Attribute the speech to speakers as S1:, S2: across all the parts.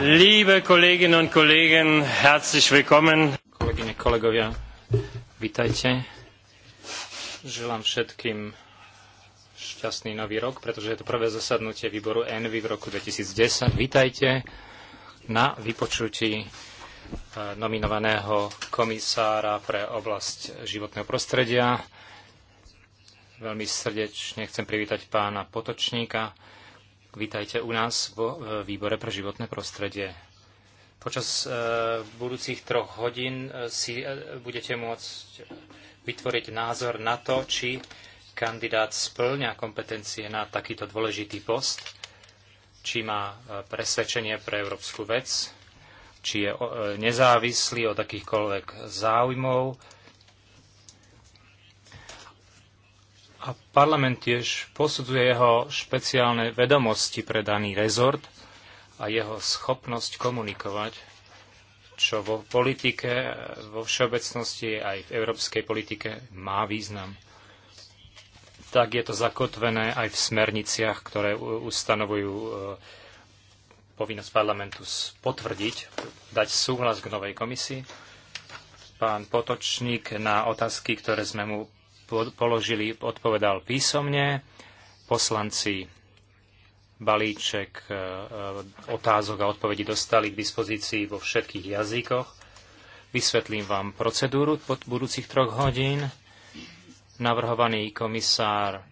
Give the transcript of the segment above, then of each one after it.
S1: Liebe Kolleginnen und Kollegen, herzlich willkommen. Kolegyne, kolegovia, vitajte. Želám všetkým šťastný nový rok, pretože je to prvé zasadnutie výboru ENVY v roku 2010. Vítajte na vypočutí e, nominovaného komisára pre oblasť životného prostredia. Veľmi srdečne chcem privítať pána Potočníka, Vítajte u nás vo e, výbore pre životné prostredie. Počas e, budúcich troch hodín e, si budete môcť vytvoriť názor na to, či kandidát splňa kompetencie na takýto dôležitý post, či má presvedčenie pre európsku vec, či je nezávislý od akýchkoľvek záujmov, A parlament tiež posudzuje jeho špeciálne vedomosti pre daný rezort a jeho schopnosť komunikovať, čo vo politike, vo všeobecnosti aj v európskej politike má význam. Tak je to zakotvené aj v smerniciach, ktoré ustanovujú e, povinnosť parlamentu potvrdiť, dať súhlas k novej komisii. Pán Potočník na otázky, ktoré sme mu položili, odpovedal písomne. Poslanci balíček e, e, otázok a odpovedí dostali k dispozícii vo všetkých jazykoch. Vysvetlím vám procedúru pod budúcich troch hodín. Navrhovaný komisár e,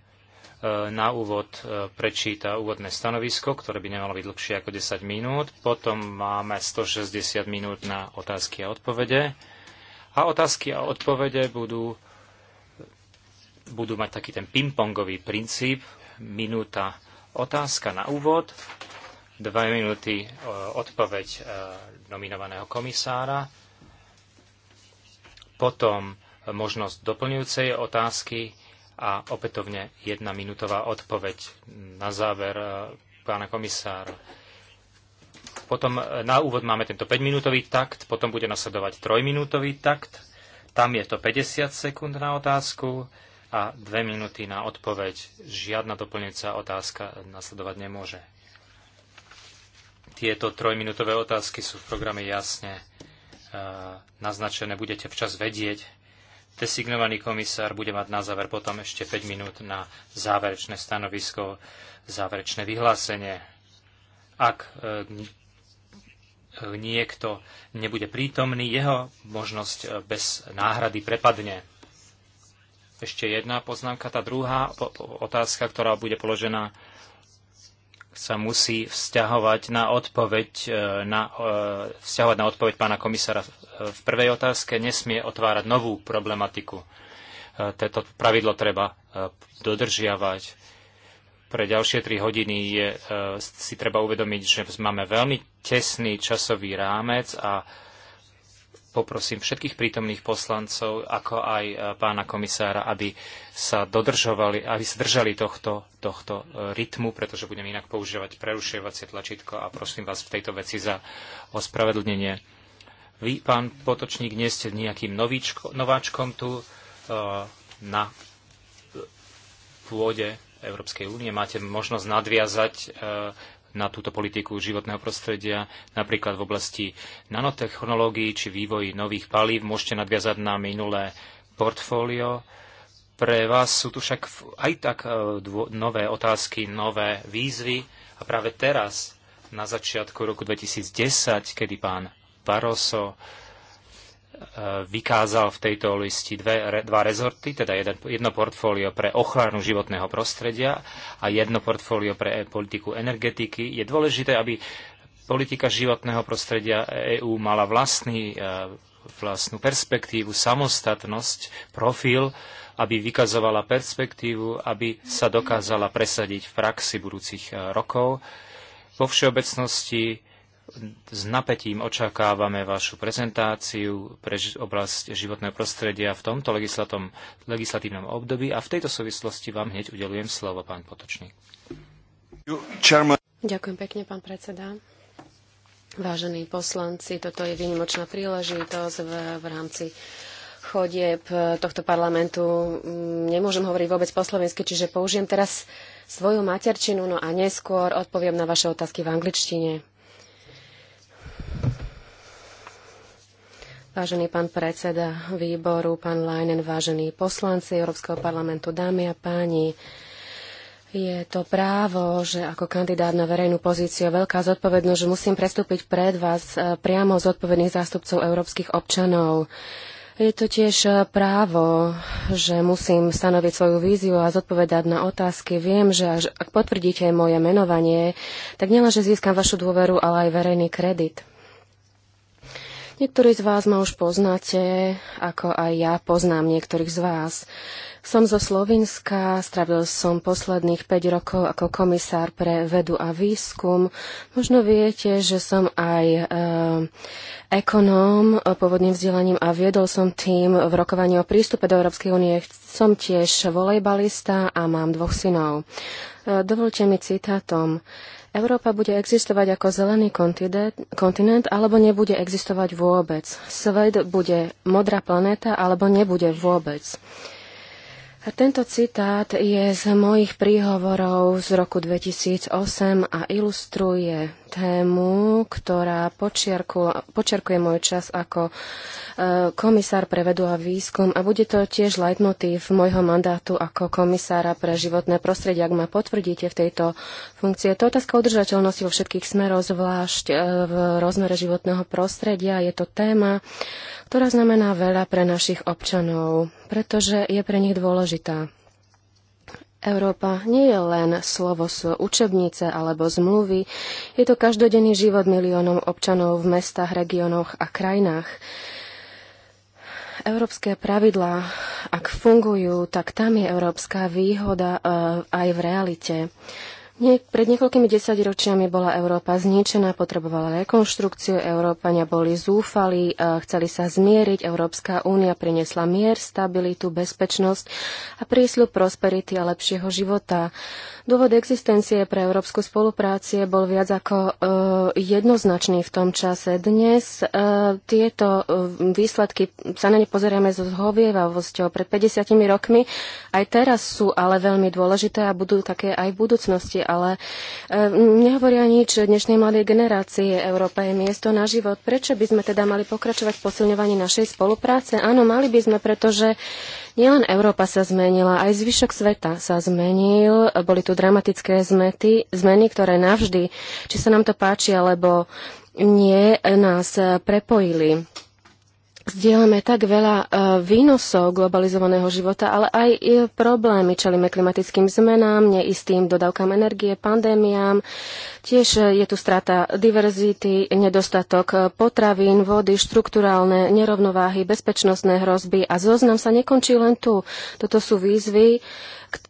S1: na úvod prečíta úvodné stanovisko, ktoré by nemalo byť dlhšie ako 10 minút. Potom máme 160 minút na otázky a odpovede. A otázky a odpovede budú budú mať taký ten pingpongový princíp, minúta otázka na úvod, dva minúty e, odpoveď e, nominovaného komisára, potom možnosť doplňujúcej otázky a opätovne jedna minútová odpoveď na záver e, pána komisára. Potom na úvod máme tento 5-minútový takt, potom bude nasledovať 3-minútový takt, tam je to 50 sekúnd na otázku, a dve minúty na odpoveď. Žiadna doplňujúca otázka nasledovať nemôže. Tieto trojminútové otázky sú v programe jasne e, naznačené, budete včas vedieť. Designovaný komisár bude mať na záver potom ešte 5 minút na záverečné stanovisko, záverečné vyhlásenie. Ak e, e, niekto nebude prítomný, jeho možnosť bez náhrady prepadne. Ešte jedna poznámka. Tá druhá otázka, ktorá bude položená, sa musí vzťahovať na odpoveď, e, na, e, vzťahovať na odpoveď pána komisára. E, v prvej otázke nesmie otvárať novú problematiku. Toto pravidlo treba dodržiavať. Pre ďalšie tri hodiny je, si treba uvedomiť, že máme veľmi tesný časový rámec a poprosím všetkých prítomných poslancov, ako aj e, pána komisára, aby sa dodržovali, aby sa držali tohto, tohto e, rytmu, pretože budem inak používať prerušovacie tlačítko a prosím vás v tejto veci za ospravedlnenie. Vy, pán Potočník, nie ste nejakým novíčko, nováčkom tu e, na pôde Európskej únie. Máte možnosť nadviazať na túto politiku životného prostredia, napríklad v oblasti nanotechnológií či vývoji nových palív. Môžete nadviazať na minulé portfólio. Pre vás sú tu však aj tak e, nové otázky, nové výzvy a práve teraz, na začiatku roku 2010, kedy pán Barroso E, vykázal v tejto listi dve, dva rezorty, teda jeden, jedno portfólio pre ochranu životného prostredia a jedno portfólio pre e, politiku energetiky. Je dôležité, aby politika životného prostredia EÚ mala vlastný, e, vlastnú perspektívu, samostatnosť, profil, aby vykazovala perspektívu, aby sa dokázala presadiť v praxi budúcich rokov. Vo všeobecnosti s napätím očakávame vašu prezentáciu pre oblasť životného prostredia v tomto legislatívnom období a v tejto súvislosti vám hneď udelujem slovo, pán Potočník.
S2: Ďakujem pekne, pán predseda. Vážení poslanci, toto je výnimočná príležitosť v, v rámci chodieb tohto parlamentu. Nemôžem hovoriť vôbec po slovensky, čiže použijem teraz svoju materčinu, no a neskôr odpoviem na vaše otázky v angličtine. Vážený pán predseda výboru, pán Leinen, vážení poslanci Európskeho parlamentu, dámy a páni, je to právo, že ako kandidát na verejnú pozíciu je veľká zodpovednosť, že musím prestúpiť pred vás e, priamo zodpovedných zástupcov európskych občanov. Je to tiež e, právo, že musím stanoviť svoju víziu a zodpovedať na otázky. Viem, že až ak potvrdíte moje menovanie, tak nielenže získam vašu dôveru, ale aj verejný kredit. Niektorí z vás ma už poznáte, ako aj ja poznám niektorých z vás. Som zo Slovenska, stravil som posledných 5 rokov ako komisár pre vedu a výskum. Možno viete, že som aj e, ekonóm pôvodným vzdelaním a viedol som tým v rokovaní o prístupe do Európskej únie. Som tiež volejbalista a mám dvoch synov. E, dovolte mi citátom. Európa bude existovať ako zelený kontinent, alebo nebude existovať vôbec. Svet bude modrá planéta alebo nebude vôbec. Tento citát je z mojich príhovorov z roku 2008 a ilustruje tému, ktorá počiarkuje môj čas ako e, komisár pre vedu a výskum a bude to tiež v môjho mandátu ako komisára pre životné prostredie, ak ma potvrdíte v tejto funkcie. To otázka udržateľnosti vo všetkých smeroch, zvlášť e, v rozmere životného prostredia. Je to téma, ktorá znamená veľa pre našich občanov, pretože je pre nich dôležitá. Európa nie je len slovo z učebnice alebo zmluvy, je to každodenný život miliónov občanov v mestách, regiónoch a krajinách. Európske pravidlá, ak fungujú, tak tam je európska výhoda e, aj v realite. Nie, pred niekoľkými desaťročiami bola Európa zničená, potrebovala rekonštrukciu, Európania boli zúfali, e, chceli sa zmieriť, Európska únia priniesla mier, stabilitu, bezpečnosť a prísľub prosperity a lepšieho života. Dôvod existencie pre európsku spoluprácie bol viac ako e, jednoznačný v tom čase. Dnes e, tieto e, výsledky sa na ne pozrieme so zhovievavosťou. Pred 50 rokmi aj teraz sú ale veľmi dôležité a budú také aj v budúcnosti, ale nehovoria nič dnešnej mladej generácie Európa je miesto na život. Prečo by sme teda mali pokračovať v posilňovaní našej spolupráce? Áno, mali by sme, pretože Nielen Európa sa zmenila, aj zvyšok sveta sa zmenil. Boli tu dramatické zmety, zmeny, ktoré navždy, či sa nám to páči alebo nie, nás prepojili. Zdieľame tak veľa e, výnosov globalizovaného života, ale aj e, problémy. Čelíme klimatickým zmenám, neistým dodávkam energie, pandémiám. Tiež e, je tu strata diverzity, nedostatok potravín, vody, štruktúrálne nerovnováhy, bezpečnostné hrozby a zoznam sa nekončí len tu. Toto sú výzvy,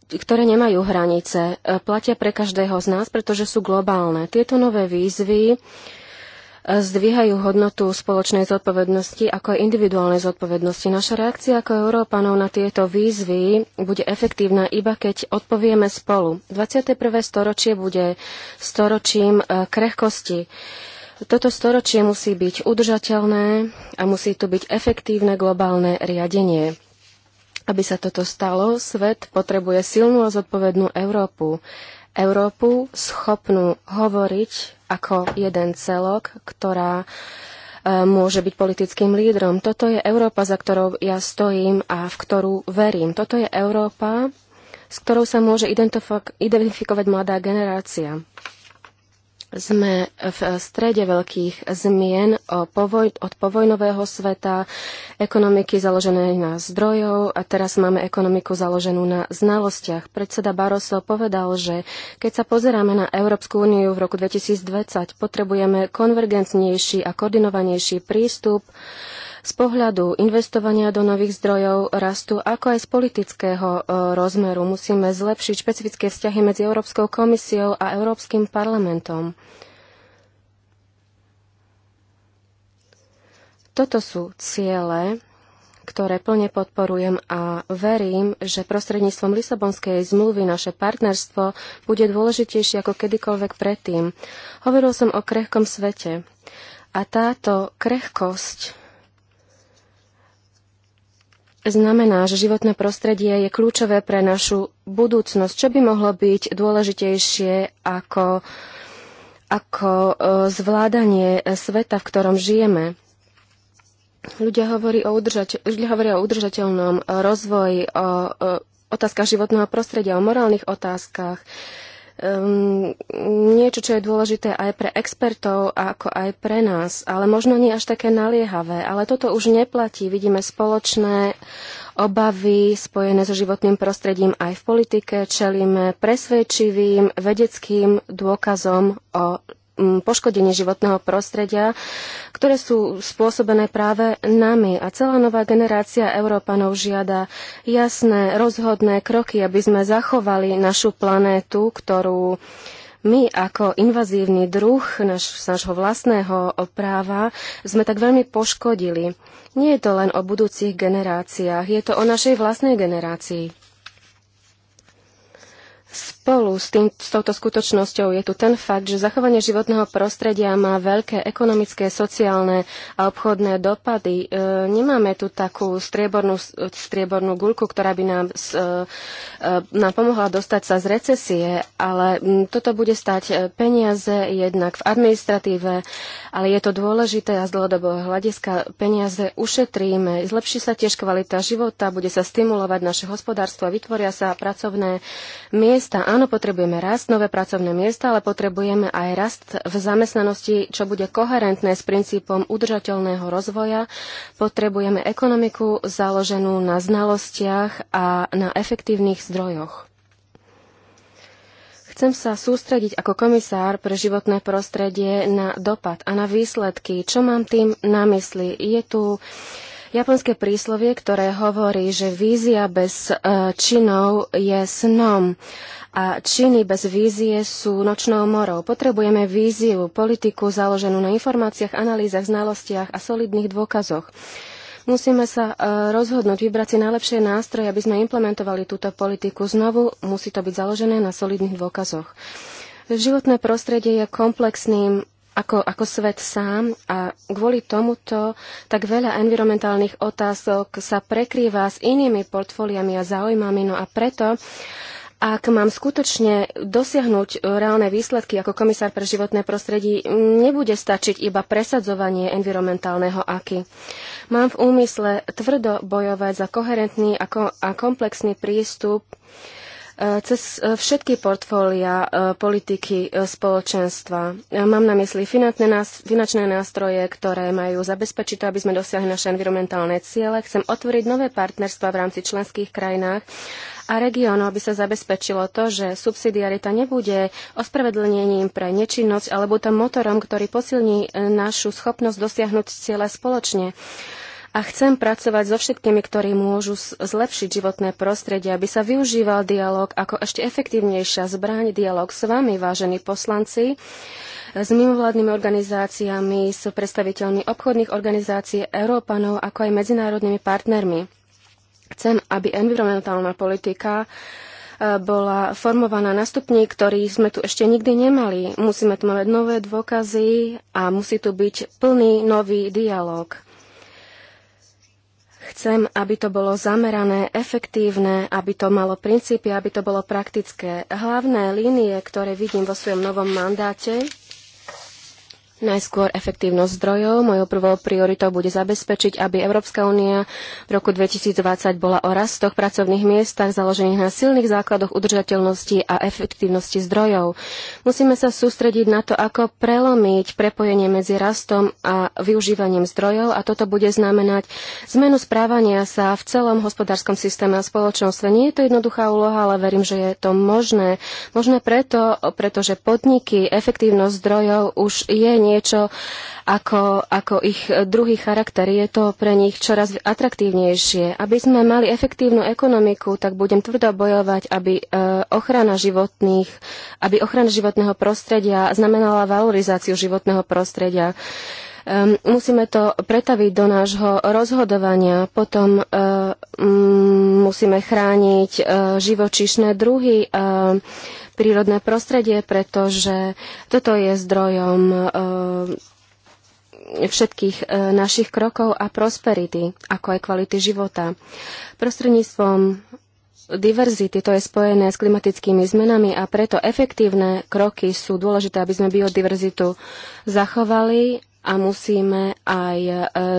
S2: ktoré nemajú hranice. Platia pre každého z nás, pretože sú globálne. Tieto nové výzvy zdvíhajú hodnotu spoločnej zodpovednosti ako aj individuálnej zodpovednosti. Naša reakcia ako Európanov na tieto výzvy bude efektívna iba keď odpovieme spolu. 21. storočie bude storočím e, krehkosti. Toto storočie musí byť udržateľné a musí tu byť efektívne globálne riadenie. Aby sa toto stalo, svet potrebuje silnú a zodpovednú Európu. Európu schopnú hovoriť ako jeden celok, ktorá e, môže byť politickým lídrom. Toto je Európa, za ktorou ja stojím a v ktorú verím. Toto je Európa, s ktorou sa môže identifikovať mladá generácia. Sme v strede veľkých zmien od povojnového sveta, ekonomiky založené na zdrojov a teraz máme ekonomiku založenú na znalostiach. Predseda Barroso povedal, že keď sa pozeráme na Európsku úniu v roku 2020, potrebujeme konvergencnejší a koordinovanejší prístup z pohľadu investovania do nových zdrojov rastu, ako aj z politického e, rozmeru musíme zlepšiť špecifické vzťahy medzi Európskou komisiou a Európskym parlamentom. Toto sú ciele, ktoré plne podporujem a verím, že prostredníctvom Lisabonskej zmluvy naše partnerstvo bude dôležitejšie ako kedykoľvek predtým. Hovoril som o krehkom svete. A táto krehkosť znamená, že životné prostredie je kľúčové pre našu budúcnosť. Čo by mohlo byť dôležitejšie ako, ako e, zvládanie sveta, v ktorom žijeme? Ľudia, hovorí o udržateľ, ľudia hovoria o udržateľnom rozvoji, o, o otázkach životného prostredia, o morálnych otázkach um, niečo, čo je dôležité aj pre expertov, ako aj pre nás, ale možno nie až také naliehavé. Ale toto už neplatí. Vidíme spoločné obavy spojené so životným prostredím aj v politike. Čelíme presvedčivým vedeckým dôkazom o poškodenie životného prostredia, ktoré sú spôsobené práve nami. A celá nová generácia Európanov žiada jasné, rozhodné kroky, aby sme zachovali našu planétu, ktorú my ako invazívny druh naš, našho vlastného práva sme tak veľmi poškodili. Nie je to len o budúcich generáciách, je to o našej vlastnej generácii. Spolu s, tým, s touto skutočnosťou je tu ten fakt, že zachovanie životného prostredia má veľké ekonomické, sociálne a obchodné dopady. E, nemáme tu takú striebornú, striebornú guľku, ktorá by nám, s, e, e, nám pomohla dostať sa z recesie, ale m, toto bude stať e, peniaze jednak v administratíve, ale je to dôležité a z dlhodobého hľadiska peniaze ušetríme. Zlepší sa tiež kvalita života, bude sa stimulovať naše hospodárstvo a vytvoria sa pracovné miesta Áno, potrebujeme rast, nové pracovné miesta, ale potrebujeme aj rast v zamestnanosti, čo bude koherentné s princípom udržateľného rozvoja. Potrebujeme ekonomiku založenú na znalostiach a na efektívnych zdrojoch. Chcem sa sústrediť ako komisár pre životné prostredie na dopad a na výsledky. Čo mám tým na mysli? Je tu japonské príslovie, ktoré hovorí, že vízia bez e, činov je snom. A činy bez vízie sú nočnou morou. Potrebujeme víziu, politiku založenú na informáciách, analýzach, znalostiach a solidných dôkazoch. Musíme sa e, rozhodnúť, vybrať si najlepšie nástroje, aby sme implementovali túto politiku. Znovu musí to byť založené na solidných dôkazoch. Životné prostredie je komplexným ako, ako svet sám a kvôli tomuto tak veľa environmentálnych otázok sa prekrýva s inými portfóliami a záujmami. No a preto ak mám skutočne dosiahnuť e, reálne výsledky ako komisár pre životné prostredie, nebude stačiť iba presadzovanie environmentálneho aky. Mám v úmysle tvrdo bojovať za koherentný a komplexný prístup Eh, cez eh, všetky portfólia eh, politiky spoločenstva. Mám na mysli finančné nástroje, ktoré majú zabezpečiť to, aby sme dosiahli naše environmentálne ciele. Chcem otvoriť nové partnerstva v rámci členských krajinách a regiónov, aby sa zabezpečilo to, že subsidiarita nebude ospravedlnením pre nečinnosť alebo to motorom, ktorý posilní našu schopnosť dosiahnuť ciele spoločne a chcem pracovať so všetkými, ktorí môžu zlepšiť životné prostredie, aby sa využíval dialog ako ešte efektívnejšia zbraň, dialog s vami, vážení poslanci, s mimovládnymi organizáciami, s predstaviteľmi obchodných organizácií Európanov, ako aj medzinárodnými partnermi. Chcem, aby environmentálna politika e, bola formovaná na stupni, ktorý sme tu ešte nikdy nemali. Musíme tu mať nové dôkazy a musí tu byť plný nový dialog. Chcem, aby to bolo zamerané, efektívne, aby to malo princípy, aby to bolo praktické. Hlavné línie, ktoré vidím vo svojom novom mandáte, Najskôr efektívnosť zdrojov. Mojou prvou prioritou bude zabezpečiť, aby Európska únia v roku 2020 bola o rastoch pracovných miestach založených na silných základoch udržateľnosti a efektívnosti zdrojov. Musíme sa sústrediť na to, ako prelomiť prepojenie medzi rastom a využívaním zdrojov a toto bude znamenať zmenu správania sa v celom hospodárskom systéme a spoločnosti. Nie je to jednoduchá úloha, ale verím, že je to možné. Možné preto, pretože podniky, efektívnosť zdrojov už je niečo ako, ako ich druhý charakter. Je to pre nich čoraz atraktívnejšie. Aby sme mali efektívnu ekonomiku, tak budem tvrdo bojovať, aby e, ochrana životných, aby ochrana životného prostredia znamenala valorizáciu životného prostredia um, musíme to pretaviť do nášho rozhodovania. Potom uh, um, musíme chrániť uh, živočíšne druhy. Uh, prírodné prostredie, pretože toto je zdrojom eh, všetkých eh, našich krokov a prosperity, ako aj kvality života. Prostredníctvom diverzity, to je spojené s klimatickými zmenami a preto efektívne kroky sú dôležité, aby sme biodiverzitu zachovali a musíme aj eh,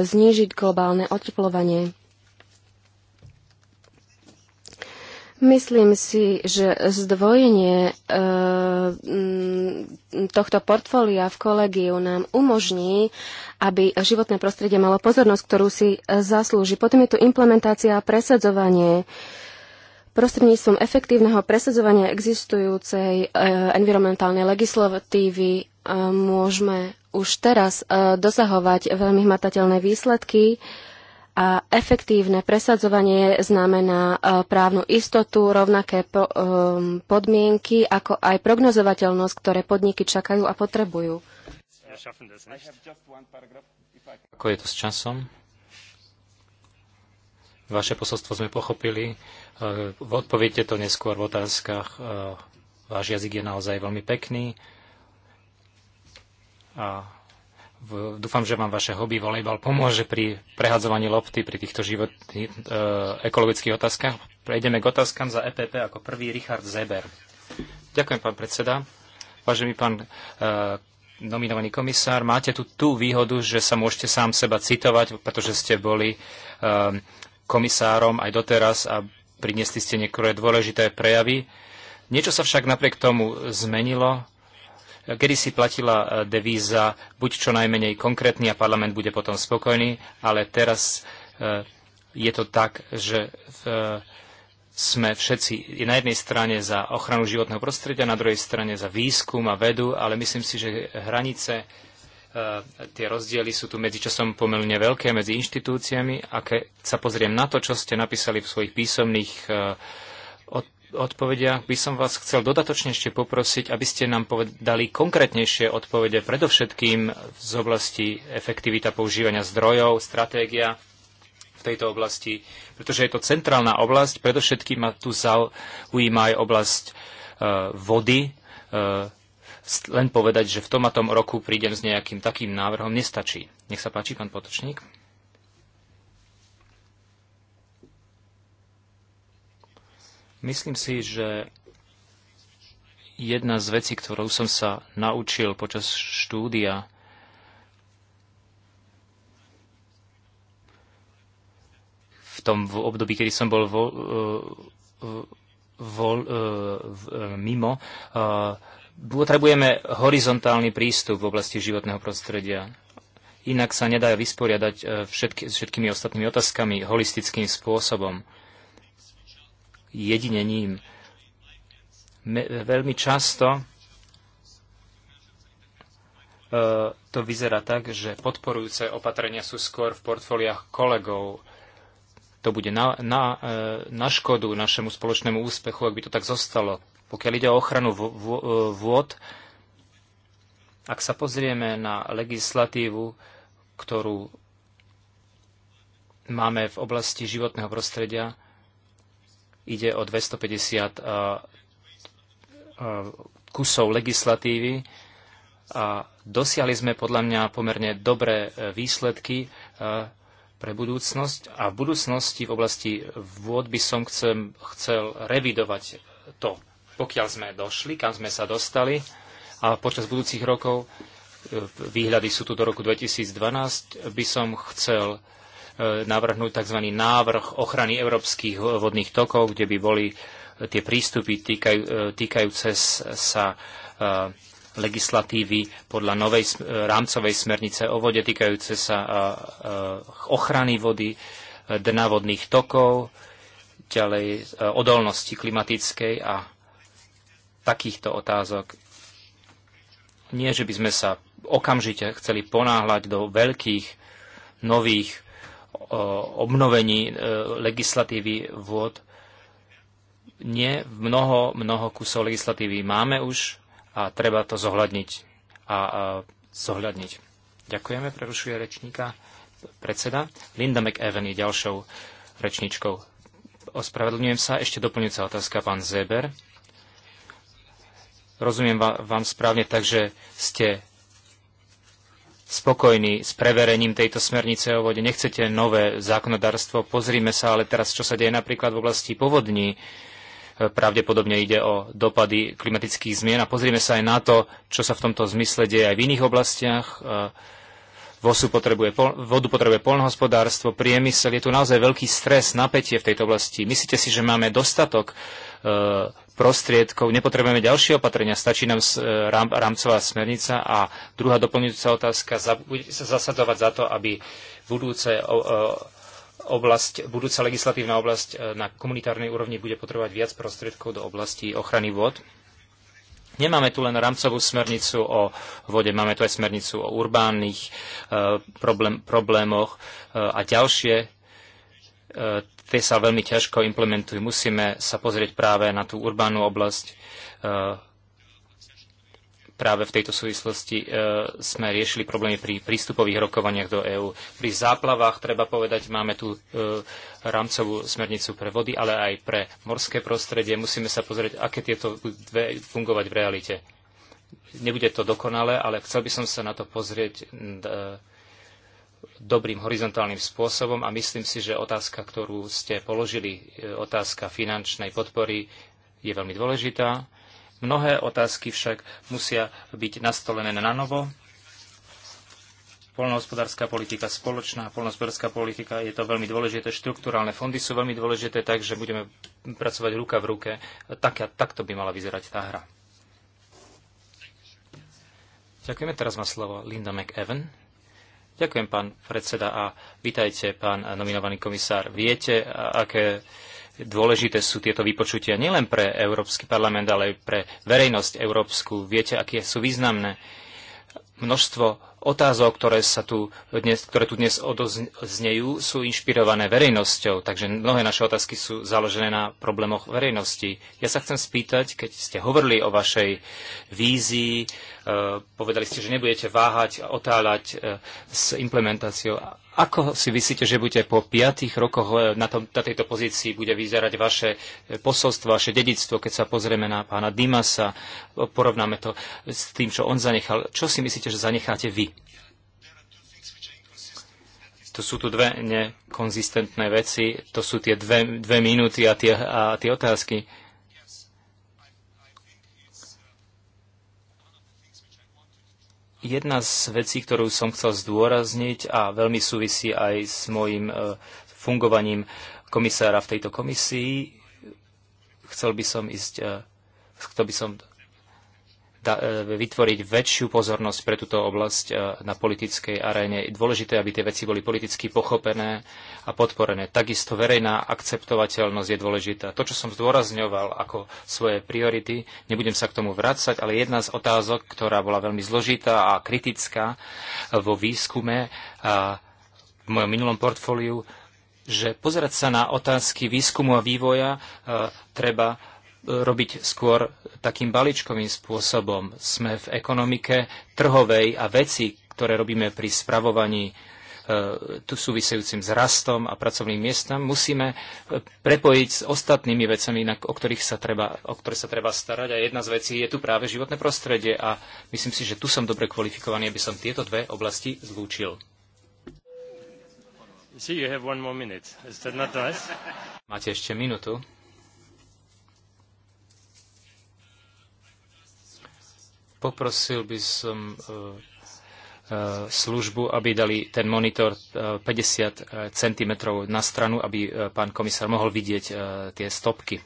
S2: znížiť globálne oteplovanie. Myslím si, že zdvojenie e, tohto portfólia v kolegiu nám umožní, aby životné prostredie malo pozornosť, ktorú si e, zaslúži. Potom je tu implementácia a presadzovanie prostredníctvom efektívneho presadzovania existujúcej e, environmentálnej legislatívy e, môžeme už teraz e, dosahovať veľmi hmatateľné výsledky. E, a efektívne presadzovanie znamená e, právnu istotu, rovnaké e, podmienky, ako aj prognozovateľnosť, ktoré podniky čakajú a potrebujú.
S1: Ako je to s časom? Vaše posolstvo sme pochopili. E, Odpoviete to neskôr v otázkach. Váš jazyk je naozaj veľmi pekný. A dúfam, že vám vaše hobby volejbal pomôže pri prehadzovaní lopty pri týchto životných e, ekologických otázkach. Prejdeme k otázkam za EPP ako prvý Richard Zeber. Ďakujem, pán predseda. Vážený pán e, nominovaný komisár, máte tu tú výhodu, že sa môžete sám seba citovať, pretože ste boli e, komisárom aj doteraz a priniesli ste niektoré dôležité prejavy. Niečo sa však napriek tomu zmenilo Kedy si platila e, devíza, buď čo najmenej konkrétny a parlament bude potom spokojný, ale teraz e, je to tak, že e, sme všetci na jednej strane za ochranu životného prostredia, na druhej strane za výskum a vedu, ale myslím si, že hranice, tie rozdiely sú tu medzi časom pomerne veľké medzi inštitúciami. A keď sa pozriem na to, čo ste napísali v svojich písomných uh, odpovedia, by som vás chcel dodatočne ešte poprosiť, aby ste nám povedali konkrétnejšie odpovede, predovšetkým z oblasti efektivita používania zdrojov, stratégia v tejto oblasti, pretože je to centrálna oblasť, predovšetkým ma tu zaujíma aj oblasť e, vody. E, len povedať, že v tom a tom roku prídem s nejakým takým návrhom, nestačí. Nech sa páči, pán Potočník. Myslím si, že jedna z vecí, ktorou som sa naučil počas štúdia, v tom v období, kedy som bol vo, e, vo, e, e, mimo, potrebujeme horizontálny prístup v oblasti životného prostredia. Inak sa nedá vysporiadať všetky, všetkými ostatnými otázkami holistickým spôsobom jedinením. Me, veľmi často e, to vyzerá tak, že podporujúce opatrenia sú skôr v portfóliách kolegov. To bude na, na, e, na škodu našemu spoločnému úspechu, ak by to tak zostalo. Pokiaľ ide o ochranu e, vôd, ak sa pozrieme na legislatívu, ktorú máme v oblasti životného prostredia, Ide o 250 kusov legislatívy a dosiahli sme podľa mňa pomerne dobré e, výsledky e, pre budúcnosť a v budúcnosti v oblasti vôd by som chcem, chcel revidovať to, pokiaľ sme došli, kam sme sa dostali a počas budúcich rokov e, výhľady sú tu do roku 2012, by som chcel navrhnúť tzv. návrh ochrany európskych vodných tokov, kde by boli e, tie prístupy týkaj, e, týkajúce sa e, legislatívy podľa novej rámcovej smernice o vode týkajúce sa ochrany vody, dna vodných tokov, ďalej odolnosti klimatickej a takýchto otázok. Nie, že by sme sa okamžite chceli ponáhľať do veľkých nových obnovení e, legislatívy vôd. Nie, mnoho, mnoho kusov legislatívy máme už a treba to zohľadniť. A, a zohľadniť. Ďakujeme, prerušuje rečníka predseda. Linda McEwen je ďalšou rečničkou. Ospravedlňujem sa, ešte doplňujúca otázka, pán Zeber. Rozumiem vám správne, takže ste spokojní s preverením tejto smernice o vode. Nechcete nové zákonodárstvo, pozrime sa ale teraz, čo sa deje napríklad v oblasti povodní. E, pravdepodobne ide o dopady klimatických zmien a pozrime sa aj na to, čo sa v tomto zmysle deje aj v iných oblastiach. E, vosu potrebuje, vodu potrebuje polnohospodárstvo, priemysel. Je tu naozaj veľký stres, napätie v tejto oblasti. Myslíte si, že máme dostatok e, prostriedkov. Nepotrebujeme ďalšie opatrenia, stačí nám e, rámcová smernica. A druhá doplňujúca otázka, budete sa zasadovať za to, aby budúce oblasť, budúca legislatívna oblasť e, na komunitárnej úrovni bude potrebovať viac prostriedkov do oblasti ochrany vod. Nemáme tu len rámcovú smernicu o vode, máme tu aj smernicu o urbánnych e, problém, problémoch a ďalšie tie sa veľmi ťažko implementujú. Musíme sa pozrieť práve na tú urbánnu oblasť. E, práve v tejto súvislosti e, sme riešili problémy pri prístupových rokovaniach do EÚ. Pri záplavách, treba povedať, máme tu e, rámcovú smernicu pre vody, ale aj pre morské prostredie. Musíme sa pozrieť, aké tieto dve fungovať v realite. Nebude to dokonale, ale chcel by som sa na to pozrieť dobrým horizontálnym spôsobom a myslím si, že otázka, ktorú ste položili, e, otázka finančnej podpory, je veľmi dôležitá. Mnohé otázky však musia byť nastolené na novo. Polnohospodárska politika, spoločná polnohospodárska politika, je to veľmi dôležité. štrukturálne fondy sú veľmi dôležité, takže budeme pracovať ruka v ruke. Tak, takto by mala vyzerať tá hra. Ďakujeme. Teraz má slovo Linda McEwen. Ďakujem, pán predseda, a vítajte, pán nominovaný komisár. Viete, aké dôležité sú tieto vypočutia nielen pre Európsky parlament, ale aj pre verejnosť európsku. Viete, aké sú významné. Množstvo otázok, ktoré, sa tu dnes, ktoré tu dnes odoznejú, sú inšpirované verejnosťou, takže mnohé naše otázky sú založené na problémoch verejnosti. Ja sa chcem spýtať, keď ste hovorili o vašej vízii, e, povedali ste, že nebudete váhať, otáľať e, s implementáciou. Ako si myslíte, že budete po piatých rokoch e, na, tom, na tejto pozícii bude vyzerať vaše posolstvo, vaše dedictvo, keď sa pozrieme na pána Dimasa, porovnáme to s tým, čo on zanechal. Čo si myslíte, že zanecháte vy? To sú tu dve nekonzistentné veci, to sú tie dve, dve minúty a tie, a tie otázky. Jedna z vecí, ktorú som chcel zdôrazniť a veľmi súvisí aj s mojim e, fungovaním komisára v tejto komisii, chcel by som ísť, e, chcel by som E, vytvoriť väčšiu pozornosť pre túto oblasť e, na politickej aréne. Je dôležité, aby tie veci boli politicky pochopené a podporené. Takisto verejná akceptovateľnosť je dôležitá. To, čo som zdôrazňoval ako svoje priority, nebudem sa k tomu vrácať, ale jedna z otázok, ktorá bola veľmi zložitá a kritická e, vo výskume a v mojom minulom portfóliu, že pozerať sa na otázky výskumu a vývoja treba robiť skôr takým balíčkovým spôsobom. Sme v ekonomike trhovej a veci, ktoré robíme pri spravovaní e, tu súvisejúcim s rastom a pracovným miestam, musíme e, prepojiť s ostatnými vecami, o, ktorých sa treba, o ktoré sa treba starať. A jedna z vecí je tu práve životné prostredie a myslím si, že tu som dobre kvalifikovaný, aby som tieto dve oblasti zlúčil. See, you have one more minute. Is that not nice? Máte ešte minútu. Poprosil by som eh, eh, službu, aby dali ten monitor 50 eh, cm na stranu, aby pán komisár mohol vidieť tie stopky.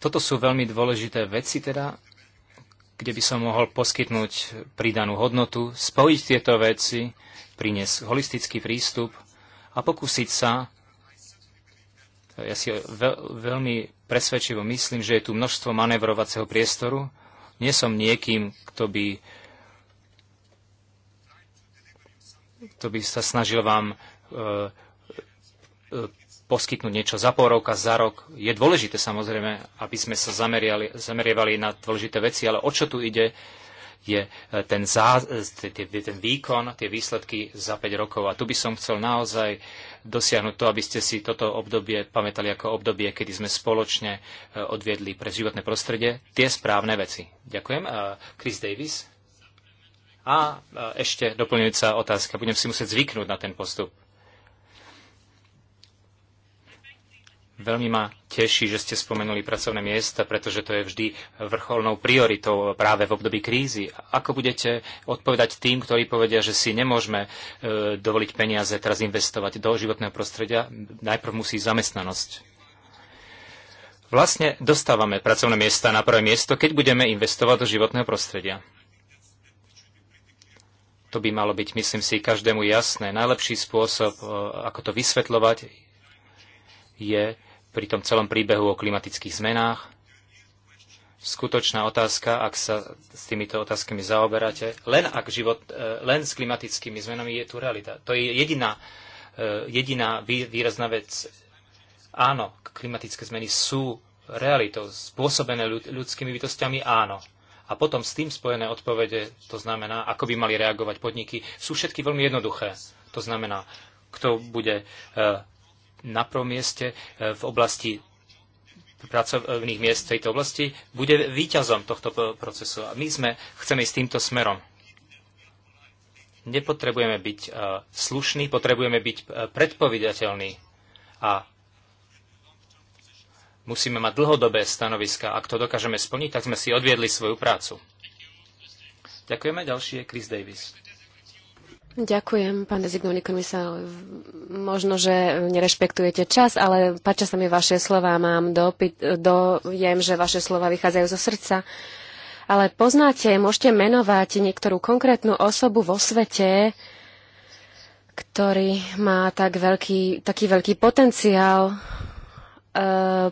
S1: Toto sú veľmi dôležité veci, teda, kde by som mohol poskytnúť pridanú hodnotu, spojiť tieto veci, priniesť holistický prístup a pokúsiť sa, ja si veľ, veľmi presvedčivo myslím, že je tu množstvo manevrovacieho priestoru. Nie som niekým, kto by, kto by sa snažil vám e, e, poskytnúť niečo za pol roka, za rok. Je dôležité samozrejme, aby sme sa zameriali, zamerievali na dôležité veci, ale o čo tu ide, je e, ten, zá, e, ten výkon, tie výsledky za 5 rokov. A tu by som chcel naozaj dosiahnuť to, aby ste si toto obdobie pamätali ako obdobie, kedy sme spoločne e, odviedli pre životné prostredie tie správne veci. Ďakujem. E, Chris Davis. A e, ešte doplňujúca otázka. Budem si musieť zvyknúť na ten postup. Veľmi ma teší, že ste spomenuli pracovné miesta, pretože to je vždy vrcholnou prioritou práve v období krízy. Ako budete odpovedať tým, ktorí povedia, že si nemôžeme e, dovoliť peniaze teraz investovať do životného prostredia? Najprv musí zamestnanosť. Vlastne dostávame pracovné miesta na prvé miesto, keď budeme investovať do životného prostredia. To by malo byť, myslím si, každému jasné. Najlepší spôsob, e, ako to vysvetľovať, je pri tom celom príbehu o klimatických zmenách. Skutočná otázka, ak sa s týmito otázkami zaoberáte, len, ak život, e, len s klimatickými zmenami je tu realita. To je jediná, e, jediná výrazná vec. Áno, klimatické zmeny sú realitou, spôsobené ľudskými bytostiami, áno. A potom s tým spojené odpovede, to znamená, ako by mali reagovať podniky, sú všetky veľmi jednoduché. To znamená, kto bude e, na prvom mieste e, v oblasti pracovných miest v tejto oblasti, bude výťazom tohto procesu. A my sme, chceme ísť týmto smerom. Nepotrebujeme byť e, slušní, potrebujeme byť e, predpovidateľní a musíme mať dlhodobé stanoviska. Ak to dokážeme splniť, tak sme si odviedli svoju prácu. Ďakujeme. Ďalší je Chris Davis.
S2: Ďakujem, pán dezignovaný komisár. Možno, že nerešpektujete čas, ale páčia sa mi vaše slova. Mám dojem, že vaše slova vychádzajú zo srdca. Ale poznáte, môžete menovať niektorú konkrétnu osobu vo svete, ktorý má tak veľký, taký veľký potenciál e,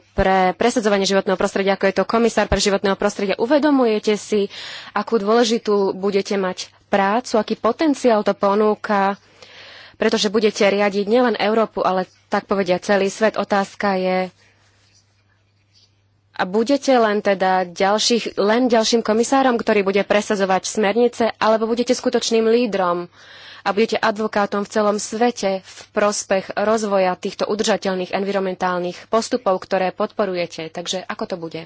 S2: pre presadzovanie životného prostredia, ako je to komisár pre životného prostredia. Uvedomujete si, akú dôležitú budete mať prácu, aký potenciál to ponúka, pretože budete riadiť nielen Európu, ale tak povedia celý svet. Otázka je, a budete len teda ďalších, len ďalším komisárom, ktorý bude presazovať smernice, alebo budete skutočným lídrom a budete advokátom v celom svete v prospech rozvoja týchto udržateľných environmentálnych postupov, ktoré podporujete. Takže ako to bude?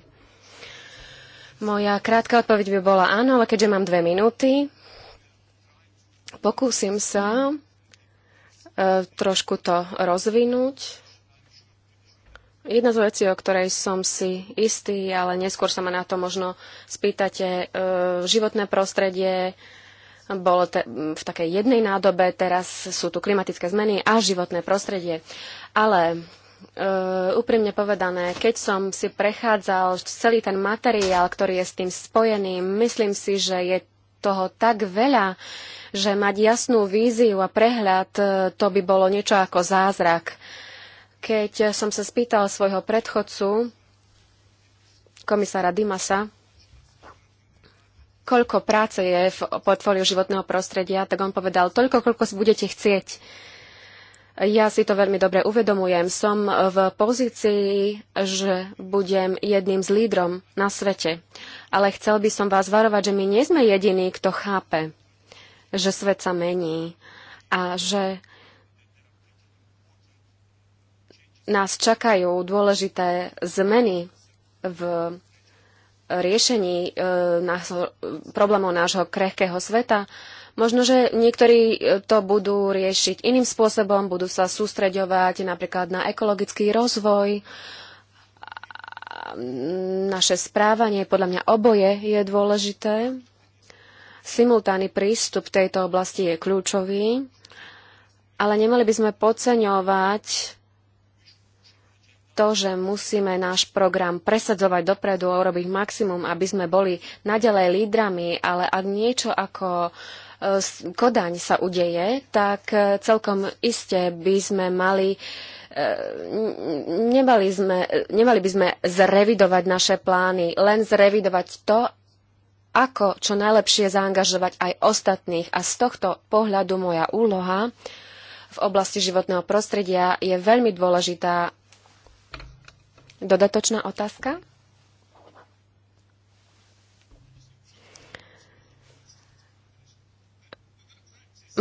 S2: Moja krátka odpoveď by bola áno, ale keďže mám dve minúty, Pokúsim sa e, trošku to rozvinúť. Jedna z vecí, o ktorej som si istý, ale neskôr sa ma na to možno spýtate, e, životné prostredie bolo te, v takej jednej nádobe, teraz sú tu klimatické zmeny a životné prostredie. Ale e, úprimne povedané, keď som si prechádzal celý ten materiál, ktorý je s tým spojený, myslím si, že je toho tak veľa, že mať jasnú víziu a prehľad, e, to by bolo niečo ako zázrak. Keď som sa spýtal svojho predchodcu, komisára Dimasa, koľko práce je v portfóliu životného prostredia, tak on povedal, toľko, koľko si budete chcieť. Ja si to veľmi dobre uvedomujem. Som v pozícii, že budem jedným z lídrom na svete. Ale chcel by som vás varovať, že my nie sme jediní, kto chápe, že svet sa mení a že nás čakajú dôležité zmeny v riešení e, nášho, problémov nášho krehkého sveta Možno, že niektorí e, to budú riešiť iným spôsobom, budú sa sústreďovať napríklad na ekologický rozvoj. Naše správanie, podľa mňa oboje je dôležité. Simultánny prístup v tejto oblasti je kľúčový, ale nemali by sme podceňovať to, že musíme náš program presadzovať dopredu a urobiť maximum, aby sme boli naďalej lídrami, ale ak niečo ako uh, Kodaň sa udeje, tak e, celkom iste by sme mali e, Nemali, sme, nemali by sme zrevidovať naše plány, len zrevidovať to, ako čo najlepšie zaangažovať aj ostatných. A z tohto pohľadu moja úloha v oblasti životného prostredia je veľmi dôležitá. Dodatočná otázka?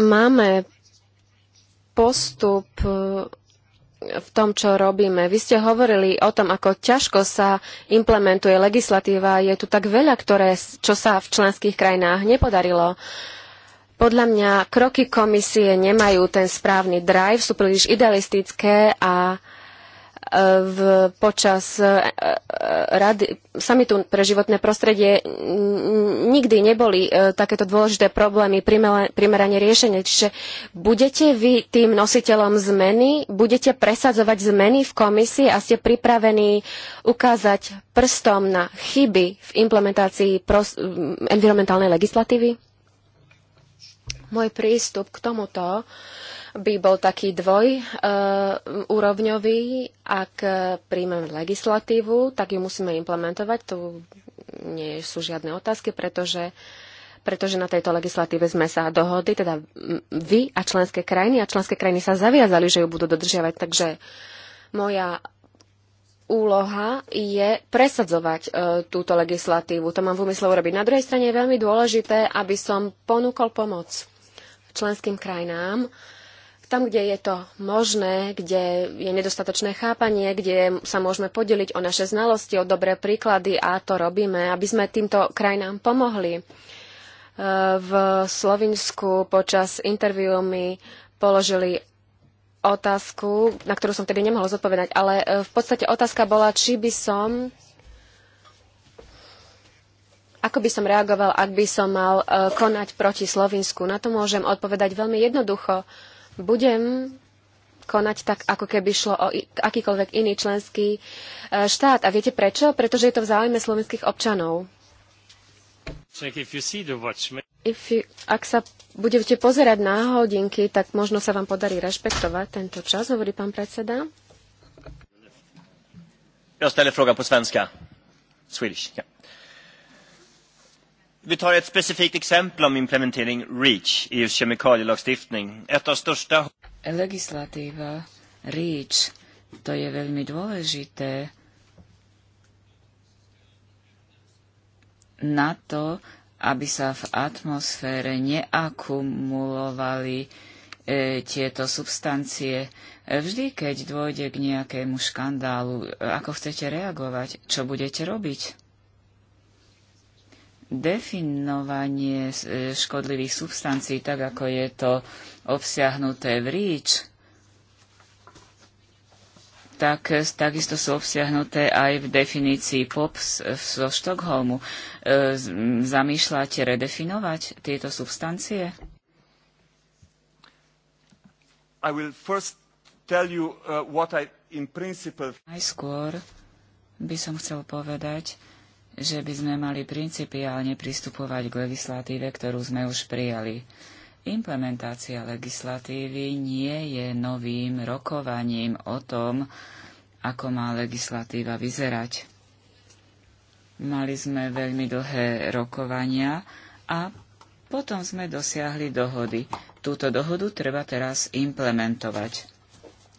S2: máme postup e, v tom, čo robíme. Vy ste hovorili o tom, ako ťažko sa implementuje legislatíva. Je tu tak veľa, ktoré, čo sa v členských krajinách nepodarilo. Podľa mňa kroky komisie nemajú ten správny drive, sú príliš idealistické a uh, v, počas e, e, rady, samitu pre životné prostredie nikdy neboli e, takéto dôležité problémy primerane riešenie. Čiže budete vy tým nositeľom zmeny, budete presadzovať zmeny v komisii a ste pripravení ukázať prstom na chyby v implementácii pros- environmentálnej legislatívy? Môj prístup k tomuto by bol taký dvojúrovňový. Eh, e, Ak eh, príjmem legislatívu, tak ju musíme implementovať. Tu nie sú žiadne otázky, pretože pretože na tejto legislatíve sme sa dohodli, teda vy a členské krajiny, a členské krajiny sa zaviazali, že ju budú dodržiavať. Takže moja úloha je presadzovať e, túto legislatívu. To mám v úmysle urobiť. Na druhej strane je veľmi dôležité, aby som ponúkol pomoc členským krajinám, tam, kde je to možné, kde je nedostatočné chápanie, kde sa môžeme podeliť o naše znalosti, o dobré príklady a to robíme, aby sme týmto krajinám pomohli. E, v Slovinsku počas interviu mi položili otázku, na ktorú som tedy nemohla zodpovedať, ale e, v podstate otázka bola, či by som ako by som reagoval, ak by som mal e, konať proti Slovinsku. Na to môžem odpovedať veľmi jednoducho. Uh, budem konať tak, ako keby šlo o akýkoľvek iný členský e, štát. A viete prečo? Pretože je to v záujme slovenských občanov. You, ak sa budete pozerať na hodinky, tak možno sa vám podarí rešpektovať tento čas, hovorí pán predseda.
S3: Jag ställer frågan på svenska. Swedish, ja. Vi tar ett specifikt exempel om implementering REACH, EUs kemikalielagstiftning. Ett av största...
S4: Legislativa REACH, to je veľmi dôležité na to, aby sa v atmosfére neakumulovali e, tieto substancie. Vždy, keď dôjde k nejakému škandálu, ako chcete reagovať, čo budete robiť? definovanie e, škodlivých substancií, tak ako je to obsiahnuté v ríč, tak takisto sú obsiahnuté aj v definícii POPS e, zo Štokholmu. E, zamýšľate redefinovať tieto substancie?
S3: I will first tell you, uh, what I in principle...
S4: Najskôr by som chcel povedať, že by sme mali principiálne pristupovať k legislatíve, ktorú sme už prijali. Implementácia legislatívy nie je novým rokovaním o tom, ako má legislatíva vyzerať. Mali sme veľmi dlhé rokovania a potom sme dosiahli dohody. Túto dohodu treba teraz implementovať.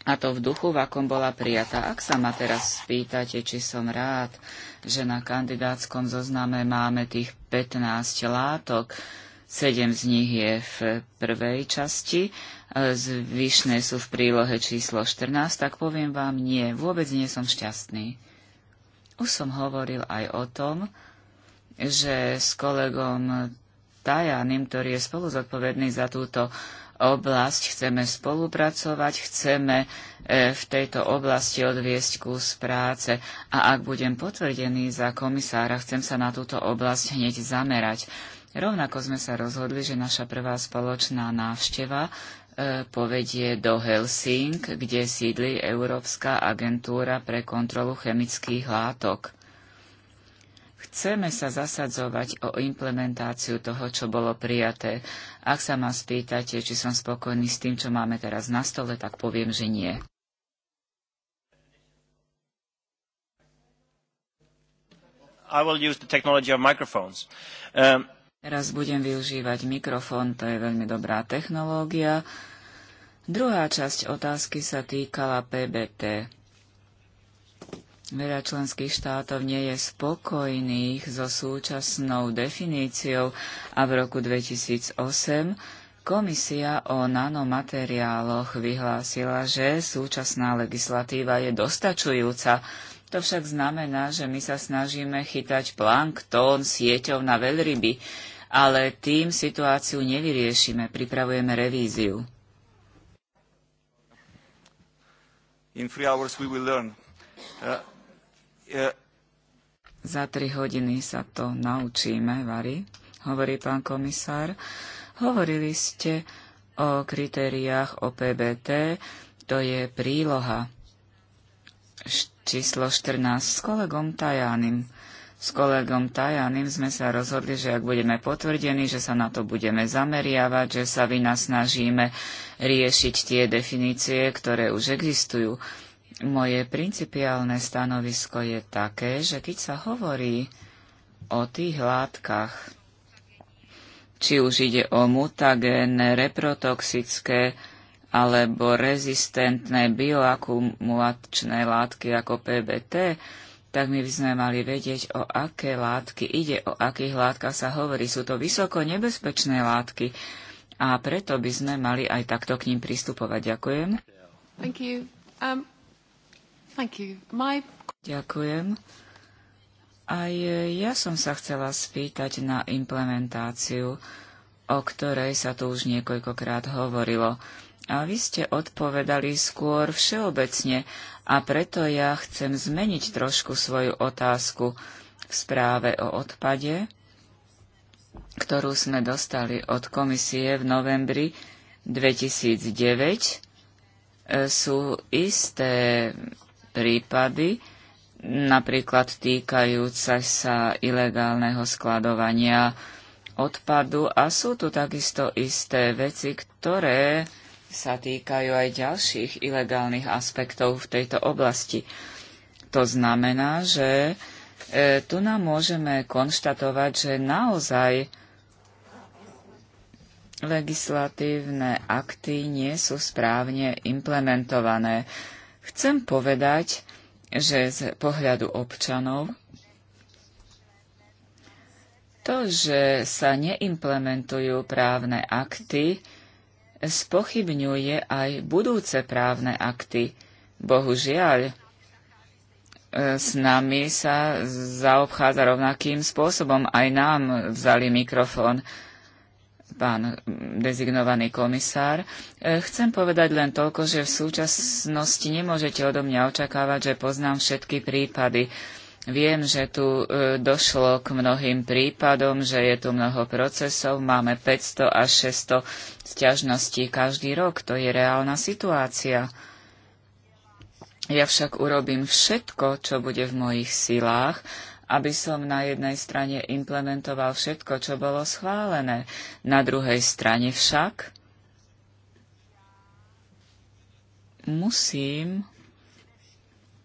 S4: A to v duchu, v akom bola prijatá. Ak sa ma teraz spýtate, či som rád, že na kandidátskom zozname máme tých 15 látok, 7 z nich je v prvej časti, e, zvyšné sú v prílohe číslo 14, tak poviem vám nie, vôbec nie som šťastný. Už som hovoril aj o tom, že s kolegom Tajanim, ktorý je spolu zodpovedný za túto oblasť, chceme spolupracovať, chceme e, v tejto oblasti odviesť kus práce. A ak budem potvrdený za komisára, chcem sa na túto oblasť hneď zamerať. Rovnako sme sa rozhodli, že naša prvá spoločná návšteva e, povedie do Helsing, kde sídli Európska agentúra pre kontrolu chemických látok. Chceme sa zasadzovať o implementáciu toho, čo bolo prijaté. Ak sa ma spýtate, či som spokojný s tým, čo máme teraz na stole, tak poviem, že nie.
S3: I will use the technology of microphones. Um, Teraz budem
S4: využívať mikrofón, to je veľmi dobrá technológia. Druhá časť otázky sa týkala PBT. Veľa členských štátov nie je spokojných so súčasnou definíciou a v roku 2008 Komisia o nanomateriáloch vyhlásila, že súčasná legislatíva je dostačujúca. To však znamená, že my sa snažíme chytať plankton sieťov na veľryby, ale tým situáciu nevyriešime, pripravujeme revíziu.
S3: In three hours we will learn. Uh...
S4: Za tri hodiny sa to naučíme, Vary, hovorí pán komisár. Hovorili ste o kritériách OPBT, to je príloha číslo 14 s kolegom Tajánim. S kolegom Tajanim sme sa rozhodli, že ak budeme potvrdení, že sa na to budeme zameriavať, že sa vynasnažíme riešiť tie definície, ktoré už existujú. Moje principiálne stanovisko je také, že keď sa hovorí o tých látkach, či už ide o mutagénne, reprotoxické alebo rezistentné bioakumulačné látky ako PBT, tak my by sme mali vedieť, o aké látky ide, o akých látkach sa hovorí. Sú to vysoko nebezpečné látky a preto by sme mali aj takto k ním pristupovať. Ďakujem.
S2: Thank you. Um... Thank you. My...
S4: Ďakujem. Aj e, ja som sa chcela spýtať na implementáciu, o ktorej sa tu už niekoľkokrát hovorilo. A vy ste odpovedali skôr všeobecne a preto ja chcem zmeniť trošku svoju otázku v správe o odpade, ktorú sme dostali od komisie v novembri 2009. E, sú isté prípady, napríklad týkajúce sa ilegálneho skladovania odpadu a sú tu takisto isté veci, ktoré sa týkajú aj ďalších ilegálnych aspektov v tejto oblasti. To znamená, že e, tu nám môžeme konštatovať, že naozaj legislatívne akty nie sú správne implementované. E, Chcem povedať, že z pohľadu občanov to, že sa neimplementujú právne akty, spochybňuje aj budúce právne akty. Bohužiaľ, e, s nami sa zaobchádza rovnakým spôsobom. Aj nám vzali mikrofón pán dezignovaný komisár. E, chcem povedať len toľko, že v súčasnosti nemôžete odo mňa očakávať, že poznám všetky prípady. Viem, že tu e, došlo k mnohým prípadom, že je tu mnoho procesov, máme 500 až 600 sťažností každý rok, to je reálna situácia. Ja však urobím všetko, čo bude v mojich silách, aby som na jednej strane implementoval všetko, čo bolo schválené, na druhej strane však musím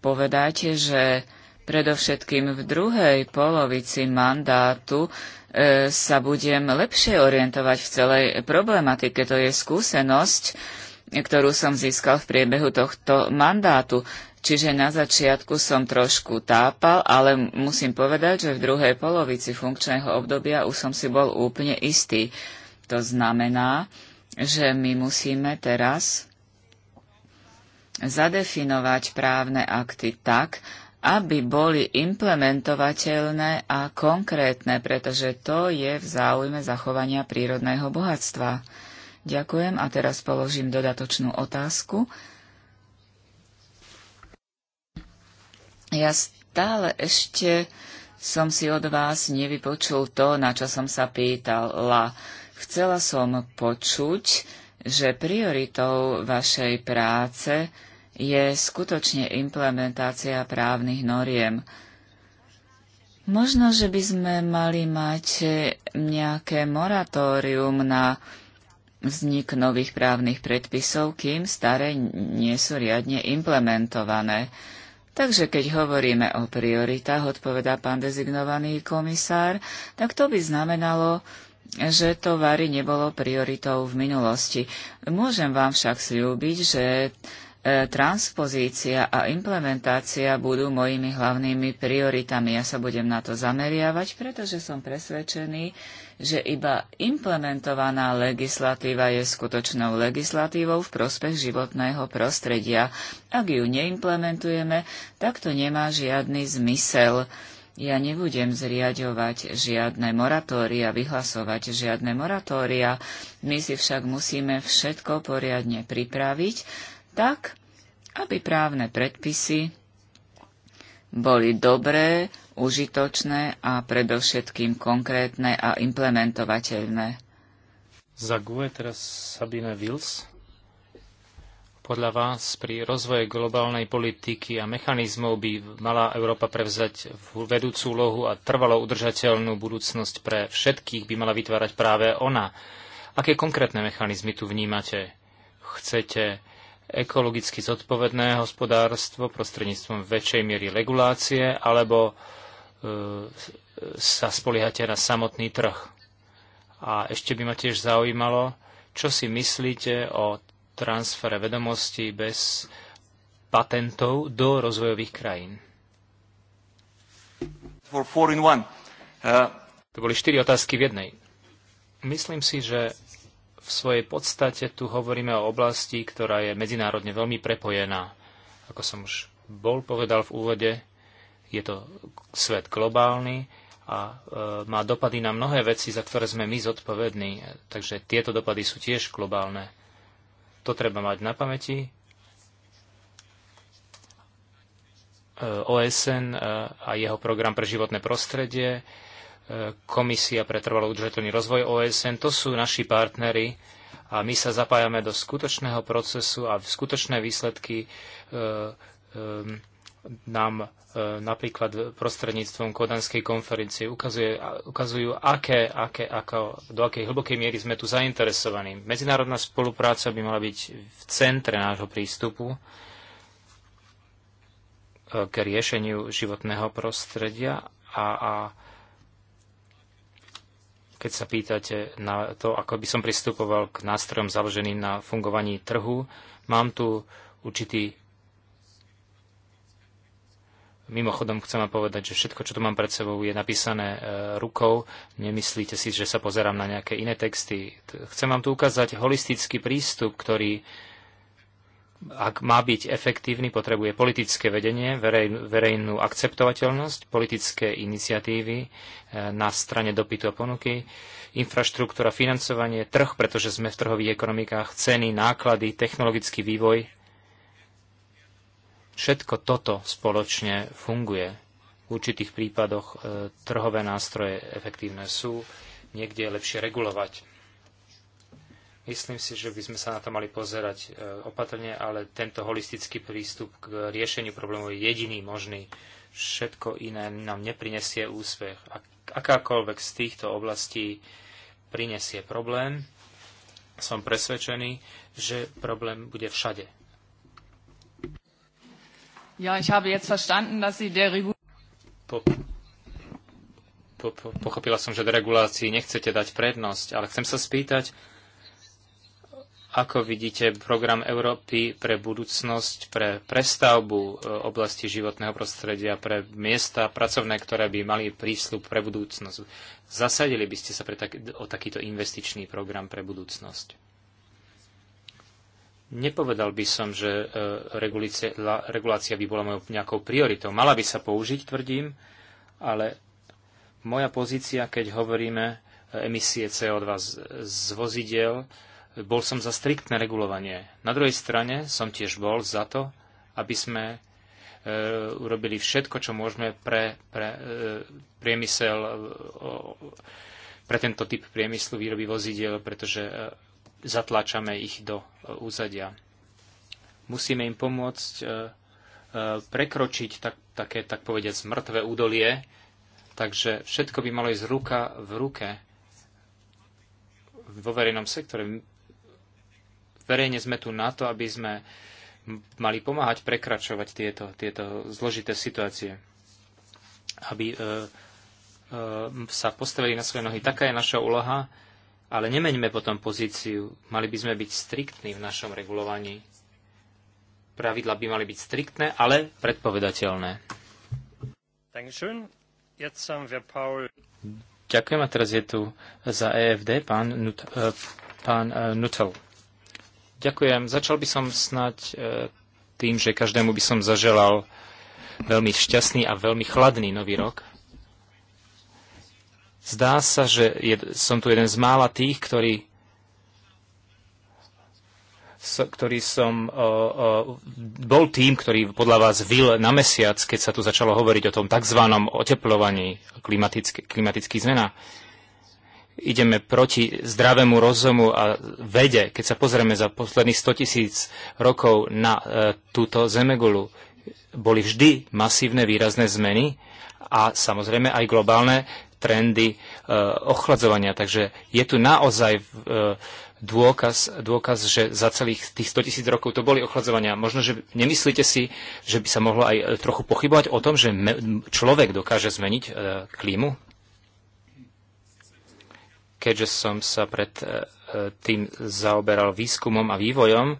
S4: povedať, že predovšetkým v druhej polovici mandátu e, sa budem lepšie orientovať v celej problematike. To je skúsenosť, ktorú som získal v priebehu tohto mandátu. Čiže na začiatku som trošku tápal, ale musím povedať, že v druhej polovici funkčného obdobia už som si bol úplne istý. To znamená, že my musíme teraz zadefinovať právne akty tak, aby boli implementovateľné a konkrétne, pretože to je v záujme zachovania prírodného bohatstva. Ďakujem a teraz položím dodatočnú otázku. Ja stále ešte som si od vás nevypočul to, na čo som sa pýtala. Chcela som počuť, že prioritou vašej práce je skutočne implementácia právnych noriem. Možno, že by sme mali mať nejaké moratórium na vznik nových právnych predpisov, kým staré nie sú riadne implementované. Takže keď hovoríme o prioritách, odpovedá pán dezignovaný komisár, tak to by znamenalo, že to vary nebolo prioritou v minulosti. Môžem vám však slúbiť, že e, transpozícia a implementácia budú mojimi hlavnými prioritami. Ja sa budem na to zameriavať, pretože som presvedčený, že iba implementovaná legislatíva je skutočnou legislatívou v prospech životného prostredia. Ak ju neimplementujeme, tak to nemá žiadny zmysel. Ja nebudem zriadovať žiadne moratória, vyhlasovať žiadne moratória. My si však musíme všetko poriadne pripraviť tak, aby právne predpisy boli dobré, užitočné a predovšetkým konkrétne a implementovateľné.
S1: Za GUE teraz Sabine Wills. Podľa vás pri rozvoje globálnej politiky a mechanizmov by mala Európa prevzať vedúcu úlohu a trvalo udržateľnú budúcnosť pre všetkých by mala vytvárať práve ona. Aké konkrétne mechanizmy tu vnímate? Chcete ekologicky zodpovedné hospodárstvo prostredníctvom väčšej miery regulácie, alebo e, sa spoliehate na samotný trh. A ešte by ma tiež zaujímalo, čo si myslíte o transfere vedomostí bez patentov do rozvojových krajín. Uh... To boli štyri otázky v jednej. Myslím si, že v svojej podstate tu hovoríme o oblasti, ktorá je medzinárodne veľmi prepojená. Ako som už bol povedal v úvode, je to svet globálny a e, má dopady na mnohé veci, za ktoré sme my zodpovední. Takže tieto dopady sú tiež globálne. To treba mať na pamäti. E, OSN e, a jeho program pre životné prostredie Komisia pre trvalo udržateľný rozvoj OSN, to sú naši partnery a my sa zapájame do skutočného procesu a skutočné výsledky e, e, nám e, napríklad prostredníctvom Kodanskej konferencie ukazuje, ukazujú, aké, aké, ako, do akej hlbokej miery sme tu zainteresovaní. Medzinárodná spolupráca by mala byť v centre nášho prístupu k riešeniu životného prostredia a, a keď sa pýtate na to, ako by som pristupoval k nástrojom založeným na fungovaní trhu, mám tu určitý Mimochodom chcem vám povedať, že všetko, čo tu mám pred sebou, je napísané e, rukou. Nemyslíte si, že sa pozerám na nejaké iné texty. Chcem vám tu ukázať holistický prístup, ktorý ak má byť efektívny, potrebuje politické vedenie, verej, verejnú akceptovateľnosť, politické iniciatívy eh, na strane dopytu a ponuky, infraštruktúra, financovanie, trh, pretože sme v trhových ekonomikách, ceny, náklady, technologický vývoj. Všetko toto spoločne funguje. V určitých prípadoch eh, trhové nástroje efektívne sú, niekde je lepšie regulovať Myslím si, že by sme sa na to mali pozerať e, opatrne, ale tento holistický prístup k riešeniu problémov je jediný možný. Všetko iné nám neprinesie úspech. akákoľvek z týchto oblastí prinesie problém, som presvedčený, že problém bude všade.
S4: Ja, ich habe jetzt verstanden, dass Sie der
S1: po, po, po, pochopila som, že deregulácii nechcete dať prednosť, ale chcem sa spýtať, ako vidíte, program Európy pre budúcnosť, pre prestavbu e, oblasti životného prostredia, pre miesta pracovné, ktoré by mali prísľub pre budúcnosť. Zasadili by ste sa pre tak, o takýto investičný program pre budúcnosť? Nepovedal by som, že e, regulácia, by bola mojou nejakou prioritou. Mala by sa použiť, tvrdím, ale moja pozícia, keď hovoríme e, emisie CO2 z, z vozidel, bol som za striktné regulovanie. Na druhej strane som tiež bol za to, aby sme e, urobili všetko, čo môžeme pre, pre e, priemysel, e, pre tento typ priemyslu výroby vozidiel, pretože zatláčame ich do úzadia. Musíme im pomôcť prekročiť tak, také, tak povediať, mŕtve údolie, takže všetko by malo ísť ruka v ruke vo verejnom sektore verejne sme tu na to, aby sme mali pomáhať prekračovať tieto, tieto zložité situácie. Aby e, e, sa postavili na svoje nohy. Taká je naša úloha, ale nemeňme potom pozíciu. Mali by sme byť striktní v našom regulovaní. Pravidla by mali byť striktné, ale predpovedateľné. Ďakujem a teraz je tu za EFD pán, Nut- e, pán e, Nutel. Ďakujem. Začal by som snať e, tým, že každému by som zaželal veľmi šťastný a veľmi chladný nový rok. Zdá sa, že je, som tu jeden z mála tých, ktorí, so, ktorý som, o, o, bol tým, ktorý podľa vás vil na mesiac, keď sa tu začalo hovoriť o tom tzv. oteplovaní klimatických zmenách ideme proti zdravému rozumu a vede, keď sa pozrieme za posledných 100 tisíc rokov na e, túto zemegulu, boli vždy masívne výrazné zmeny a samozrejme aj globálne trendy e, ochladzovania. Takže je tu naozaj e, dôkaz, dôkaz, že za celých tých 100 tisíc rokov to boli ochladzovania. Možno, že nemyslíte si, že by sa mohlo aj e, trochu pochybovať o tom, že človek dokáže zmeniť e, klímu? keďže som sa pred e, e, tým zaoberal výskumom a vývojom e,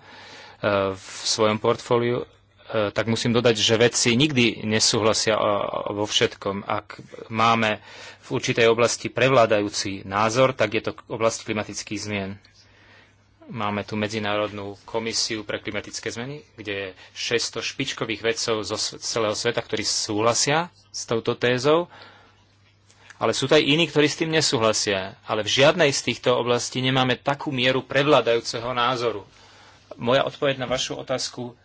S1: v svojom portfóliu, tak musím dodať, že vedci nikdy nesúhlasia vo všetkom. Ak máme v určitej oblasti prevládajúci názor, tak je to oblasť klimatických zmien. Máme tu Medzinárodnú komisiu pre klimatické zmeny, kde je 600 špičkových vedcov zo celého sveta, ktorí súhlasia s touto tézou ale sú to aj iní, ktorí s tým nesúhlasia. Ale v žiadnej z týchto oblastí nemáme takú mieru prevládajúceho názoru. Moja odpoveď na vašu otázku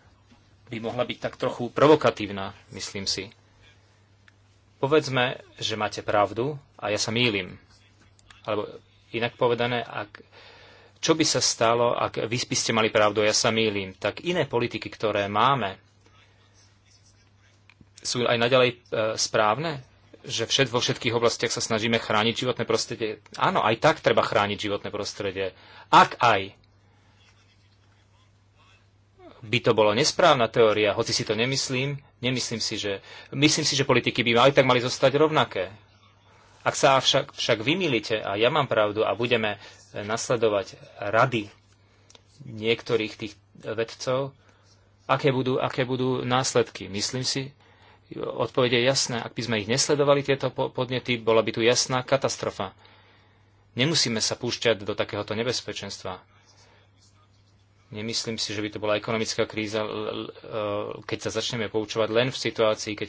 S1: by mohla byť tak trochu provokatívna, myslím si. Povedzme, že máte pravdu a ja sa mýlim. Alebo inak povedané, ak, čo by sa stalo, ak vy by ste mali pravdu a ja sa mýlim, tak iné politiky, ktoré máme, sú aj naďalej e, správne? že všet, vo všetkých oblastiach sa snažíme chrániť životné prostredie. Áno, aj tak treba chrániť životné prostredie. Ak aj by to bola nesprávna teória, hoci si to nemyslím, nemyslím si, že... Myslím si, že politiky by aj tak mali zostať rovnaké. Ak sa však, však vymýlite, a ja mám pravdu, a budeme nasledovať rady niektorých tých vedcov, aké budú, aké budú následky. Myslím si, Odpovede je jasná. Ak by sme ich nesledovali, tieto podnety, bola by tu jasná katastrofa. Nemusíme sa púšťať do takéhoto nebezpečenstva. Nemyslím si, že by to bola ekonomická kríza, e, keď sa začneme poučovať len v situácii, keď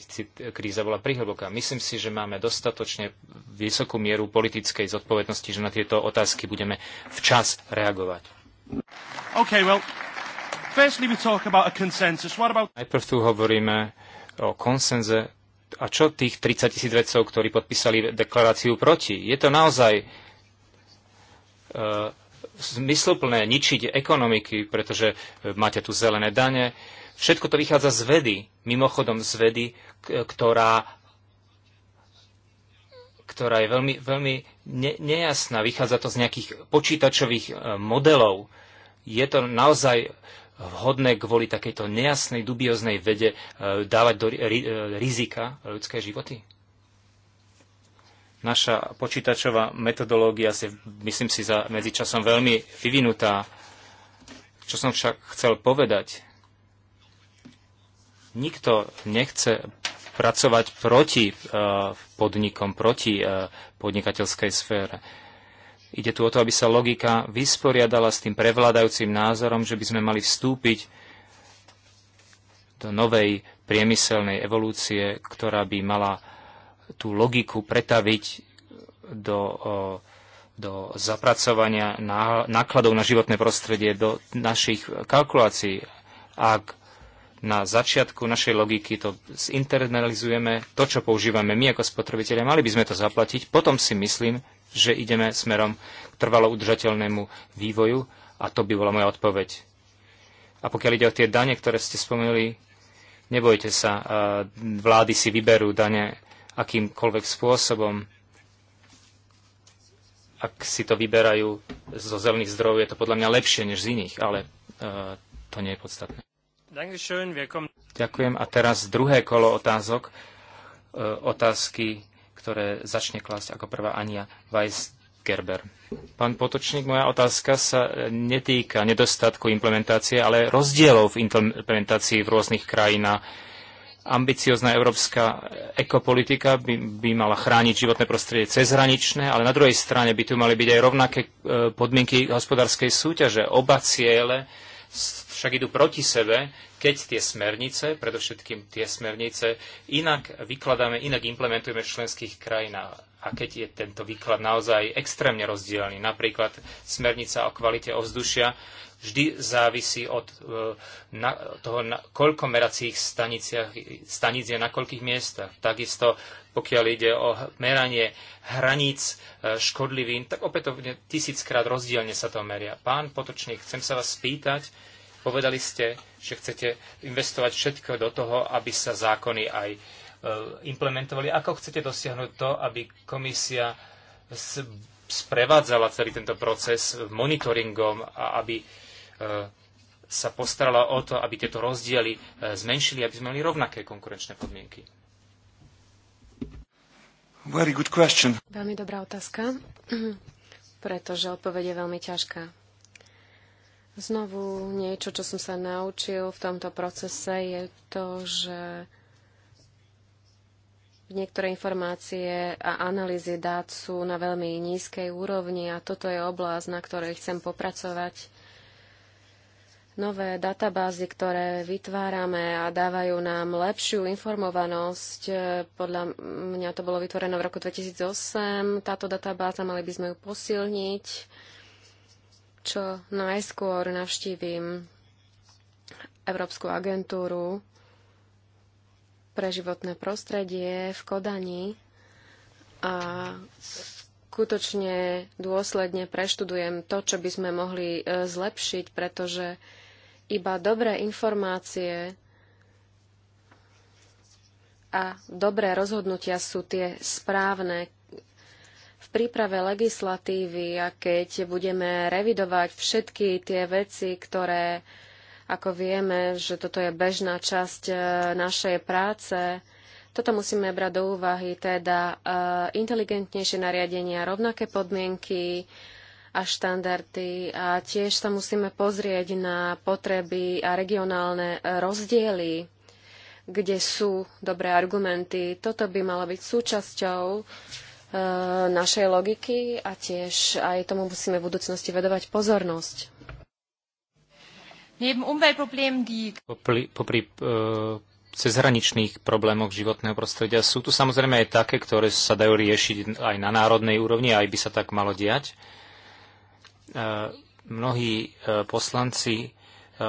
S1: kríza bola prihlboká. Myslím si, že máme dostatočne vysokú mieru politickej zodpovednosti, že na tieto otázky budeme včas reagovať. Okay, well, about... Najprv tu hovoríme o konsenze. A čo tých 30 tisíc vedcov, ktorí podpísali deklaráciu proti? Je to naozaj e, zmysluplné ničiť ekonomiky, pretože e, máte tu zelené dane. Všetko to vychádza z vedy, mimochodom z vedy, ktorá ktorá je veľmi, veľmi ne, nejasná. Vychádza to z nejakých počítačových e, modelov. Je to naozaj vhodné kvôli takejto nejasnej, dubioznej vede e, dávať do e, rizika ľudské životy? Naša počítačová metodológia si, myslím si, za medzičasom veľmi vyvinutá. Čo som však chcel povedať, nikto nechce pracovať proti e, podnikom, proti podnikateľskej sfére Ide tu o to, aby sa logika vysporiadala s tým prevládajúcim názorom, že by sme mali vstúpiť do novej priemyselnej evolúcie, ktorá by mala tú logiku pretaviť do, do zapracovania nákladov na životné prostredie do našich kalkulácií. Ak na začiatku našej logiky to zinternalizujeme, to, čo používame my ako spotrebitelia, mali by sme to zaplatiť, potom si myslím, že ideme smerom k trvalo udržateľnému vývoju a to by bola moja odpoveď. A pokiaľ ide o tie dane, ktoré ste spomenuli, nebojte sa, vlády si vyberú dane akýmkoľvek spôsobom. Ak si to vyberajú zo zelených zdrojov, je to podľa mňa lepšie než z iných, ale e, to nie je podstatné. Ďakujem. A teraz druhé kolo otázok. E, otázky ktoré začne klásť ako prvá Ania Weiss Gerber. Pán Potočník, moja otázka sa e, netýka nedostatku implementácie, ale rozdielov v implementácii v rôznych krajinách. Ambiciozná európska ekopolitika by, by mala chrániť životné prostredie cezhraničné, ale na druhej strane by tu mali byť aj rovnaké e, podmienky hospodárskej súťaže. Oba ciele však idú proti sebe, keď tie smernice, predovšetkým tie smernice, inak vykladáme, inak implementujeme v členských krajinách. A keď je tento výklad naozaj extrémne rozdielný, napríklad smernica o kvalite ovzdušia vždy závisí od e, na, toho, na, koľko meracích staníc je na koľkých miestach. Takisto, pokiaľ ide o meranie hraníc e, škodlivým, tak opätovne tisíckrát rozdielne sa to meria. Pán Potočník, chcem sa vás spýtať, povedali ste, že chcete investovať všetko do toho, aby sa zákony aj e, implementovali. Ako chcete dosiahnuť to, aby komisia sprevádzala celý tento proces monitoringom a aby e, sa postarala o to, aby tieto rozdiely e, zmenšili, aby sme mali rovnaké konkurenčné podmienky?
S3: Very good question.
S2: Veľmi dobrá otázka, pretože odpoveď je veľmi ťažká. Znovu niečo, čo som sa naučil v tomto procese, je to, že niektoré informácie a analýzy dát sú na veľmi nízkej úrovni a toto je oblasť, na ktorej chcem popracovať. Nové databázy, ktoré vytvárame a dávajú nám lepšiu informovanosť, eh, podľa mňa to bolo vytvorené v roku 2008, táto databáza mali by sme ju posilniť čo najskôr navštívim Európsku agentúru pre životné prostredie v Kodani a skutočne dôsledne preštudujem to, čo by sme mohli e, zlepšiť, pretože iba dobré informácie a dobré rozhodnutia sú tie správne, príprave legislatívy a keď budeme revidovať všetky tie veci, ktoré, ako vieme, že toto je bežná časť e, našej práce, toto musíme brať do úvahy, teda e, inteligentnejšie nariadenia, rovnaké podmienky, a štandardy a tiež sa musíme pozrieť na potreby a regionálne e, rozdiely, kde sú dobré argumenty. Toto by malo byť súčasťou Eh, našej logiky a tiež aj tomu musíme v budúcnosti vedovať pozornosť.
S1: Popri, popri e, cezhraničných problémoch životného prostredia sú tu samozrejme aj také, ktoré sa dajú riešiť aj na národnej úrovni, aj by sa tak malo diať. E, mnohí e, poslanci e, e,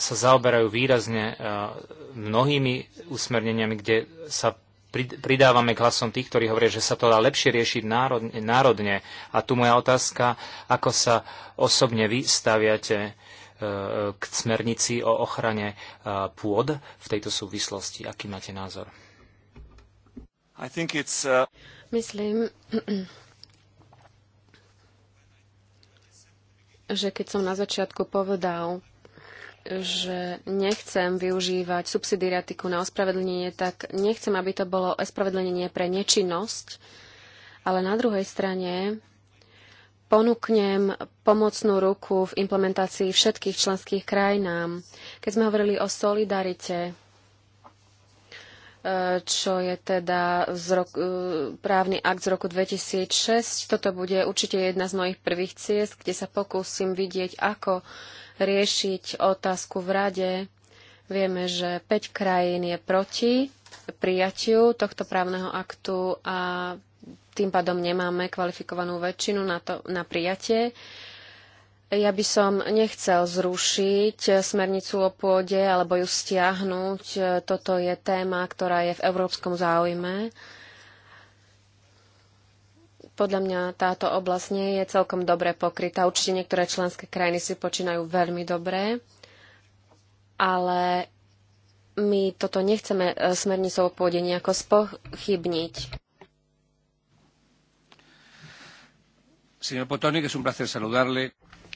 S1: sa zaoberajú výrazne mnohými usmerneniami, kde sa pridávame k hlasom tých, ktorí hovoria, že sa to dá lepšie riešiť národne, A tu moja otázka, ako sa osobne vy staviate e, k smernici o ochrane e, pôd v tejto súvislosti. Aký máte názor? I think it's, uh...
S2: Myslím, že keď som na začiatku povedal, že nechcem využívať subsidiariatiku na ospravedlnenie, tak nechcem, aby to bolo ospravedlnenie pre nečinnosť, ale na druhej strane ponúknem pomocnú ruku v implementácii všetkých členských krajinám. Keď sme hovorili o solidarite, e, čo je teda z roku, e, právny akt z roku 2006, toto bude určite jedna z mojich prvých ciest, kde sa pokúsim vidieť, ako riešiť otázku v rade. Vieme, že 5 krajín je proti prijatiu tohto právneho aktu a tým pádom nemáme kvalifikovanú väčšinu na, to, na prijatie. Ja by som nechcel zrušiť smernicu o pôde alebo ju stiahnuť. Toto je téma, ktorá je v európskom záujme. Podľa mňa táto oblasť nie je celkom dobre pokrytá. Určite niektoré členské krajiny si počínajú veľmi dobre, ale my toto nechceme e, smernicou o pôde nejako spochybniť.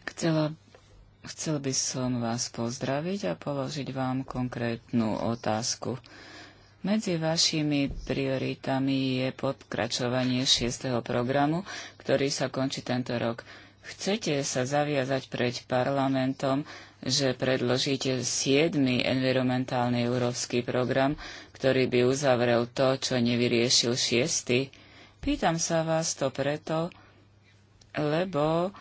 S4: Chcela, chcel by som vás pozdraviť a položiť vám konkrétnu otázku. Medzi vašimi prioritami je podkračovanie 6. programu, ktorý sa končí tento rok. Chcete sa zaviazať pred parlamentom, že predložíte 7. environmentálny európsky program, ktorý by uzavrel to, čo nevyriešil 6. Pýtam sa vás to preto, lebo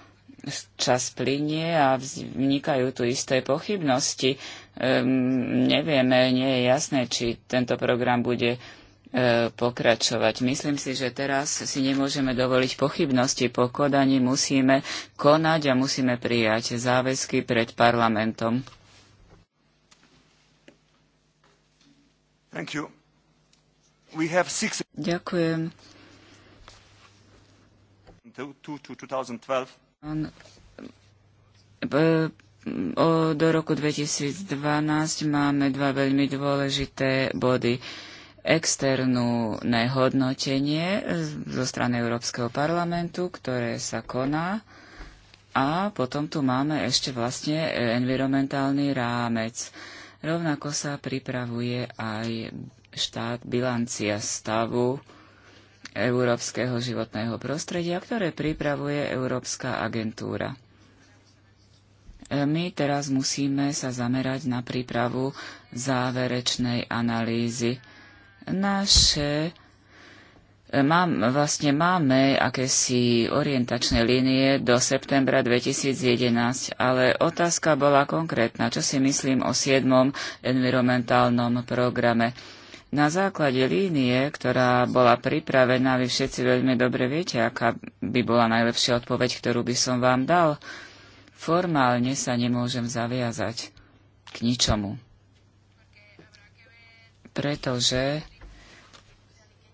S4: čas plinie a vznikajú tu isté pochybnosti nevieme, nie je jasné, či tento program bude e, pokračovať. Myslím si, že teraz si nemôžeme dovoliť pochybnosti po kodaní, musíme konať a musíme prijať záväzky pred parlamentom.
S3: Six... Ďakujem. To, to, to 2012.
S4: b, do roku 2012 máme dva veľmi dôležité body. Externú nehodnotenie zo strany Európskeho parlamentu, ktoré sa koná. A potom tu máme ešte vlastne environmentálny rámec. Rovnako sa pripravuje aj štát bilancia stavu európskeho životného prostredia, ktoré pripravuje Európska agentúra. E, my teraz musíme sa zamerať na prípravu záverečnej analýzy. Naše e, Mám, vlastne máme akési orientačné línie do septembra 2011, ale otázka bola konkrétna. Čo si myslím o 7. environmentálnom programe? Na základe línie, ktorá bola pripravená, vy všetci veľmi dobre viete, aká by bola najlepšia odpoveď, ktorú by som vám dal. Formálne sa nemôžem zaviazať k ničomu, pretože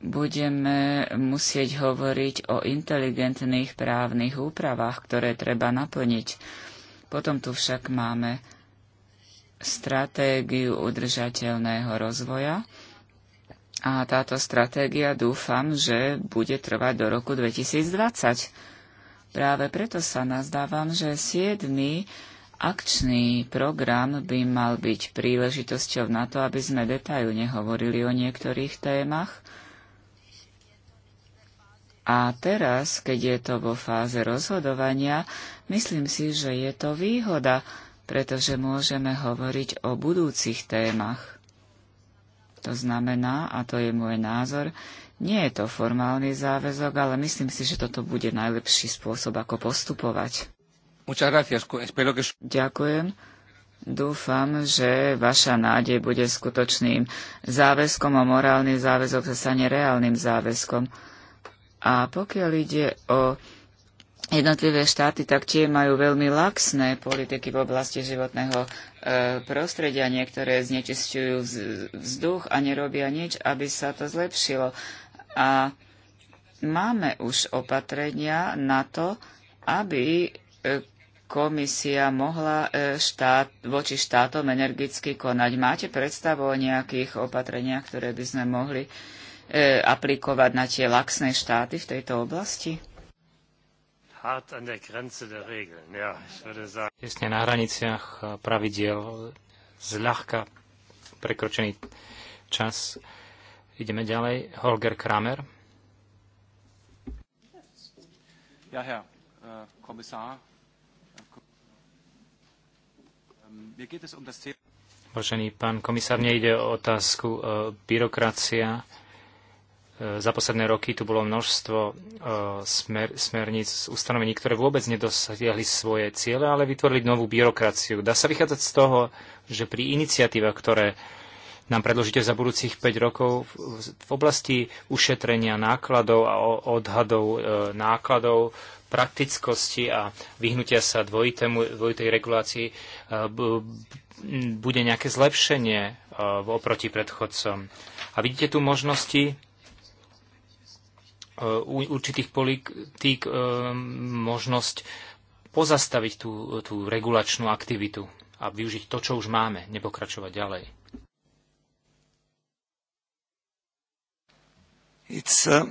S4: budeme musieť hovoriť o inteligentných právnych úpravách, ktoré treba naplniť. Potom tu však máme stratégiu udržateľného rozvoja a táto stratégia dúfam, že bude trvať do roku 2020. Práve preto sa nazdávam, že 7. akčný program by mal byť príležitosťou na to, aby sme detailne hovorili o niektorých témach. A teraz, keď je to vo fáze rozhodovania, myslím si, že je to výhoda, pretože môžeme hovoriť o budúcich témach. To znamená, a to je môj názor, nie je to formálny záväzok, ale myslím si, že toto bude najlepší spôsob, ako postupovať. Ďakujem. Dúfam, že vaša nádej bude skutočným záväzkom a morálny záväzok sa stane reálnym záväzkom. A pokiaľ ide o jednotlivé štáty, tak tie majú veľmi laxné politiky v oblasti životného e, prostredia. Niektoré znečistujú vzduch a nerobia nič, aby sa to zlepšilo. A máme už opatrenia na to, aby e, komisia mohla e, štát, voči štátom energicky konať. Máte predstavu o nejakých opatreniach, ktoré by sme mohli e, aplikovať na tie laxné štáty v tejto oblasti?
S1: Jasne na hraniciach pravidiel zľahka prekročený čas Ideme ďalej. Holger Kramer.
S3: Ja, herr äh, komisár. Ähm, um
S1: Vážený pán komisár, mne ide o otázku äh, byrokracia. Äh, za posledné roky tu bolo množstvo smer, smerníc, ustanovení, ktoré vôbec nedosiahli svoje ciele, ale vytvorili novú byrokraciu. Dá sa vychádzať z toho, že pri iniciatívach, ktoré nám predložíte za budúcich 5 rokov v oblasti ušetrenia nákladov a odhadov e, nákladov, praktickosti a vyhnutia sa dvojitému, dvojitej regulácii e, bude nejaké zlepšenie e, oproti predchodcom. A vidíte tu možnosti určitých politík možnosť pozastaviť tú, tú regulačnú aktivitu a využiť to, čo už máme, nepokračovať ďalej.
S3: Uh,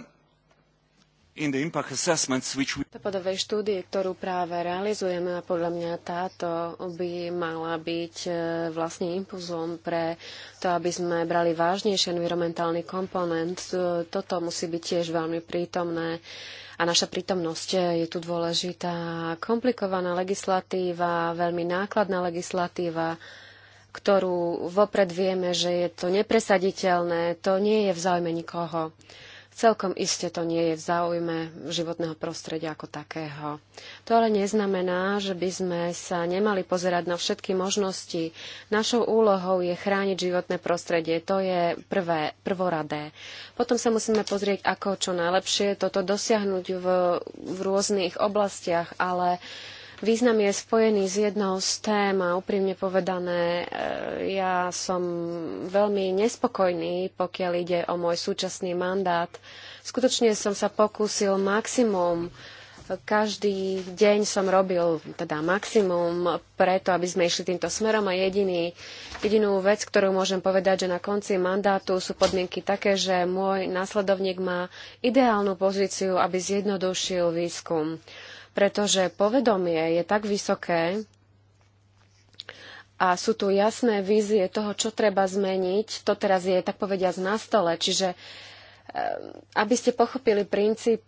S2: Dopadovej štúdie, ktorú práve realizujeme a podľa mňa táto by mala byť e, vlastne impulzom pre to, aby sme brali vážnejšie environmentálny komponent. E, toto musí byť tiež veľmi prítomné a naša prítomnosť e, je tu dôležitá. Komplikovaná legislatíva, veľmi nákladná legislatíva, ktorú vopred vieme, že je to nepresaditeľné, to nie je v záujme nikoho. Celkom iste to nie je v záujme životného prostredia ako takého. To ale neznamená, že by sme sa nemali pozerať na všetky možnosti. Našou úlohou je chrániť životné prostredie. To je prvé, prvoradé. Potom sa musíme pozrieť, ako čo najlepšie toto dosiahnuť v, v rôznych oblastiach, ale uh, význam je spojený s jednou z tém a úprimne povedané, e, ja som veľmi nespokojný, pokiaľ ide o môj súčasný mandát. Skutočne som sa pokúsil maximum každý deň som robil teda maximum preto, aby sme išli týmto smerom a jediný, jedinú vec, ktorú môžem povedať, že na konci mandátu sú podmienky také, že môj následovník má ideálnu pozíciu, aby zjednodušil výskum pretože povedomie je tak vysoké a sú tu jasné vízie toho, čo treba zmeniť. To teraz je, tak povediať, na stole. Čiže eh, aby ste pochopili princíp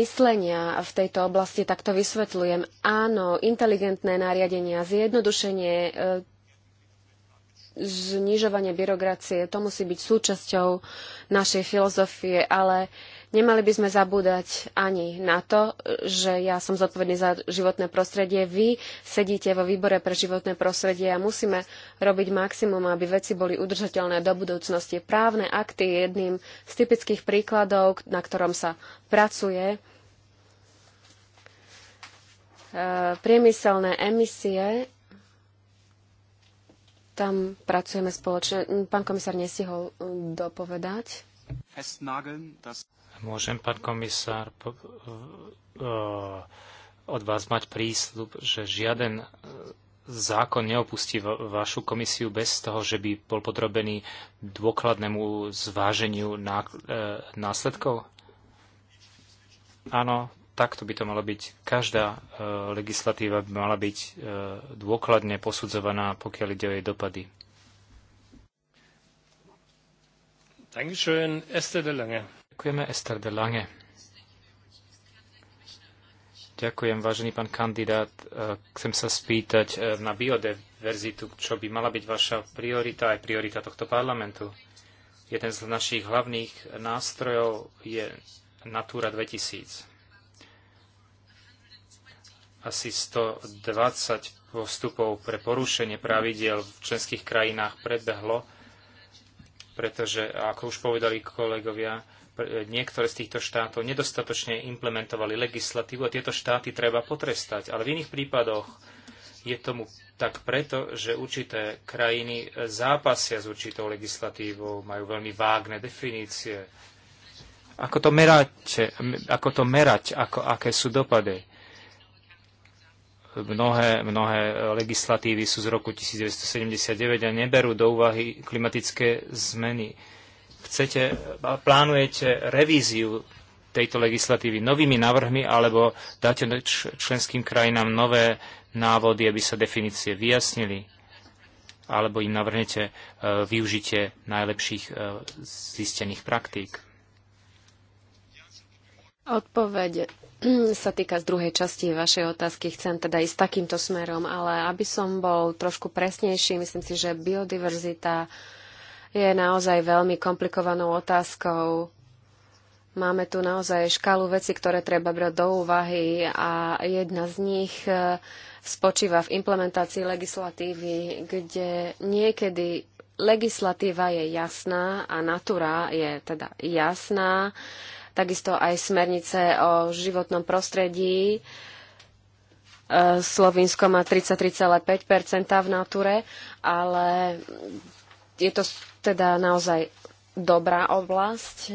S2: myslenia v tejto oblasti, tak to vysvetľujem. Áno, inteligentné nariadenia, zjednodušenie, eh, znižovanie byrokracie, to musí byť súčasťou našej filozofie, ale uh, Nemali by sme zabúdať ani na to, že ja som zodpovedný za životné prostredie, vy sedíte vo výbore pre životné prostredie a musíme robiť maximum, aby veci boli udržateľné do budúcnosti. Právne akty je jedným z typických príkladov, na ktorom sa pracuje. E, priemyselné emisie, tam pracujeme spoločne. Pán komisár nestihol e, dopovedať.
S1: Môžem, pán komisár, e, od vás mať prísľub, že žiaden e, zákon neopustí vašu komisiu bez toho, že by bol podrobený dôkladnému zváženiu e, následkov? Áno, takto by to malo byť. Každá legislatíva by mala byť dôkladne posudzovaná, pokiaľ ide o jej dopady. Dankeschön, Esther de Lange. Ďakujeme Ester de Lange. Ďakujem, vážený pán kandidát. E, chcem sa spýtať e, na biodiverzitu, čo by mala byť vaša priorita, aj priorita tohto parlamentu. Jeden z našich hlavných nástrojov je Natura 2000. Asi 120 postupov pre porušenie pravidiel v členských krajinách predbehlo, pretože, ako už povedali kolegovia, E, niektoré z týchto štátov nedostatočne implementovali legislatívu a tieto štáty treba potrestať. Ale v iných prípadoch je tomu tak preto, že určité krajiny e, zápasia s určitou legislatívou, majú veľmi vágne definície. Ako to merať, ako to merať ako, aké sú dopady? Mnohé, mnohé e, legislatívy sú z roku 1979 a neberú do úvahy klimatické zmeny chcete, plánujete revíziu tejto legislatívy novými návrhmi alebo dáte členským krajinám nové návody, aby sa definície vyjasnili alebo im navrhnete e, využitie najlepších e, zistených praktík?
S2: Odpoveď mm, sa týka z druhej časti vašej otázky. Chcem teda ísť takýmto smerom, ale aby som bol trošku presnejší, myslím si, že biodiverzita je naozaj veľmi komplikovanou otázkou. Máme tu naozaj škálu veci, ktoré treba brať do úvahy a jedna z nich e, spočíva v implementácii legislatívy, kde niekedy legislatíva je jasná a natura je teda jasná, takisto aj smernice o životnom prostredí. E, Slovinsko má 33,5% v nature, ale je to teda naozaj dobrá oblasť, e,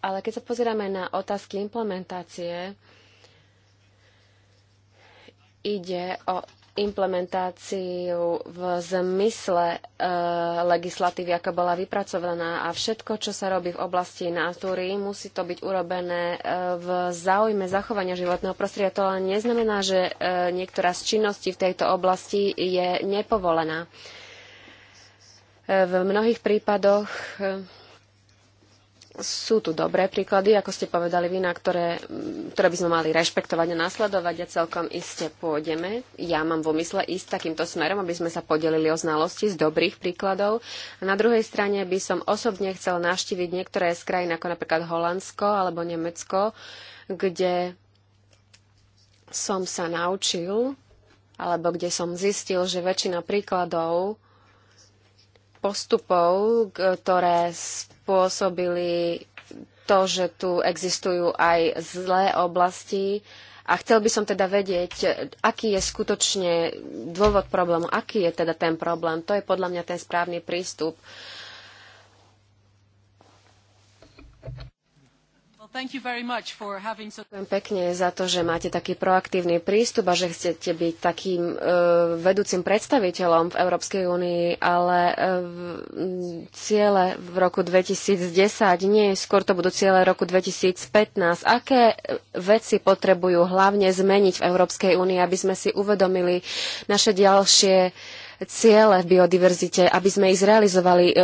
S2: ale keď sa pozrieme na otázky implementácie, ide o implementáciu v zmysle e, legislatívy, ako bola vypracovaná a všetko, čo sa robí v oblasti natúry, musí to byť urobené e, v záujme zachovania životného prostredia. To ale neznamená, že e, niektorá z činností v tejto oblasti je nepovolená. E, v mnohých prípadoch eh, sú tu dobré príklady, ako ste povedali vy, na ktoré, ktoré by sme mali rešpektovať a nasledovať a celkom iste pôjdeme. Ja mám v mysle ísť takýmto smerom, aby sme sa podelili o znalosti z dobrých príkladov. A na druhej strane by som osobne chcel navštíviť niektoré z krajín, ako napríklad Holandsko alebo Nemecko, kde som sa naučil, alebo kde som zistil, že väčšina príkladov postupov, ktoré spôsobili to, že tu existujú aj zlé oblasti. A chcel by som teda vedieť, aký je skutočne dôvod problému, aký je teda ten problém. To je podľa mňa ten správny prístup. Uh, Ďakujem pekne za to, že máte taký proaktívny prístup a že chcete byť takým e, vedúcim predstaviteľom v Európskej únii, ale e, ciele v roku 2010 nie, skôr to budú ciele roku 2015. Aké veci potrebujú hlavne zmeniť v Európskej únii, aby sme si uvedomili naše ďalšie ciele v biodiverzite, aby sme ich zrealizovali e,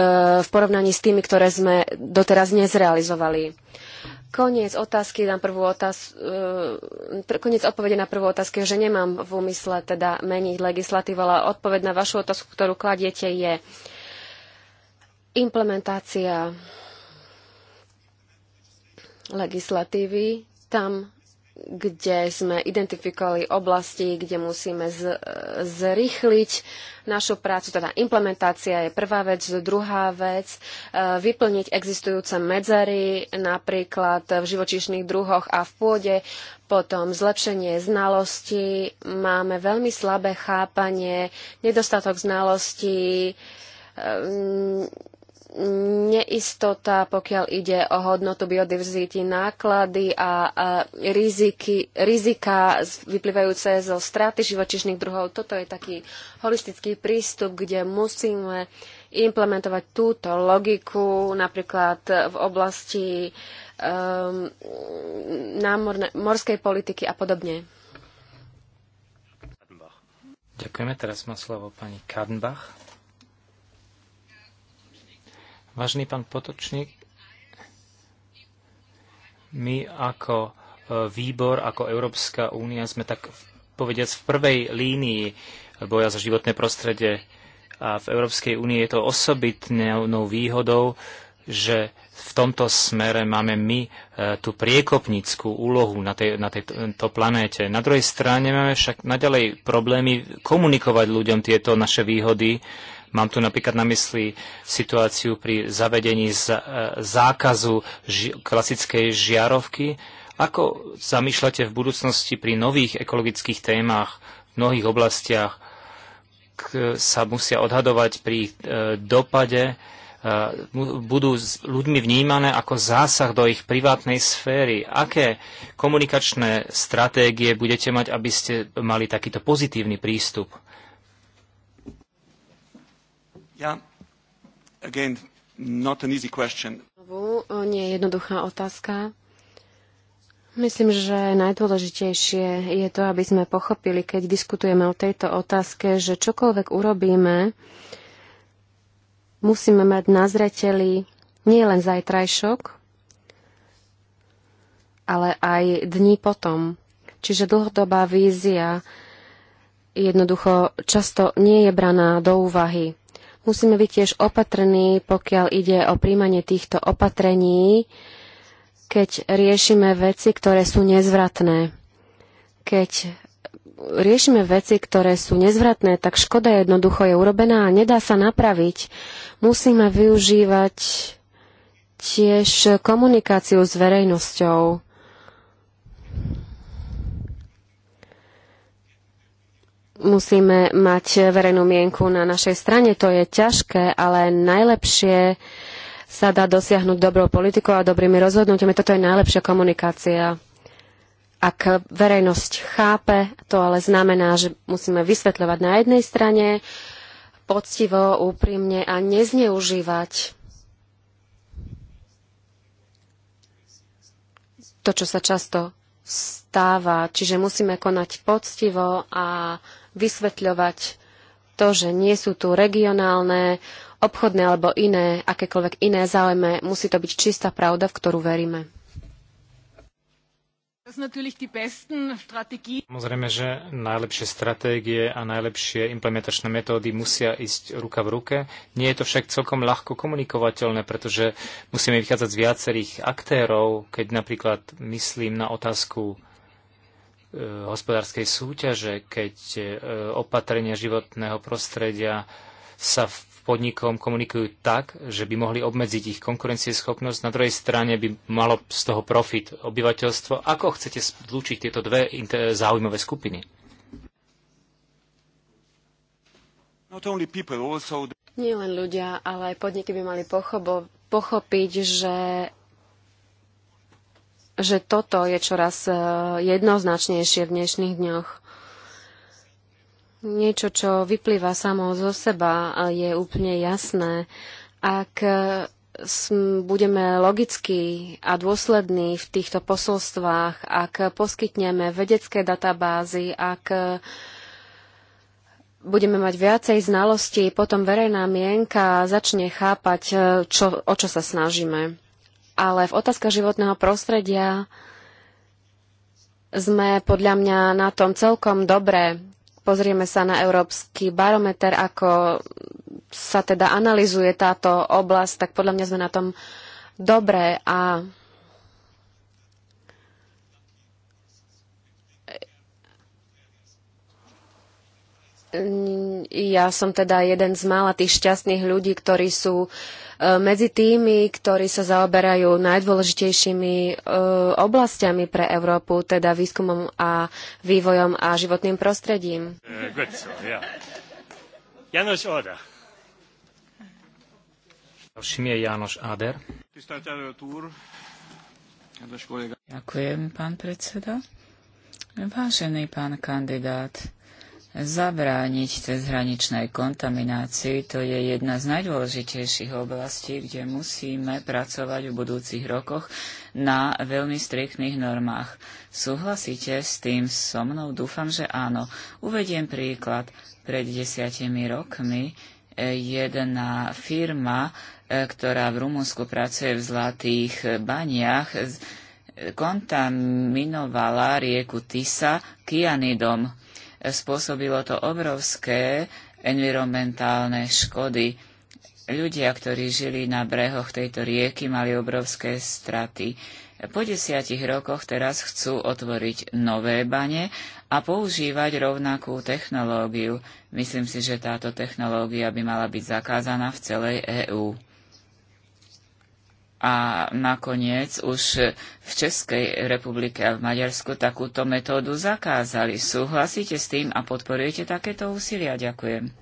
S2: v porovnaní s tými, ktoré sme doteraz nezrealizovali. Koniec otázky na prvú otázku e, koniec odpovede na prvú otázku je, že nemám v úmysle teda meniť legislatívu, ale odpoveď na vašu otázku, ktorú kladiete, je implementácia legislatívy. Tam kde sme identifikovali oblasti, kde musíme z, e, zrýchliť našu prácu. Teda implementácia je prvá vec. Druhá vec, e, vyplniť existujúce medzery, napríklad v živočíšnych druhoch a v pôde. Potom zlepšenie znalostí. Máme veľmi slabé chápanie, nedostatok znalostí e, neistota, pokiaľ ide o hodnotu biodiverzity, náklady a, a riziky, rizika vyplývajúce zo straty živočišných druhov. Toto je taký holistický prístup, kde musíme implementovať túto logiku napríklad v oblasti um, námorne, morskej politiky a podobne.
S1: Ďakujeme. Teraz má slovo pani Kadenbach. Vážený pán Potočník, my ako e, výbor, ako Európska únia sme tak povediac v prvej línii boja za životné prostredie a v Európskej únii je to osobitnou výhodou, že v tomto smere máme my e, tú priekopníckú úlohu na, tej, na tejto planéte. Na druhej strane máme však naďalej problémy komunikovať ľuďom tieto naše výhody, Mám tu napríklad na mysli situáciu pri zavedení e, zákazu ži- klasickej žiarovky. Ako zamýšľate v budúcnosti pri nových ekologických témach v mnohých oblastiach sa musia odhadovať pri e, dopade, e, budú s ľuďmi vnímané ako zásah do ich privátnej sféry. Aké komunikačné stratégie budete mať, aby ste mali takýto pozitívny prístup? Yeah. Again, not an easy question.
S2: E, nie je jednoduchá otázka. Myslím, že najdôležitejšie je to, aby sme pochopili, keď diskutujeme o tejto otázke, že čokoľvek urobíme, musíme mať na zreteli nie len zajtrajšok, ale aj dní potom. Čiže dlhodobá vízia jednoducho často nie je braná do úvahy. Musíme byť tiež opatrní, pokiaľ ide o príjmanie týchto opatrení, keď riešime veci, ktoré sú nezvratné. Keď riešime veci, ktoré sú nezvratné, tak škoda jednoducho je urobená a nedá sa napraviť. Musíme využívať tiež komunikáciu s verejnosťou. musíme mať verejnú mienku na našej strane. To je ťažké, ale najlepšie sa dá dosiahnuť dobrou politikou a dobrými rozhodnutiami. Toto je najlepšia komunikácia. Ak verejnosť chápe, to ale znamená, že musíme vysvetľovať na jednej strane poctivo, úprimne a nezneužívať to, čo sa často stáva. Čiže musíme konať poctivo a vysvetľovať to, že nie sú tu regionálne, obchodné alebo iné, akékoľvek iné záujme. Musí to byť čistá pravda, v ktorú veríme.
S1: Samozrejme, že najlepšie stratégie a najlepšie implementačné metódy musia ísť ruka v ruke. Nie je to však celkom ľahko komunikovateľné, pretože musíme vychádzať z viacerých aktérov, keď napríklad myslím na otázku hospodárskej súťaže, keď e, opatrenia životného prostredia sa v podnikom komunikujú tak, že by mohli obmedziť ich konkurencieschopnosť, na druhej strane by malo z toho profit obyvateľstvo. Ako chcete zlúčiť tieto dve záujmové skupiny?
S3: Nie
S2: len ľudia, ale aj podniky by mali pochopo- pochopiť, že že toto je čoraz e, jednoznačnejšie v dnešných dňoch. Niečo, čo vyplýva samo zo seba, e, je úplne jasné. Ak e, budeme logickí a dôslední v týchto posolstvách, ak poskytneme vedecké databázy, ak budeme mať viacej znalostí, potom verejná mienka začne chápať, čo, o čo sa snažíme ale v otázkach životného prostredia sme podľa mňa na tom celkom dobre. Pozrieme sa na európsky barometer, ako sa teda analizuje táto oblasť, tak podľa mňa sme na tom dobre a ja som teda jeden z mála tých šťastných ľudí, ktorí sú e, medzi tými, ktorí sa zaoberajú najdôležitejšími e, oblastiami pre Európu, teda výskumom a vývojom a životným prostredím.
S3: Äh, Janoš Oda.
S1: Ďalším je Janoš Ader.
S4: Ďakujem, pán predseda. Vážený pán kandidát, Zabrániť cezhraničnej kontaminácii to je jedna z najdôležitejších oblastí, kde musíme pracovať v budúcich rokoch na veľmi striktných normách. Súhlasíte s tým so mnou? Dúfam, že áno. Uvediem príklad. Pred desiatimi rokmi e, jedna firma, e, ktorá v Rumunsku pracuje v zlatých baniach, e, kontaminovala rieku Tisa kianidom spôsobilo to obrovské environmentálne škody. Ľudia, ktorí žili na brehoch tejto rieky, mali obrovské straty. Po desiatich rokoch teraz chcú otvoriť nové bane a používať rovnakú technológiu. Myslím si, že táto technológia by mala byť zakázaná v celej EÚ. A nakoniec už v Českej republike a v Maďarsku takúto metódu zakázali. Súhlasíte s tým a podporujete takéto úsilia? Ďakujem.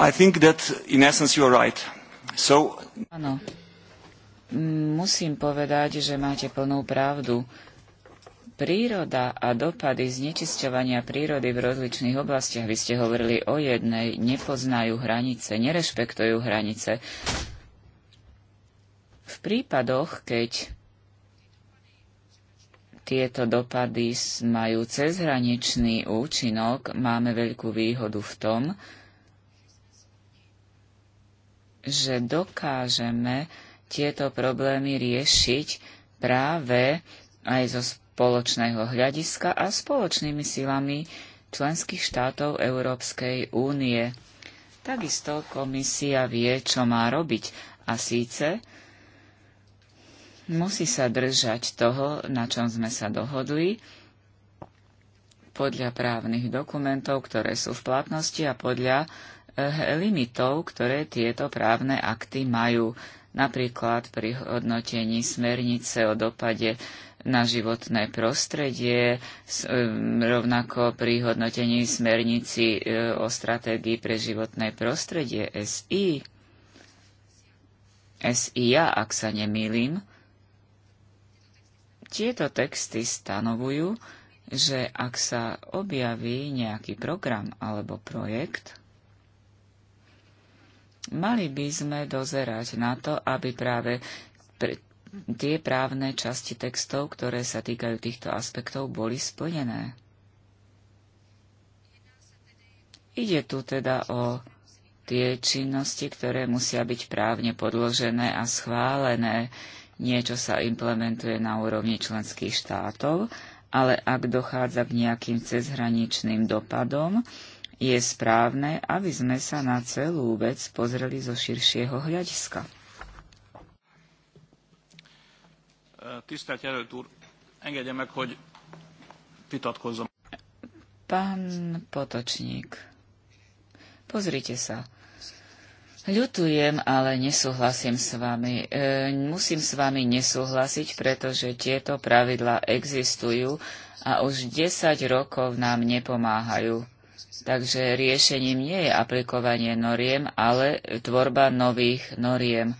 S3: I think that in essence you are right. So...
S4: Áno. Musím povedať, že máte plnú pravdu. Príroda a dopady znečisťovania prírody v rozličných oblastiach, vy ste hovorili o jednej, nepoznajú hranice, nerešpektujú hranice. V prípadoch, keď tieto dopady majú cezhraničný účinok, máme veľkú výhodu v tom, že dokážeme tieto problémy riešiť práve aj zo spoločného hľadiska a spoločnými silami členských štátov Európskej únie. Takisto komisia vie, čo má robiť a síce musí sa držať toho, na čom sme sa dohodli, podľa právnych dokumentov, ktoré sú v platnosti a podľa eh, limitov, ktoré tieto právne akty majú, napríklad pri hodnotení smernice o dopade na životné prostredie, rovnako pri hodnotení smernici e, o stratégii pre životné prostredie SI. SIA, ak sa nemýlim. Tieto texty stanovujú, že ak sa objaví nejaký program alebo projekt, mali by sme dozerať na to, aby práve tie právne časti textov, ktoré sa týkajú týchto aspektov, boli splnené. Ide tu teda o tie činnosti, ktoré musia byť právne podložené a schválené. Niečo sa implementuje na úrovni členských štátov, ale ak dochádza k nejakým cezhraničným dopadom, je správne, aby sme sa na celú vec pozreli zo širšieho hľadiska.
S3: Eh, tisztelt jelölt úr, engedje meg, hogy vitatkozzam.
S4: Pán Potočník, pozrite sa. Ľutujem, ale nesúhlasím s vami. E, musím s vami nesúhlasiť, pretože tieto pravidlá existujú a už 10 rokov nám nepomáhajú. Takže riešením nie je aplikovanie noriem, ale tvorba nových noriem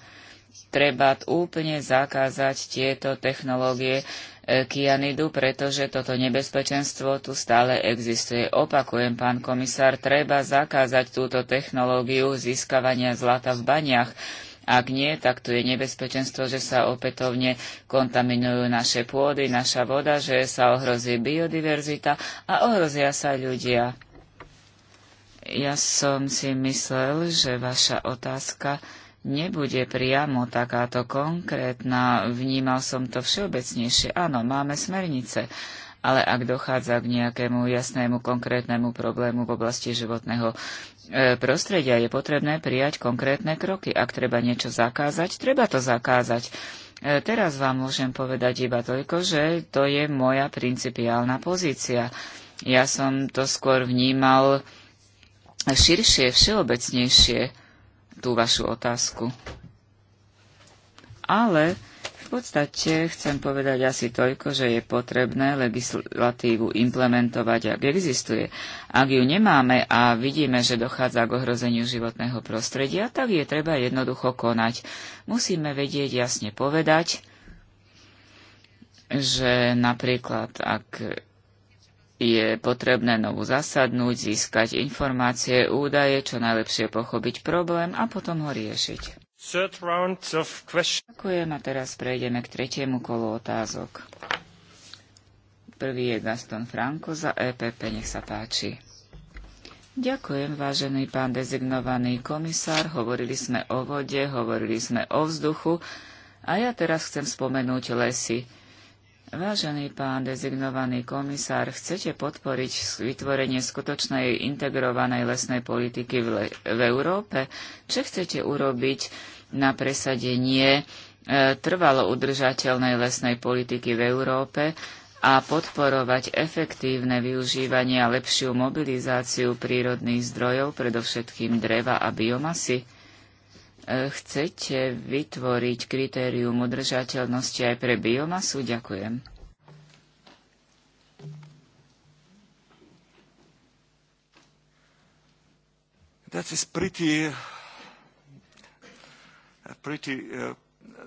S4: treba úplne zakázať tieto technológie e, kianidu, pretože toto nebezpečenstvo tu stále existuje. Opakujem, pán komisár, treba zakázať túto technológiu získavania zlata v baniach. Ak nie, tak tu je nebezpečenstvo, že sa opätovne kontaminujú naše pôdy, naša voda, že sa ohrozí biodiverzita a ohrozia sa ľudia. Ja som si myslel, že vaša otázka nebude priamo takáto konkrétna. Vnímal som to všeobecnejšie. Áno, máme smernice, ale ak dochádza k nejakému jasnému konkrétnemu problému v oblasti životného e, prostredia, je potrebné prijať konkrétne kroky. Ak treba niečo zakázať, treba to zakázať. E, teraz vám môžem povedať iba toľko, že to je moja principiálna pozícia. Ja som to skôr vnímal širšie, všeobecnejšie tú vašu otázku. Ale v podstate chcem povedať asi toľko, že je potrebné legislatívu implementovať, ak existuje. Ak ju nemáme a vidíme, že dochádza k ohrozeniu životného prostredia, tak je treba jednoducho konať. Musíme vedieť jasne povedať, že napríklad ak je potrebné novu zasadnúť, získať informácie, údaje, čo najlepšie pochopiť problém a potom ho riešiť. Ďakujem a teraz prejdeme k tretiemu kolu otázok. Prvý je Gaston Franco za EPP, nech sa páči. Ďakujem, vážený pán dezignovaný komisár. Hovorili sme o vode, hovorili sme o vzduchu a ja teraz chcem spomenúť lesy. Vážený pán dezignovaný komisár, chcete podporiť vytvorenie skutočnej integrovanej lesnej politiky v, le- v Európe? Čo chcete urobiť na presadenie e, trvalo udržateľnej lesnej politiky v Európe a podporovať efektívne využívanie a lepšiu mobilizáciu prírodných zdrojov, predovšetkým dreva a biomasy? chcete vytvoriť kritérium udržateľnosti aj pre biomasu? Ďakujem.
S3: That is pretty, uh, pretty uh,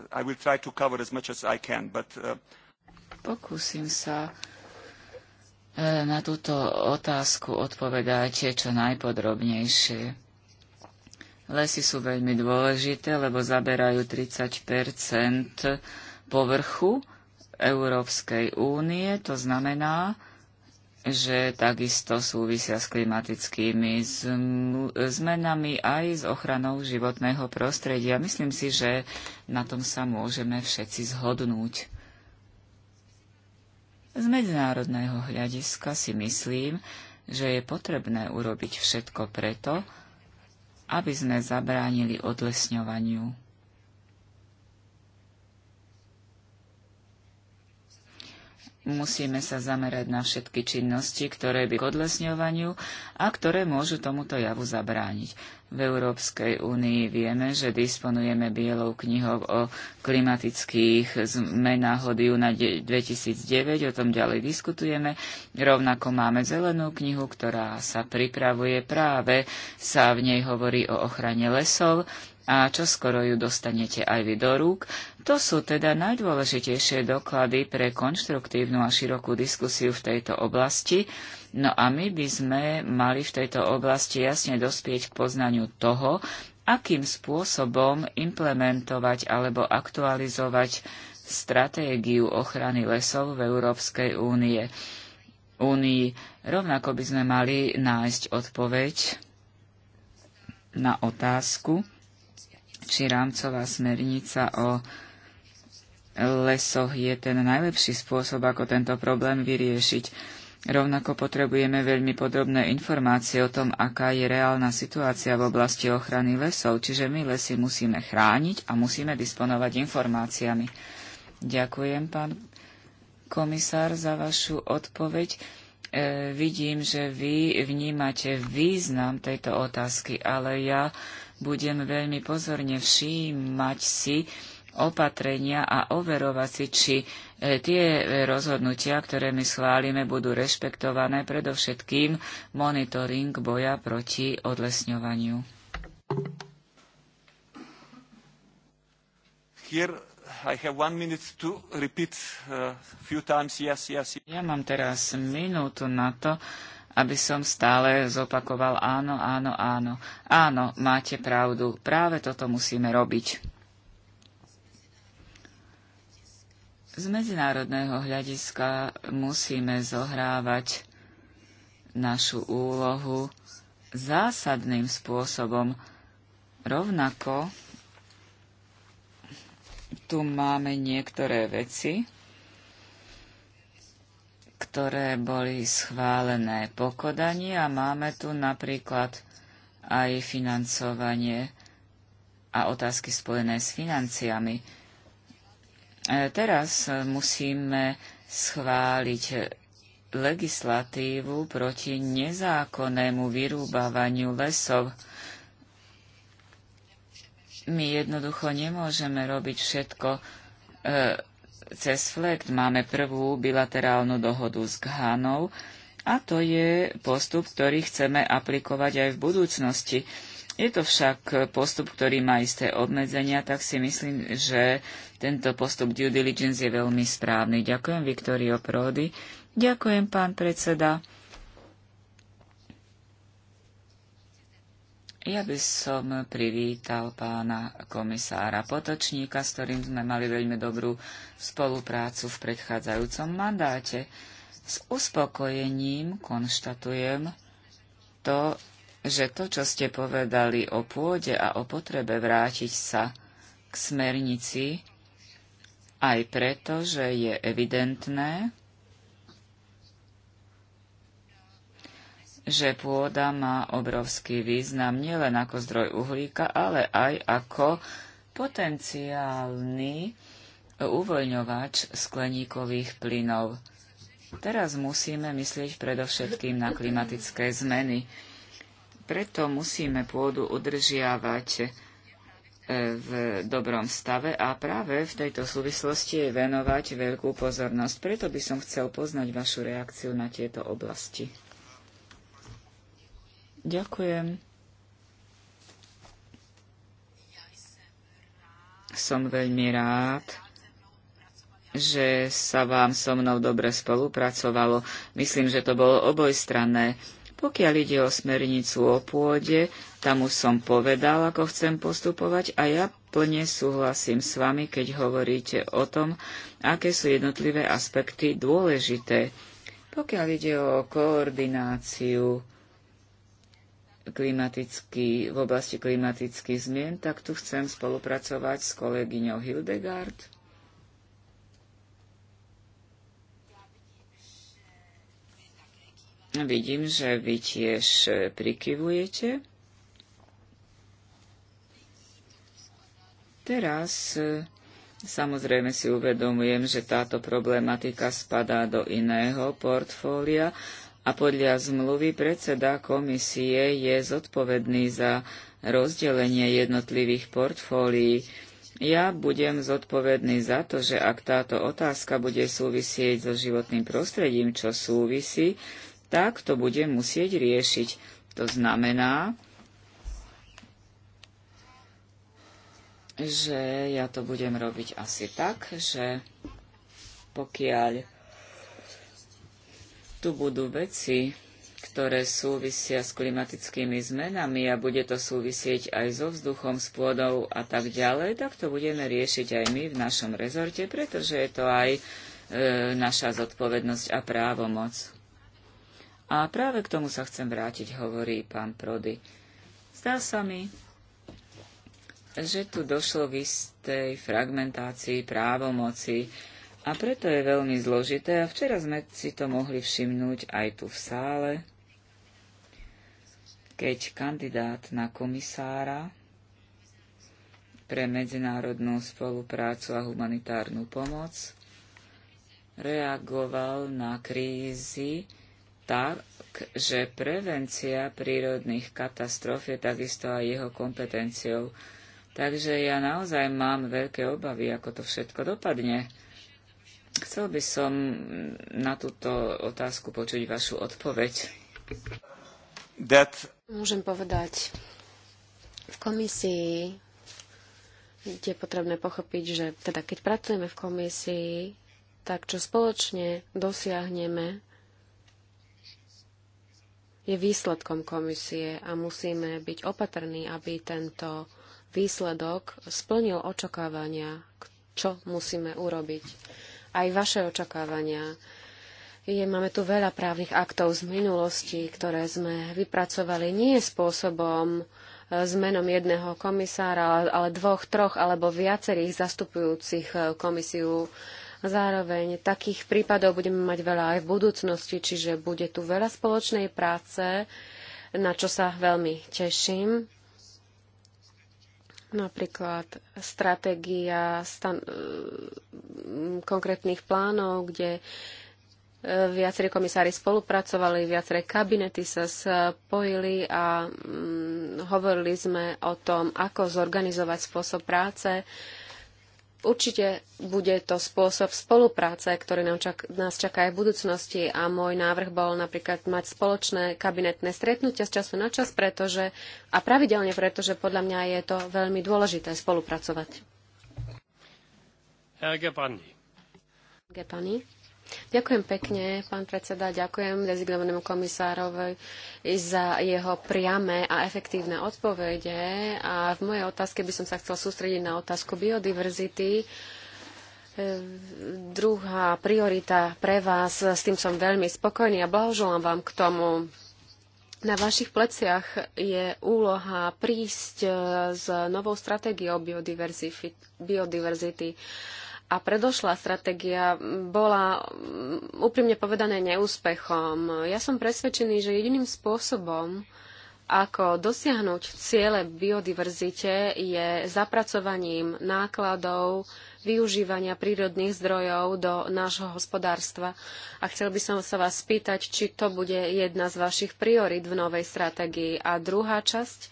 S3: I will try to cover as much as I can, but... Uh...
S4: Pokúsim sa uh, na túto otázku odpovedať čo najpodrobnejšie. Lesy sú veľmi dôležité, lebo zaberajú 30 povrchu Európskej únie. To znamená, že takisto súvisia s klimatickými zmenami aj s ochranou životného prostredia. Myslím si, že na tom sa môžeme všetci zhodnúť. Z medzinárodného hľadiska si myslím, že je potrebné urobiť všetko preto, aby sme zabránili odlesňovaniu. musíme sa zamerať na všetky činnosti, ktoré by k odlesňovaniu a ktoré môžu tomuto javu zabrániť. V Európskej únii vieme, že disponujeme bielou knihou o klimatických zmenách od júna 2009, o tom ďalej diskutujeme. Rovnako máme zelenú knihu, ktorá sa pripravuje práve, sa v nej hovorí o ochrane lesov a čo skoro ju dostanete aj vy do rúk, to sú teda najdôležitejšie doklady pre konštruktívnu a širokú diskusiu v tejto oblasti, no a my by sme mali v tejto oblasti jasne dospieť k poznaniu toho, akým spôsobom implementovať alebo aktualizovať stratégiu ochrany lesov v Európskej únie. únii. Rovnako by sme mali nájsť odpoveď na otázku, či rámcová smernica o lesoch je ten najlepší spôsob, ako tento problém vyriešiť. Rovnako potrebujeme veľmi podrobné informácie o tom, aká je reálna situácia v oblasti ochrany lesov, čiže my lesy musíme chrániť a musíme disponovať informáciami. Ďakujem, pán komisár, za vašu odpoveď. E, vidím, že vy vnímate význam tejto otázky, ale ja budem veľmi pozorne všímať si opatrenia a overovať si, či e, tie rozhodnutia, ktoré my schválime, budú rešpektované, predovšetkým monitoring boja proti odlesňovaniu.
S3: Here repeat, uh, few times, yes, yes. Ja mám
S4: teraz minútu na to, aby som stále zopakoval áno, áno, áno. Áno, máte pravdu. Práve toto musíme robiť. Z medzinárodného hľadiska musíme zohrávať našu úlohu zásadným spôsobom. Rovnako tu máme niektoré veci, ktoré boli schválené kodaní a máme tu napríklad aj financovanie a otázky spojené s financiami. E, teraz musíme schváliť legislatívu proti nezákonnému vyrúbavaniu lesov. My jednoducho nemôžeme robiť všetko, e, cez FLECT máme prvú bilaterálnu dohodu s Ghánou a to je postup, ktorý chceme aplikovať aj v budúcnosti. Je to však postup, ktorý má isté obmedzenia, tak si myslím, že tento postup due diligence je veľmi správny. Ďakujem Viktorio Prody. Ďakujem, pán predseda. Ja by som privítal pána komisára Potočníka, s ktorým sme mali veľmi dobrú spoluprácu v predchádzajúcom mandáte. S uspokojením konštatujem to, že to, čo ste povedali o pôde a o potrebe vrátiť sa k smernici, aj preto, že je evidentné, že pôda má obrovský význam nielen ako zdroj uhlíka, ale aj ako potenciálny uvoľňovač skleníkových plynov. Teraz musíme myslieť predovšetkým na klimatické zmeny. Preto musíme pôdu udržiavať e, v dobrom stave a práve v tejto súvislosti je venovať veľkú pozornosť. Preto by som chcel poznať vašu reakciu na tieto oblasti. Ďakujem. Som veľmi rád, že sa vám so mnou dobre spolupracovalo. Myslím, že to bolo obojstranné. Pokiaľ ide o smernicu o pôde, tam už som povedal, ako chcem postupovať a ja plne súhlasím s vami, keď hovoríte o tom, aké sú jednotlivé aspekty dôležité. Pokiaľ ide o koordináciu, klimatický, v oblasti klimatických zmien, tak tu chcem spolupracovať s kolegyňou Hildegard. Vidím, že vy tiež prikyvujete. Teraz eh, samozrejme si uvedomujem, že táto problematika spadá do iného portfólia, a podľa zmluvy predseda komisie je zodpovedný za rozdelenie jednotlivých portfólií. Ja budem zodpovedný za to, že ak táto otázka bude súvisieť so životným prostredím, čo súvisí, tak to budem musieť riešiť. To znamená, že ja to budem robiť asi tak, že pokiaľ tu budú veci, ktoré súvisia s klimatickými zmenami a bude to súvisieť aj so vzduchom, s pôdou a tak ďalej, tak to budeme riešiť aj my v našom rezorte, pretože je to aj e, naša zodpovednosť a právomoc. A práve k tomu sa chcem vrátiť, hovorí pán Prody. Zdá sa mi, že tu došlo k istej fragmentácii právomoci, a preto je veľmi zložité a včera sme si to mohli všimnúť aj tu v sále, keď kandidát na komisára pre medzinárodnú spoluprácu a humanitárnu pomoc reagoval na krízy tak, že prevencia prírodných katastrof je takisto aj jeho kompetenciou. Takže ja naozaj mám veľké obavy, ako to všetko dopadne Chcel by som na túto otázku počuť vašu odpoveď. That...
S2: Môžem povedať, v komisii je potrebné pochopiť, že teda keď pracujeme v komisii, tak čo spoločne dosiahneme, je výsledkom komisie a musíme byť opatrní, aby tento výsledok splnil očakávania, čo musíme urobiť aj vaše očakávania. Je, máme tu veľa právnych aktov z minulosti, ktoré sme vypracovali nie spôsobom zmenom e, jedného komisára, ale dvoch, troch alebo viacerých zastupujúcich e, komisiu. Zároveň takých prípadov budeme mať veľa aj v budúcnosti, čiže bude tu veľa spoločnej práce, na čo sa veľmi teším. Napríklad stratégia stan- konkrétnych plánov, kde e, viacerí komisári spolupracovali, viaceré kabinety sa spojili a hovorili sme o tom, ako zorganizovať spôsob práce Určite bude to spôsob spolupráce, ktorý nám čak, nás čaká aj v budúcnosti a môj návrh bol napríklad mať spoločné kabinetné stretnutia z času na čas, pretože a pravidelne, pretože podľa mňa je to veľmi dôležité spolupracovať. Herr Gepani. Gepani. Ďakujem pekne, pán predseda, ďakujem dezignovanému komisárovi za jeho priame a efektívne odpovede. A v mojej otázke by som sa chcel sústrediť na otázku biodiverzity. E, druhá priorita pre vás, s tým som veľmi spokojný a blahoželám vám k tomu. Na vašich pleciach je úloha prísť e, s novou stratégiou biodiverzity a predošlá stratégia bola mm, úprimne povedané neúspechom. Ja som presvedčený, že jediným spôsobom, ako dosiahnuť ciele biodiverzite, je zapracovaním nákladov, využívania prírodných zdrojov do nášho hospodárstva. A chcel by som sa vás spýtať, či to bude jedna z vašich priorit v novej stratégii. A druhá časť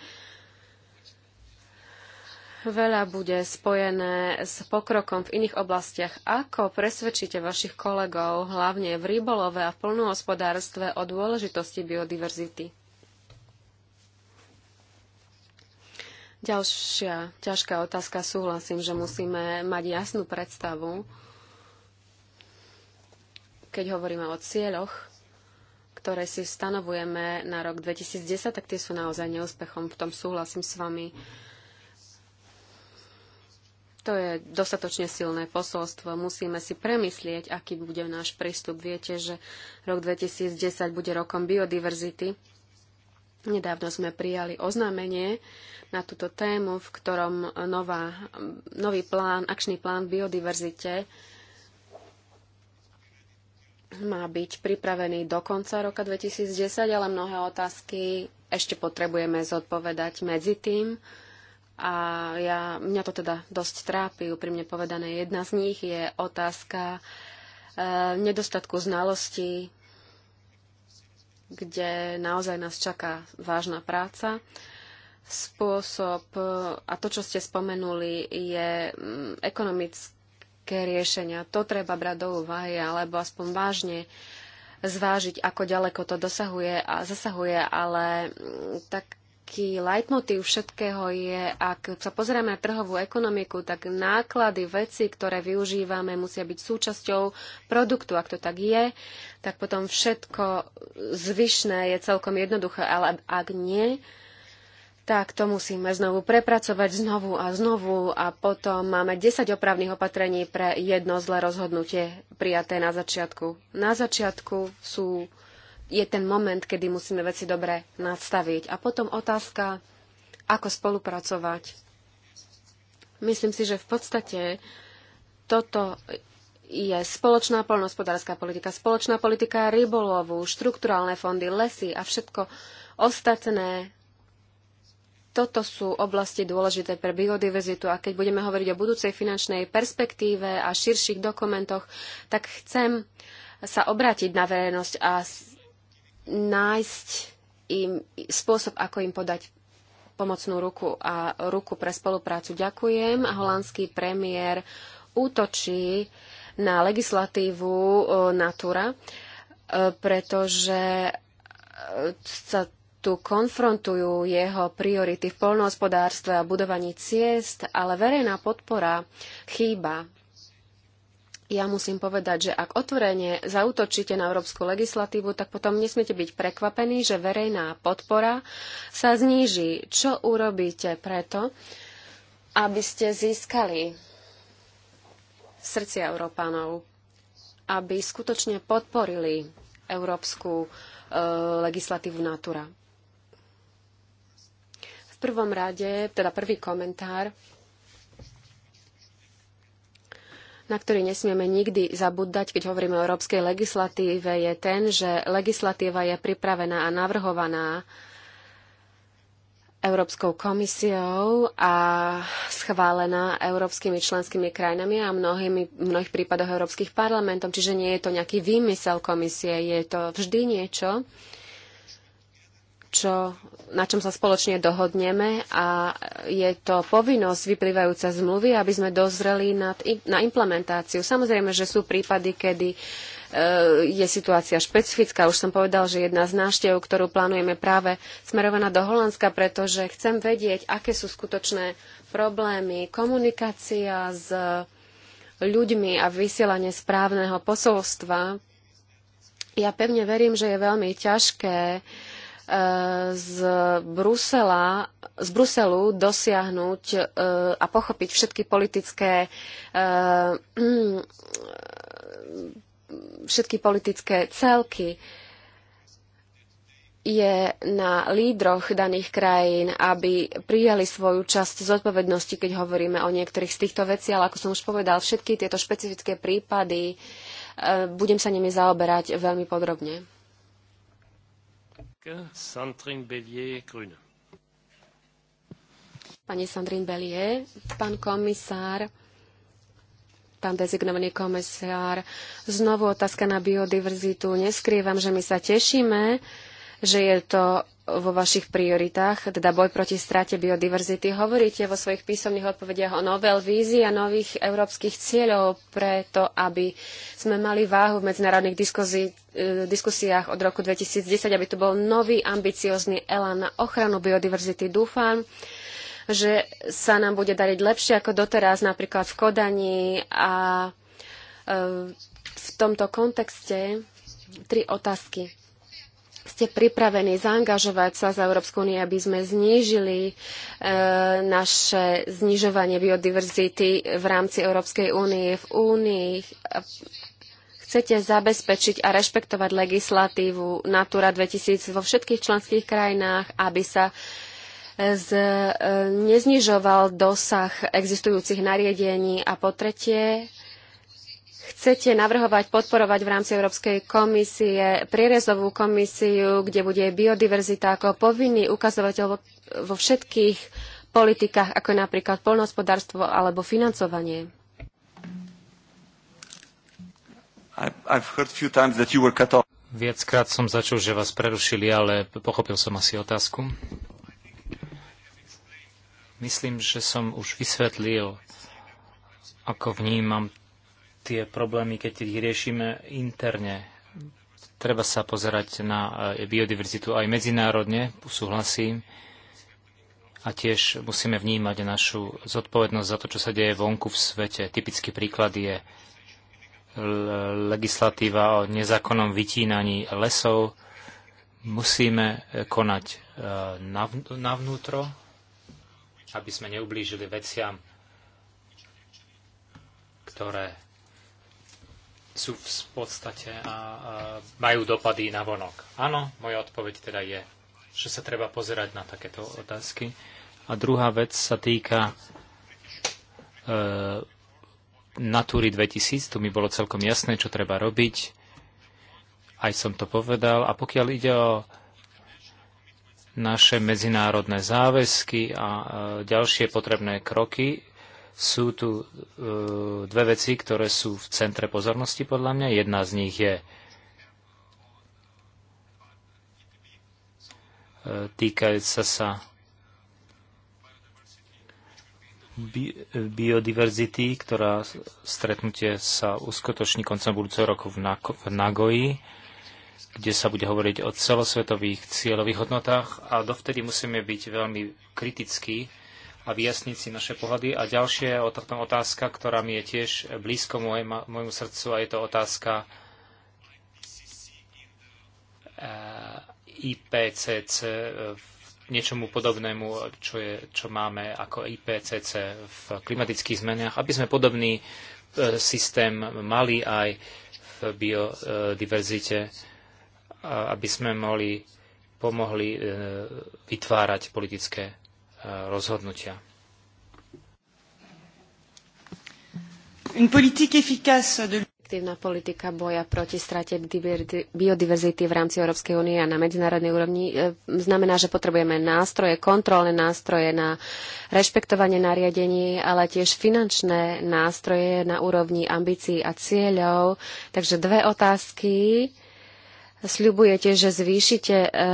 S2: Veľa bude spojené s pokrokom v iných oblastiach. Ako presvedčíte vašich kolegov, hlavne v rybolove a v plnohospodárstve, o dôležitosti biodiverzity? Ďalšia ťažká otázka. Súhlasím, že musíme mať jasnú predstavu, keď hovoríme o cieľoch, ktoré si stanovujeme na rok 2010, tak tie sú naozaj neúspechom. V tom súhlasím s vami. To je dostatočne silné posolstvo. Musíme si premyslieť, aký bude náš prístup. Viete, že rok 2010 bude rokom biodiverzity. Nedávno sme prijali oznámenie na túto tému, v ktorom nová, nový plán, akčný plán v biodiverzite má byť pripravený do konca roka 2010, ale mnohé otázky ešte potrebujeme zodpovedať medzi tým. A ja, mňa to teda dosť trápi, úprimne povedané. Jedna z nich je otázka e, nedostatku znalostí, kde naozaj nás čaká vážna práca. Spôsob e, a to, čo ste spomenuli, je mm, ekonomické riešenia. To treba brať do úvahy, alebo aspoň vážne zvážiť, ako ďaleko to dosahuje a zasahuje, ale mm, tak taký leitmotiv všetkého je, ak sa pozrieme na trhovú ekonomiku, tak náklady, veci, ktoré využívame, musia byť súčasťou produktu. Ak to tak je, tak potom všetko zvyšné je celkom jednoduché, ale ak nie, tak to musíme znovu prepracovať znovu a znovu a potom máme 10 opravných opatrení pre jedno zlé rozhodnutie prijaté na začiatku. Na začiatku sú je ten moment, kedy musíme veci dobre nadstaviť. A potom otázka, ako spolupracovať. Myslím si, že v podstate toto je spoločná polnospodárska politika, spoločná politika rybolovu, štrukturálne fondy, lesy a všetko ostatné. Toto sú oblasti dôležité pre biodiverzitu a keď budeme hovoriť o budúcej finančnej perspektíve a širších dokumentoch, tak chcem sa obrátiť na verejnosť a nájsť im spôsob, ako im podať pomocnú ruku a ruku pre spoluprácu. Ďakujem. A holandský premiér útočí na legislatívu e, Natura, e, pretože e, sa tu konfrontujú jeho priority v poľnohospodárstve a budovaní ciest, ale verejná podpora chýba ja musím povedať, že ak otvorene zautočíte na európsku legislatívu, tak potom nesmiete byť prekvapení, že verejná podpora sa zníži. Čo urobíte preto, aby ste získali srdcia Európanov, aby skutočne podporili európsku e, legislatívu Natura? V prvom rade, teda prvý komentár, na ktorý nesmieme nikdy zabúdať, keď hovoríme o európskej legislatíve, je ten, že legislatíva je pripravená a navrhovaná Európskou komisiou a schválená európskymi členskými krajinami a mnohými, v mnohých prípadoch európskych parlamentom. Čiže nie je to nejaký výmysel komisie, je to vždy niečo, čo, na čom sa spoločne dohodneme a je to povinnosť vyplývajúca z mluvy, aby sme dozreli na, na implementáciu. Samozrejme, že sú prípady, kedy e, je situácia špecifická. Už som povedal, že jedna z náštev, ktorú plánujeme práve smerovaná do Holandska, pretože chcem vedieť, aké sú skutočné problémy, komunikácia s ľuďmi a vysielanie správneho posolstva. Ja pevne verím, že je veľmi ťažké uh, Eh, z Brusela, z Bruselu dosiahnuť eh, a pochopiť všetky politické eh, všetky politické celky je na lídroch daných krajín, aby prijali svoju časť zodpovednosti, keď hovoríme o niektorých z týchto vecí, ale ako som už povedal, všetky tieto špecifické prípady, budem sa nimi zaoberať veľmi podrobne.
S1: Sandrine Bellier, Grüne.
S2: Pani Sandrine Bellier, pán komisár, pán dezignovaný komisár, znovu otázka na biodiverzitu. Neskrývam, že my sa tešíme, že je to vo vašich prioritách, teda boj proti strate biodiverzity. Hovoríte vo svojich písomných odpovediach o novel vízii a nových európskych cieľov preto, aby sme mali váhu v medzinárodných diskusi- e, diskusiách od roku 2010, aby tu bol nový ambiciózny elán na ochranu biodiverzity. Dúfam, že sa nám bude dariť lepšie ako doteraz, napríklad v Kodani a e, v tomto kontexte tri otázky ste pripravení zaangažovať sa za Európsku úniu, aby sme znížili e, naše znižovanie biodiverzity v rámci Európskej únie v únii? E, chcete zabezpečiť a rešpektovať legislatívu Natura 2000 vo všetkých členských krajinách, aby sa e, z, e, neznižoval dosah existujúcich nariadení? A po tretie, chcete navrhovať, podporovať v rámci Európskej komisie prierezovú komisiu, kde bude biodiverzita ako povinný ukazovateľ vo všetkých politikách, ako je napríklad poľnohospodárstvo alebo financovanie?
S1: Viackrát som začul, že vás prerušili, ale pochopil som asi otázku. Myslím, že som už vysvetlil, ako vnímam tie problémy, keď ich riešime interne. Treba sa pozerať na eh, biodiverzitu aj medzinárodne, súhlasím. A tiež musíme vnímať našu zodpovednosť za to, čo sa deje vonku v svete. Typický príklad je legislatíva o nezákonnom vytínaní lesov. Musíme eh, konať eh, navnútro, aby sme neublížili veciam, ktoré sú v podstate a, a majú dopady na vonok. Áno, moja odpoveď teda je, že sa treba pozerať na takéto otázky. A druhá vec sa týka e, Natúry 2000, tu mi bolo celkom jasné, čo treba robiť. Aj som to povedal. A pokiaľ ide o naše medzinárodné záväzky a ďalšie potrebné kroky, sú tu e, dve veci, ktoré sú v centre pozornosti podľa mňa. Jedna z nich je e, týkajúca sa biodiverzity, ktorá stretnutie sa uskutoční koncom budúceho roku v, Nako- v Nagoji, kde sa bude hovoriť o celosvetových cieľových hodnotách a dovtedy musíme byť veľmi kritickí a vyjasniť si naše pohľady. A ďalšia otázka, ktorá mi je tiež blízko môjmu srdcu a je to otázka eh, IPCC eh, niečomu podobnému, čo, je, čo máme ako IPCC v klimatických zmenách, aby sme podobný eh, systém mali aj v biodiverzite, aby sme mohli pomohli vytvárať politické rozhodnutia.
S2: Aktívna politika boja proti strate biodiverzity v rámci Európskej únie a na medzinárodnej úrovni e, znamená, že potrebujeme nástroje, kontrolné nástroje na rešpektovanie nariadení, ale tiež finančné nástroje na úrovni ambícií a cieľov. Takže dve otázky Sľubujete, že zvýšite e, e,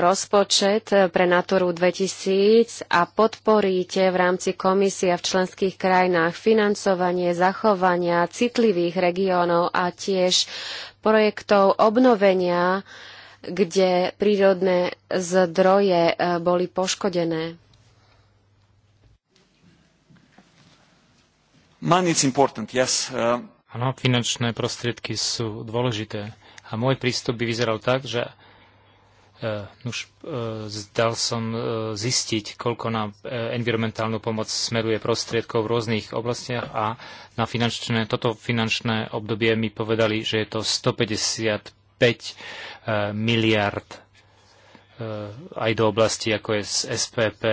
S2: rozpočet e, pre Naturu 2000 a podporíte v rámci komisie v členských krajinách financovanie zachovania citlivých regiónov a tiež projektov obnovenia, kde prírodné zdroje boli poškodené.
S3: Uh,
S1: Áno, finančné prostriedky sú dôležité a môj prístup by vyzeral tak, že e, už e, zdal som e, zistiť, koľko na e, environmentálnu pomoc smeruje prostriedkov v rôznych oblastiach a na finančné, toto finančné obdobie mi povedali, že je to 155 e, miliard e, aj do oblasti, ako je z SPP,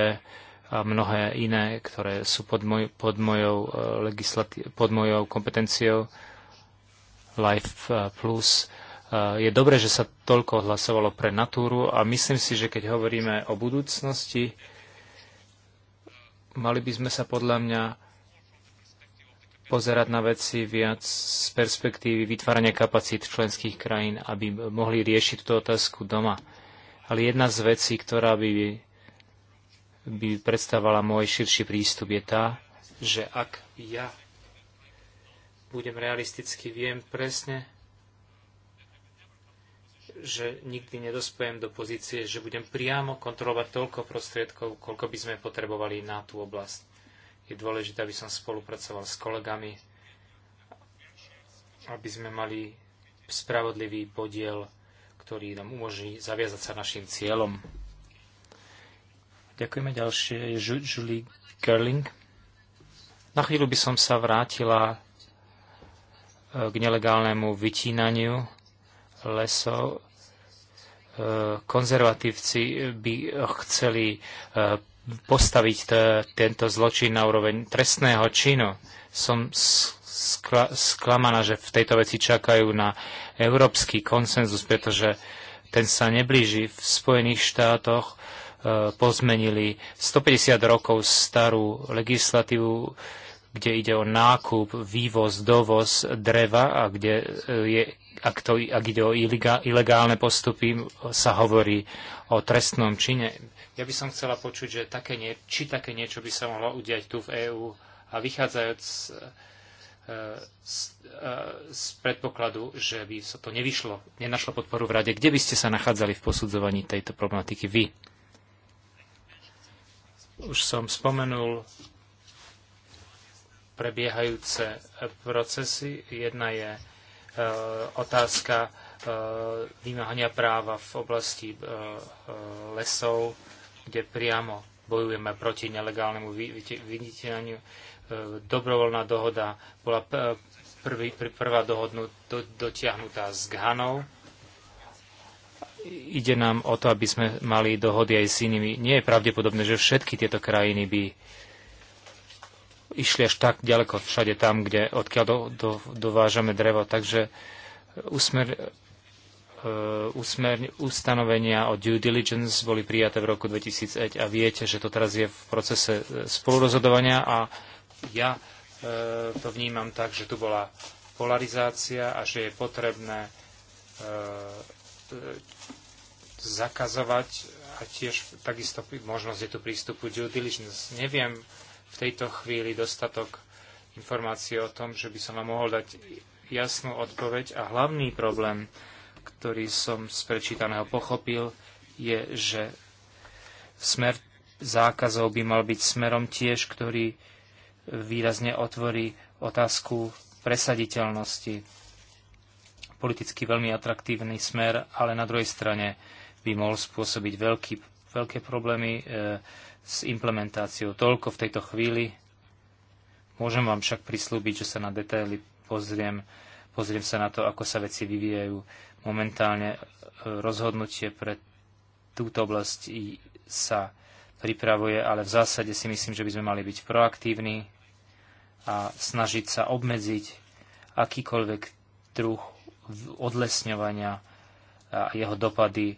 S1: a mnohé iné, ktoré sú pod, moj, pod, mojou, e, legislati- pod mojou kompetenciou Life e, Plus je dobré, že sa toľko hlasovalo pre Natúru a myslím si, že keď hovoríme o budúcnosti, mali by sme sa podľa mňa pozerať na veci viac z perspektívy vytvárania kapacít členských krajín, aby mohli riešiť túto otázku doma. Ale jedna z vecí, ktorá by, by predstavovala môj širší prístup, je tá, že ak ja budem realisticky, viem presne, že nikdy nedospejem do pozície, že budem priamo kontrolovať toľko prostriedkov, koľko by sme potrebovali na tú oblasť. Je dôležité, aby som spolupracoval s kolegami, aby sme mali spravodlivý podiel, ktorý nám umožní zaviazať sa našim cieľom. Ďakujeme ďalšie. Julie Gerling. Na chvíľu by som sa vrátila e, k nelegálnemu vytínaniu lesov konzervatívci by chceli e, postaviť tento zločin na úroveň trestného činu. Som skla- sklamaná, že v tejto veci čakajú na európsky konsenzus, pretože ten sa neblíži. V Spojených štátoch e, pozmenili 150 rokov starú legislatívu, kde ide o nákup, vývoz, dovoz dreva a kde e, je ak, to, ak ide o ilegálne postupy, sa hovorí o trestnom čine. Ja by som chcela počuť, že také nie, či také niečo by sa mohlo udiať tu v EÚ a vychádzajúc e, z, e, z predpokladu, že by sa to nevyšlo, nenašlo podporu v rade, kde by ste sa nachádzali v posudzovaní tejto problematiky vy? Už som spomenul prebiehajúce procesy. Jedna je Eh, otázka eh, vymáhania práva v oblasti eh, lesov, kde priamo bojujeme proti nelegálnemu vyniteľaniu. Dobrovoľná dohoda bola prvý, prvá dohodnú, do, dotiahnutá s Ghanou. Ide nám o to, aby sme mali dohody aj s inými. Nie je pravdepodobné, že všetky tieto krajiny by išli až tak ďaleko všade tam, kde, odkiaľ do, do, dovážame drevo. Takže usmer, e, usmer, ustanovenia o due diligence boli prijaté v roku 2005 a viete, že to teraz je v procese e, spolurozhodovania a ja e, to vnímam tak, že tu bola polarizácia a že je potrebné zakazovať a tiež takisto možnosť je tu prístupu due diligence. Neviem, v tejto chvíli dostatok informácií o tom, že by som vám mohol dať jasnú odpoveď. A hlavný problém, ktorý som z prečítaného pochopil, je, že smer zákazov by mal byť smerom tiež, ktorý výrazne otvorí otázku presaditeľnosti. Politicky veľmi atraktívny smer, ale na druhej strane by mohol spôsobiť veľký, veľké problémy e, s implementáciou. Toľko v tejto chvíli. Môžem vám však prislúbiť, že sa na detaily pozriem, pozriem sa na to, ako sa veci vyvíjajú. Momentálne e, rozhodnutie pre túto oblasť sa pripravuje, ale v zásade si myslím, že by sme mali byť proaktívni a snažiť sa obmedziť akýkoľvek druh odlesňovania a jeho dopady e,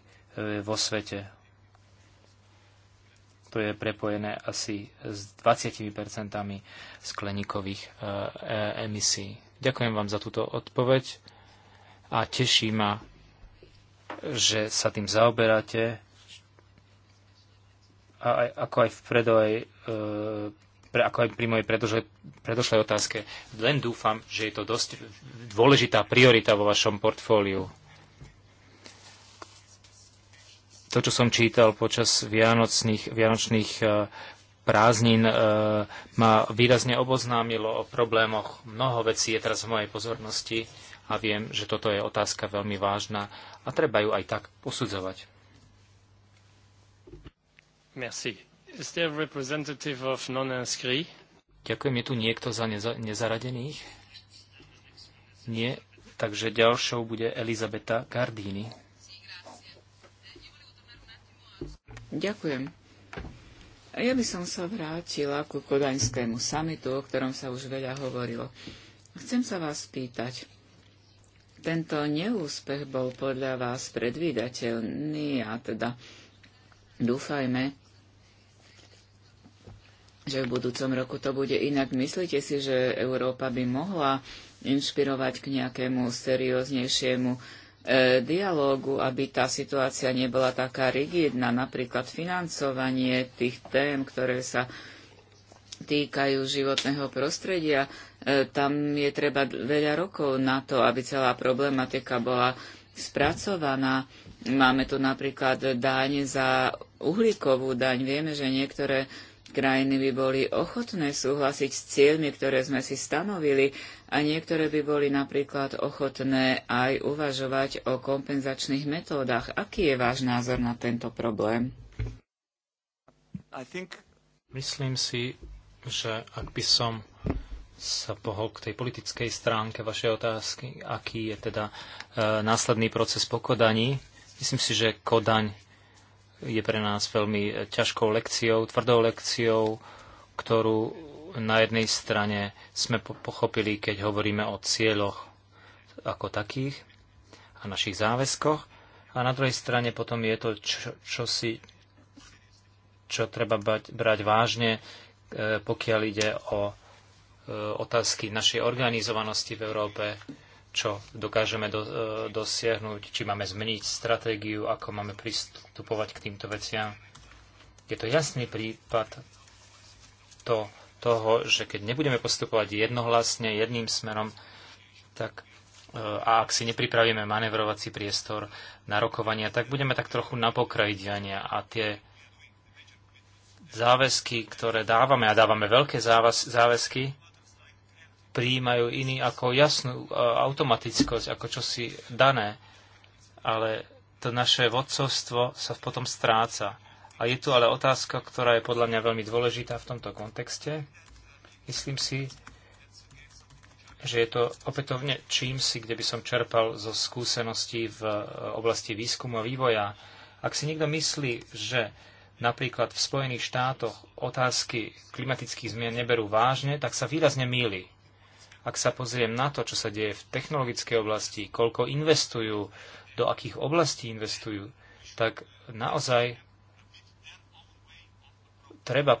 S1: vo svete. To je prepojené asi s 20 skleníkových e, e, emisí. Ďakujem vám za túto odpoveď a teší ma, že sa tým zaoberáte a aj, ako aj v e, pre, ako aj pri mojej predošlej, predošlej otázke. Len dúfam, že je to dosť dôležitá priorita vo vašom portfóliu. to, čo som čítal počas vianočných, vianočných e, prázdnin, e, ma výrazne oboznámilo o problémoch. Mnoho vecí je teraz v mojej pozornosti a viem, že toto je otázka veľmi vážna a treba ju aj tak posudzovať. Merci. Is there representative of non Ďakujem, je tu niekto za neza- nezaradených? Nie, takže ďalšou bude Elizabeta Gardini.
S4: Ďakujem. Ja by som sa vrátila ku kodaňskému samitu, o ktorom sa už veľa hovorilo. Chcem sa vás spýtať. Tento neúspech bol podľa vás predvídateľný a teda dúfajme, že v budúcom roku to bude inak. Myslíte si, že Európa by mohla inšpirovať k nejakému serióznejšiemu E, dialógu, aby tá situácia nebola taká rigidná, napríklad financovanie tých tém, ktoré sa týkajú životného prostredia. E, tam je treba veľa rokov na to, aby celá problematika bola spracovaná. Máme tu napríklad daň za uhlíkovú daň. Vieme, že niektoré Krajiny by boli ochotné súhlasiť s cieľmi, ktoré sme si stanovili a niektoré by boli napríklad ochotné aj uvažovať o kompenzačných
S1: metódach. Aký je váš názor na tento problém? Myslím si, že ak by som sa pohol k tej politickej stránke vašej otázky, aký je teda e, následný proces pokodaní. myslím si, že Kodaň je pre nás veľmi e, ťažkou lekciou, tvrdou lekciou, ktorú na jednej strane sme pochopili, keď hovoríme o cieľoch ako takých a našich záväzkoch, a na druhej strane potom je to čo, si čo treba bať, brať vážne, e, pokiaľ ide o e, otázky našej organizovanosti v Európe, čo dokážeme do, e, dosiahnuť, či máme zmeniť stratégiu, ako máme pristupovať k týmto veciam. Je to jasný prípad to, toho, že keď nebudeme postupovať jednohlasne, jedným smerom, tak e, a ak si nepripravíme manevrovací priestor na rokovania, tak budeme tak trochu na pokraji diania a tie záväzky, ktoré dávame, a dávame veľké záväzky, prijímajú iní ako jasnú e, automatickosť, ako čosi dané. Ale to naše vodcovstvo sa potom stráca. A je tu ale otázka, ktorá je podľa mňa veľmi dôležitá v tomto kontexte. Myslím si, že je to opätovne čím si, kde by som čerpal zo skúseností v e, oblasti výskumu a vývoja. Ak si niekto myslí, že napríklad v Spojených štátoch otázky klimatických zmien neberú vážne, tak sa výrazne mýli. Ak sa pozriem na to, čo sa deje v technologickej oblasti, koľko investujú, do akých oblastí investujú, tak naozaj treba e,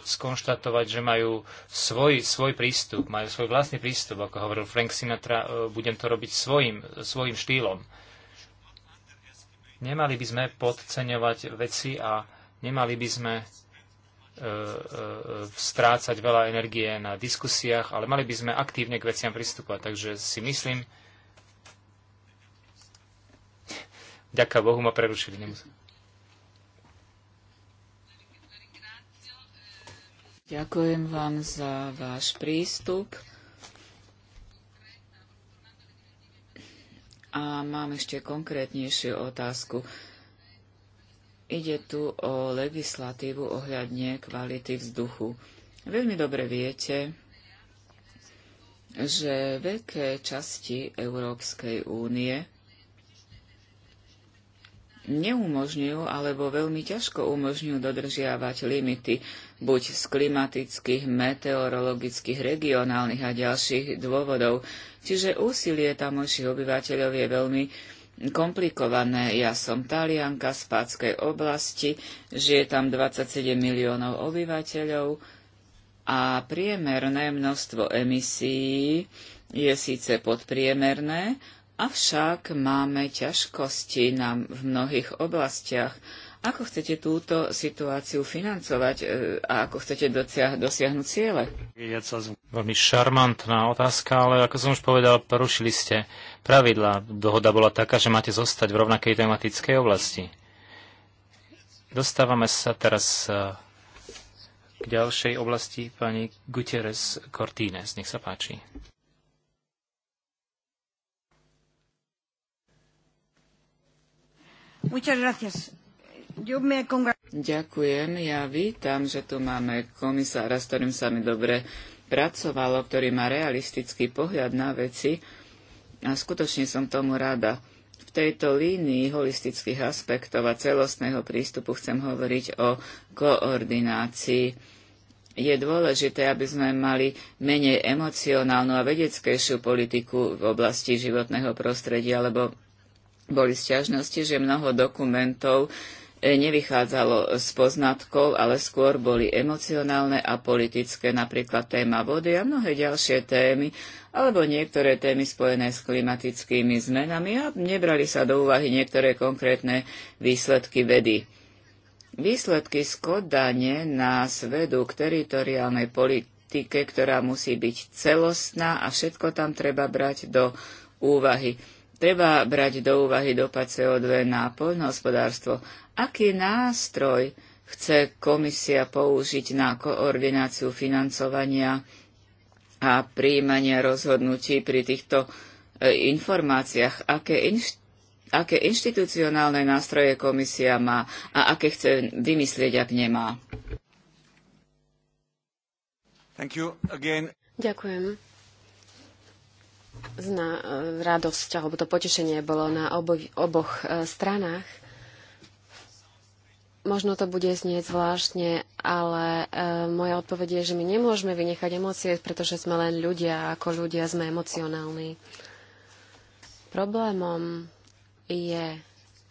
S1: skonštatovať, že majú svoj, svoj prístup, majú svoj vlastný prístup, ako hovoril Frank Sinatra, e, budem to robiť svojim, svojim štýlom. Nemali by sme podceňovať veci a nemali by sme E, e, strácať veľa energie na diskusiách, ale mali by sme aktívne k veciam pristúpať. Takže si myslím, ďaká Bohu ma prerušili. Nemusím.
S4: Ďakujem vám za váš prístup. A mám ešte konkrétnejšiu otázku. Ide tu o legislatívu ohľadne kvality vzduchu. Veľmi dobre viete, že veľké časti Európskej únie neumožňujú alebo veľmi ťažko umožňujú dodržiavať limity buď z klimatických, meteorologických, regionálnych a ďalších dôvodov. Čiže úsilie tamojších obyvateľov je veľmi komplikované. Ja som Talianka z Páckej oblasti, žije tam 27 miliónov obyvateľov a priemerné množstvo emisí je síce podpriemerné, avšak máme ťažkosti na, v mnohých oblastiach ako chcete túto situáciu financovať e, a ako chcete dosiah- dosiahnuť ciele?
S1: Veľmi šarmantná otázka, ale ako som už povedal, porušili ste pravidla. Dohoda bola taká, že máte zostať v rovnakej tematickej oblasti. Dostávame sa teraz e, k ďalšej oblasti pani Gutierrez Cortines. Nech sa páči.
S4: Muchas gracias. Ďakujem, ja vítam, že tu máme komisára, s ktorým sa mi dobre pracovalo, ktorý má realistický pohľad na veci a skutočne som tomu rada. V tejto línii holistických aspektov a celostného prístupu chcem hovoriť o koordinácii je dôležité, aby sme mali menej emocionálnu a vedeckejšiu politiku v oblasti životného prostredia, lebo boli sťažnosti, že mnoho dokumentov nevychádzalo z poznatkov, ale skôr boli emocionálne a politické, napríklad téma vody a mnohé ďalšie témy, alebo niektoré témy spojené s klimatickými zmenami a nebrali sa do úvahy niektoré konkrétne výsledky vedy. Výsledky skodane nás vedú k teritoriálnej politike, ktorá musí byť celostná a všetko tam treba brať do úvahy. Treba brať do úvahy dopad CO2 na poľnohospodárstvo, Aký nástroj chce komisia použiť na koordináciu financovania a príjmania rozhodnutí pri týchto e, informáciách? Aké, inš- aké inštitucionálne nástroje komisia má a aké chce vymyslieť, ak nemá?
S3: Ďakujem.
S2: Zná e, radosť alebo to potešenie bolo na obo, oboch e, stranách. Možno to bude znieť zvláštne, ale e, moja odpoveď je, že my nemôžeme vynechať emócie, pretože sme len ľudia a ako ľudia sme emocionálni. Problémom je,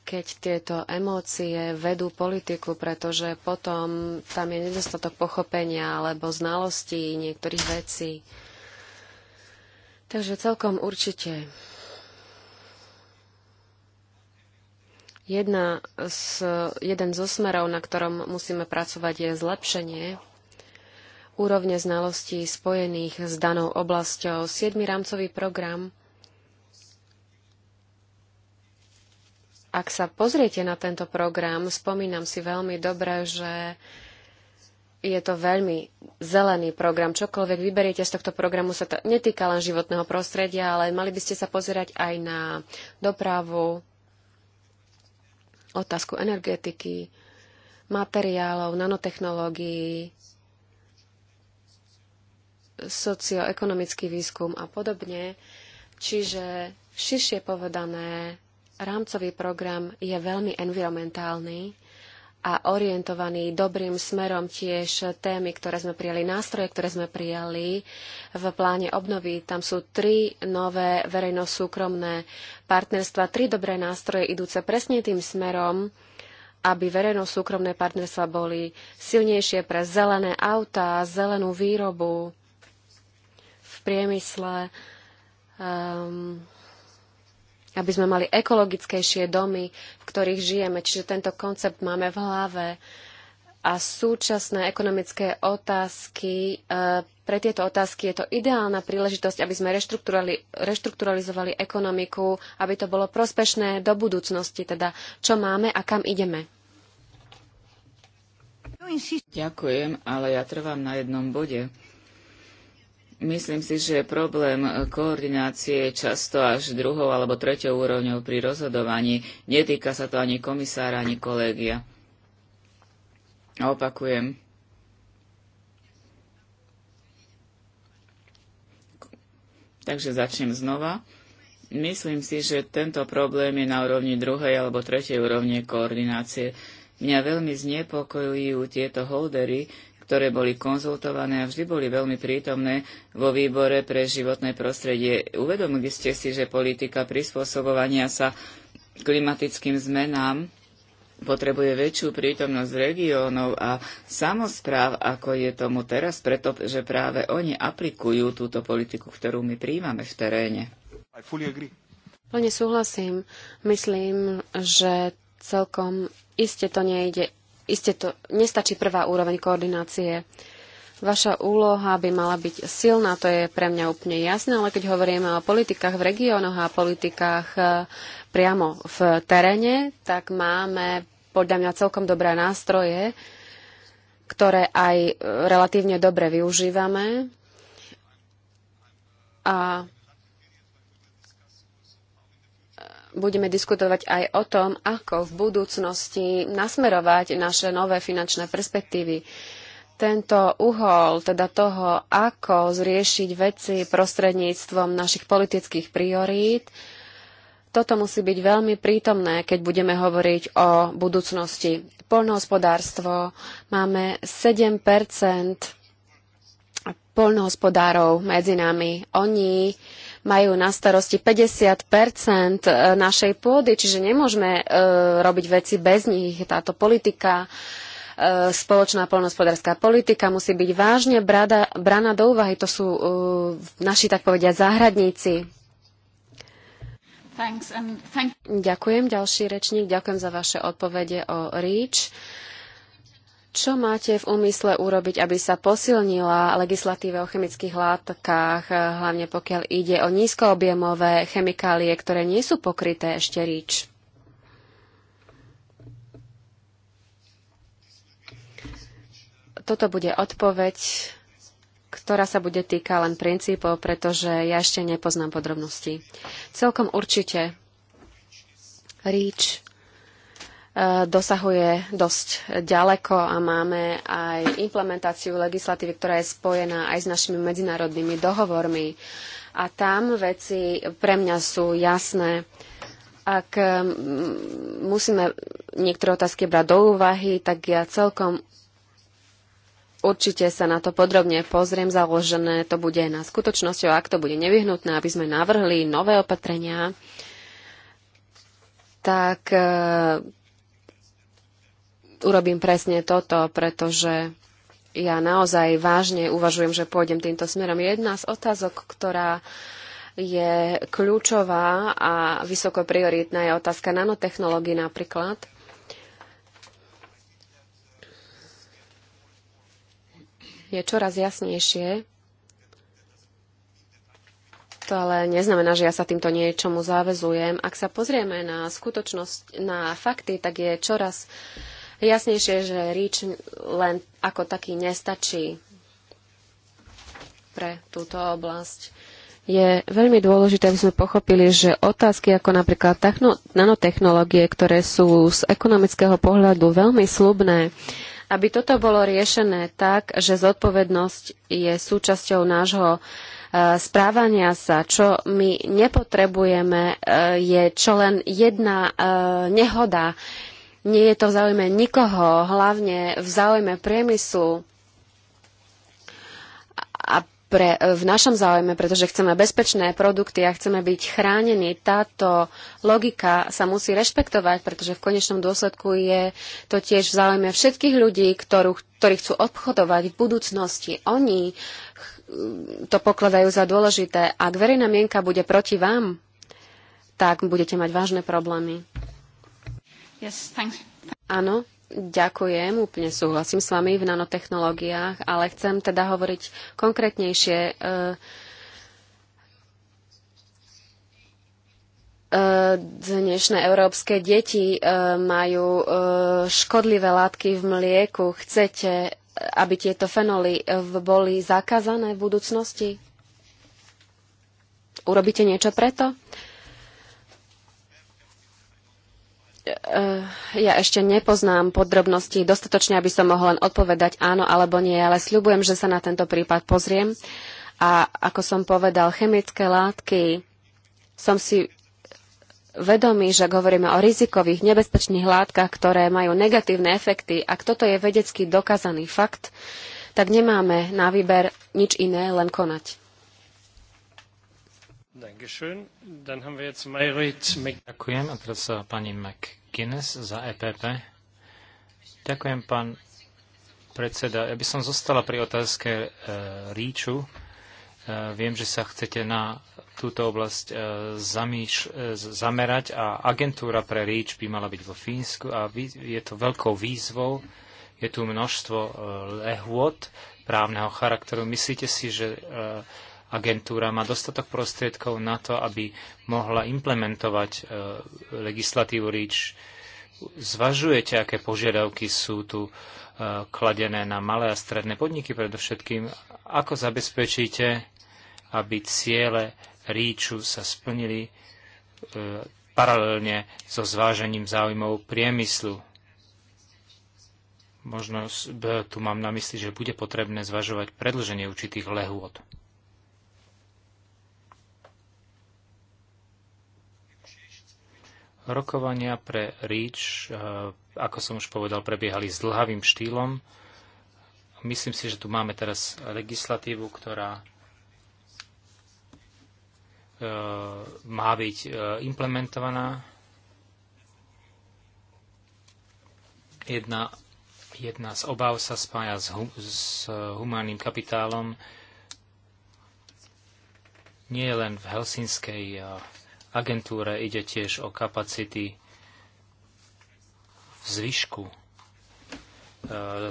S2: keď tieto emócie vedú politiku, pretože potom tam je nedostatok pochopenia alebo znalostí niektorých vecí. Takže celkom určite Jedna z, jeden zo smerov, na ktorom musíme pracovať, je zlepšenie úrovne znalostí spojených s danou oblasťou. Siedmy rámcový program, ak sa pozriete na tento program, spomínam si veľmi dobre, že je to veľmi zelený program. Čokoľvek vyberiete z tohto programu sa to netýka len životného prostredia, ale mali by ste sa pozerať aj na dopravu, otázku energetiky, materiálov, nanotechnológií, socioekonomický výskum a podobne. Čiže širšie povedané, rámcový program je veľmi environmentálny a orientovaný dobrým smerom tiež témy, ktoré sme prijali, nástroje, ktoré sme prijali v pláne obnovy. Tam sú tri nové verejno-súkromné partnerstva, tri dobré nástroje idúce presne tým smerom, aby verejno-súkromné partnerstva boli silnejšie pre zelené autá, zelenú výrobu v priemysle, um, aby sme mali ekologickejšie domy, v ktorých žijeme. Čiže tento koncept máme v hlave. A súčasné ekonomické otázky, e, pre tieto otázky je to ideálna príležitosť, aby sme reštrukturalizovali ekonomiku, aby to bolo prospešné do budúcnosti, teda čo máme a kam ideme.
S4: Ďakujem, ale ja trvám na jednom bode. Myslím si, že problém koordinácie je často až druhou alebo treťou úrovňou pri rozhodovaní. Netýka sa to ani komisára, ani kolégia. Opakujem. Takže začnem znova. Myslím si, že tento problém je na úrovni druhej alebo tretej úrovne koordinácie. Mňa veľmi znepokojujú tieto holdery, ktoré boli konzultované a vždy boli veľmi prítomné vo výbore pre životné prostredie. Uvedomili ste si, že politika prispôsobovania sa klimatickým zmenám potrebuje väčšiu prítomnosť regiónov a samozpráv, ako je tomu teraz, pretože práve oni aplikujú túto politiku, ktorú my príjmame v teréne.
S2: Plne súhlasím. Myslím, že celkom iste to nejde Isté to nestačí prvá úroveň koordinácie. Vaša úloha by mala byť silná, to je pre mňa úplne jasné, ale keď hovoríme o politikách v regiónoch a politikách e, priamo v teréne, tak máme podľa mňa celkom dobré nástroje, ktoré aj e, relatívne dobre využívame. A budeme diskutovať aj o tom, ako v budúcnosti nasmerovať naše nové finančné perspektívy. Tento uhol, teda toho, ako zriešiť veci prostredníctvom našich politických priorít, toto musí byť veľmi prítomné, keď budeme hovoriť o budúcnosti. Poľnohospodárstvo. Máme 7 poľnohospodárov medzi nami. Oni majú na starosti 50 e, našej pôdy, čiže nemôžeme e, robiť veci bez nich. Táto politika e, spoločná poľnohospodárska politika musí byť vážne brada, braná do úvahy. To sú e, naši, tak povediať, záhradníci. Ďakujem, ďalší rečník. Ďakujem za vaše odpovede o REACH. Čo máte v úmysle urobiť, aby sa posilnila legislatíva o chemických látkach, hlavne pokiaľ ide o nízkoobjemové chemikálie, ktoré nie sú pokryté ešte rič? Toto bude odpoveď, ktorá sa bude týka len princípov, pretože ja ešte nepoznám podrobnosti. Celkom určite REACH Eh, dosahuje dosť ďaleko a máme aj implementáciu legislatívy, ktorá je spojená aj s našimi medzinárodnými dohovormi. A tam veci pre mňa sú jasné. Ak mm, musíme niektoré otázky brať do úvahy, tak ja celkom určite sa na to podrobne pozriem. Založené to bude na skutočnosťou, ak to bude nevyhnutné, aby sme navrhli nové opatrenia, tak eh, urobím presne toto, pretože ja naozaj vážne uvažujem, že pôjdem týmto smerom. Jedna z otázok, ktorá je kľúčová a vysoko prioritná, je otázka nanotechnológií napríklad. Je čoraz jasnejšie, to ale neznamená, že ja sa týmto niečomu záväzujem. Ak sa pozrieme na skutočnosť, na fakty, tak je čoraz uh, jasnejšie, že REACH len ako taký nestačí pre túto oblasť. Je veľmi dôležité, aby sme pochopili, že otázky ako napríklad nanotechnológie, ktoré sú z ekonomického pohľadu veľmi slubné, aby toto bolo riešené tak, že zodpovednosť je súčasťou nášho e, správania sa, čo my nepotrebujeme, e, je čo len jedna e, nehoda, nie je to v záujme nikoho, hlavne v záujme priemyslu a pre, v našom záujme, pretože chceme bezpečné produkty a chceme byť chránení. Táto logika sa musí rešpektovať, pretože v konečnom dôsledku je to tiež v záujme všetkých ľudí, ktorú, ktorí chcú obchodovať v budúcnosti. Oni to pokladajú za dôležité. Ak verejná mienka bude proti vám, tak budete mať vážne problémy. Áno, ďakujem, úplne súhlasím s vami v nanotechnológiách, ale chcem teda hovoriť konkrétnejšie. Eh, eh, dnešné európske deti eh, majú škodlivé látky v mlieku. Chcete, aby tieto fenoly boli zakázané v budúcnosti? Urobíte niečo preto? to? Eh, ja ešte nepoznám podrobnosti dostatočne, aby som mohol len odpovedať áno alebo nie, ale sľubujem, že sa na tento prípad pozriem. A ako som povedal, chemické látky, som si vedomý, že hovoríme o rizikových, nebezpečných látkach, ktoré majú negatívne efekty, ak toto je vedecky dokázaný fakt, tak nemáme na výber nič iné, len konať.
S1: Ďakujem. A teraz pani McGuinness za EPP. Ďakujem, pán predseda. Ja by som zostala pri otázke e, ríču. E, viem, že sa chcete na túto oblasť e, zamýš, e, zamerať a agentúra pre ríč by mala byť vo Fínsku a vý, je to veľkou výzvou. Je tu množstvo e, lehôd právneho charakteru. Myslíte si, že e, agentúra má dostatok prostriedkov na to, aby mohla implementovať e, legislatívu REACH. Zvažujete, aké požiadavky sú tu e, kladené na malé a stredné podniky predovšetkým? Ako zabezpečíte, aby ciele REACHu sa splnili e, paralelne so zvážením záujmov priemyslu? Možno tu mám na mysli, že bude potrebné zvažovať predlženie určitých lehôd. Rokovania pre REACH, eh, ako som už povedal, prebiehali s dlhavým štýlom. Myslím si, že tu máme teraz legislatívu, ktorá eh, má byť eh, implementovaná. Jedna, jedna z obáv sa spája s, hum, s humánnym kapitálom nie len v helsinskej agentúre ide tiež o kapacity v zvyšku e,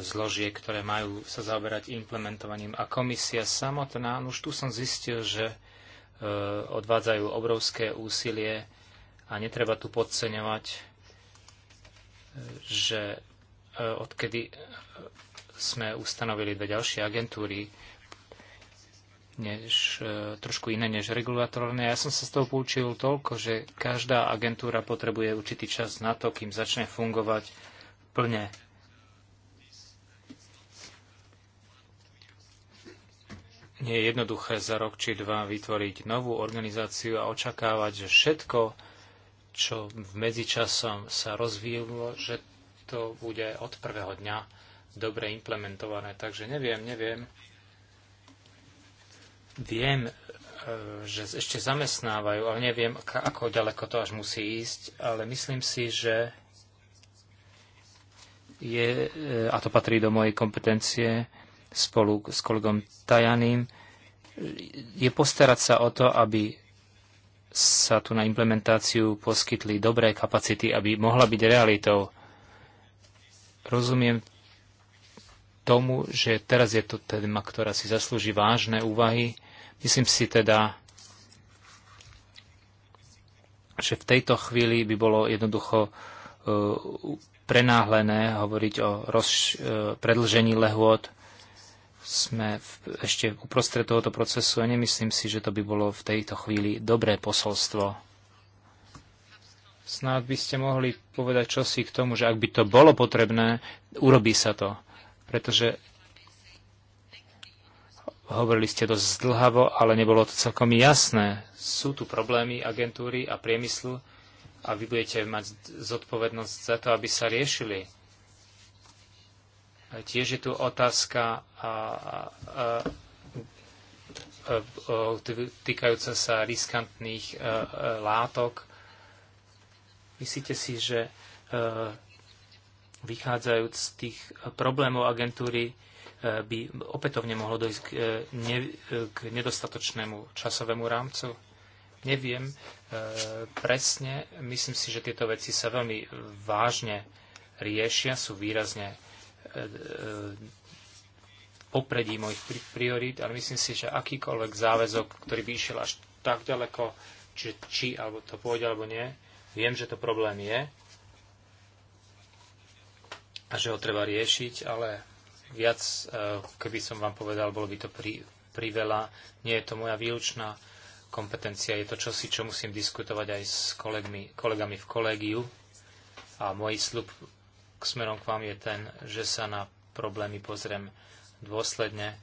S1: zložiek, ktoré majú sa zaoberať implementovaním. A komisia samotná, no už tu som zistil, že e, odvádzajú obrovské úsilie a netreba tu podceňovať, e, že odkedy sme ustanovili dve ďalšie agentúry, než, e, trošku iné než regulatórne. Ja som sa z toho poučil toľko, že každá agentúra potrebuje určitý čas na to, kým začne fungovať plne. Nie je jednoduché za rok či dva vytvoriť novú organizáciu a očakávať, že všetko, čo v medzičasom sa rozvíjalo, že to bude od prvého dňa dobre implementované. Takže neviem, neviem Viem, e, že ešte zamestnávajú, ale neviem, ako ďaleko to až musí ísť, ale myslím si, že je, e, a to patrí do mojej kompetencie spolu s kolegom Tajaným, je postarať sa o to, aby sa tu na implementáciu poskytli dobré kapacity, aby mohla byť realitou. Rozumiem tomu, že teraz je to téma, ktorá si zaslúži vážne úvahy. Myslím si teda, že v tejto chvíli by bolo jednoducho e, prenáhlené hovoriť o rozš- e, predlžení lehôd. Sme v, ešte uprostred tohoto procesu a nemyslím si, že to by bolo v tejto chvíli dobré posolstvo. Snáď by ste mohli povedať čosi k tomu, že ak by to bolo potrebné, urobí sa to pretože hovorili ste dosť zdlhavo, ale nebolo to celkom jasné. Sú tu problémy agentúry a priemyslu a vy budete mať zodpovednosť za to, aby sa riešili. Tiež je tu otázka a, a, a, týkajúca sa riskantných e, e, látok. Myslíte si, že e, vychádzajúc z tých eh, problémov agentúry, eh, by opätovne mohlo dojsť k, eh, ne, k nedostatočnému časovému rámcu? Neviem e, presne. Myslím si, že tieto veci sa veľmi vážne riešia, sú výrazne e, popredí mojich priorít, ale myslím si, že akýkoľvek záväzok, ktorý by išiel až tak ďaleko, či, či alebo to pôjde alebo nie, viem, že to problém je, a že ho treba riešiť, ale viac, e, keby som vám povedal, bolo by to pri, priveľa. Nie je to moja výlučná kompetencia, je to čosi, čo musím diskutovať aj s kolegmi, kolegami v kolegiu. A môj slub k smerom k vám je ten, že sa na problémy pozriem dôsledne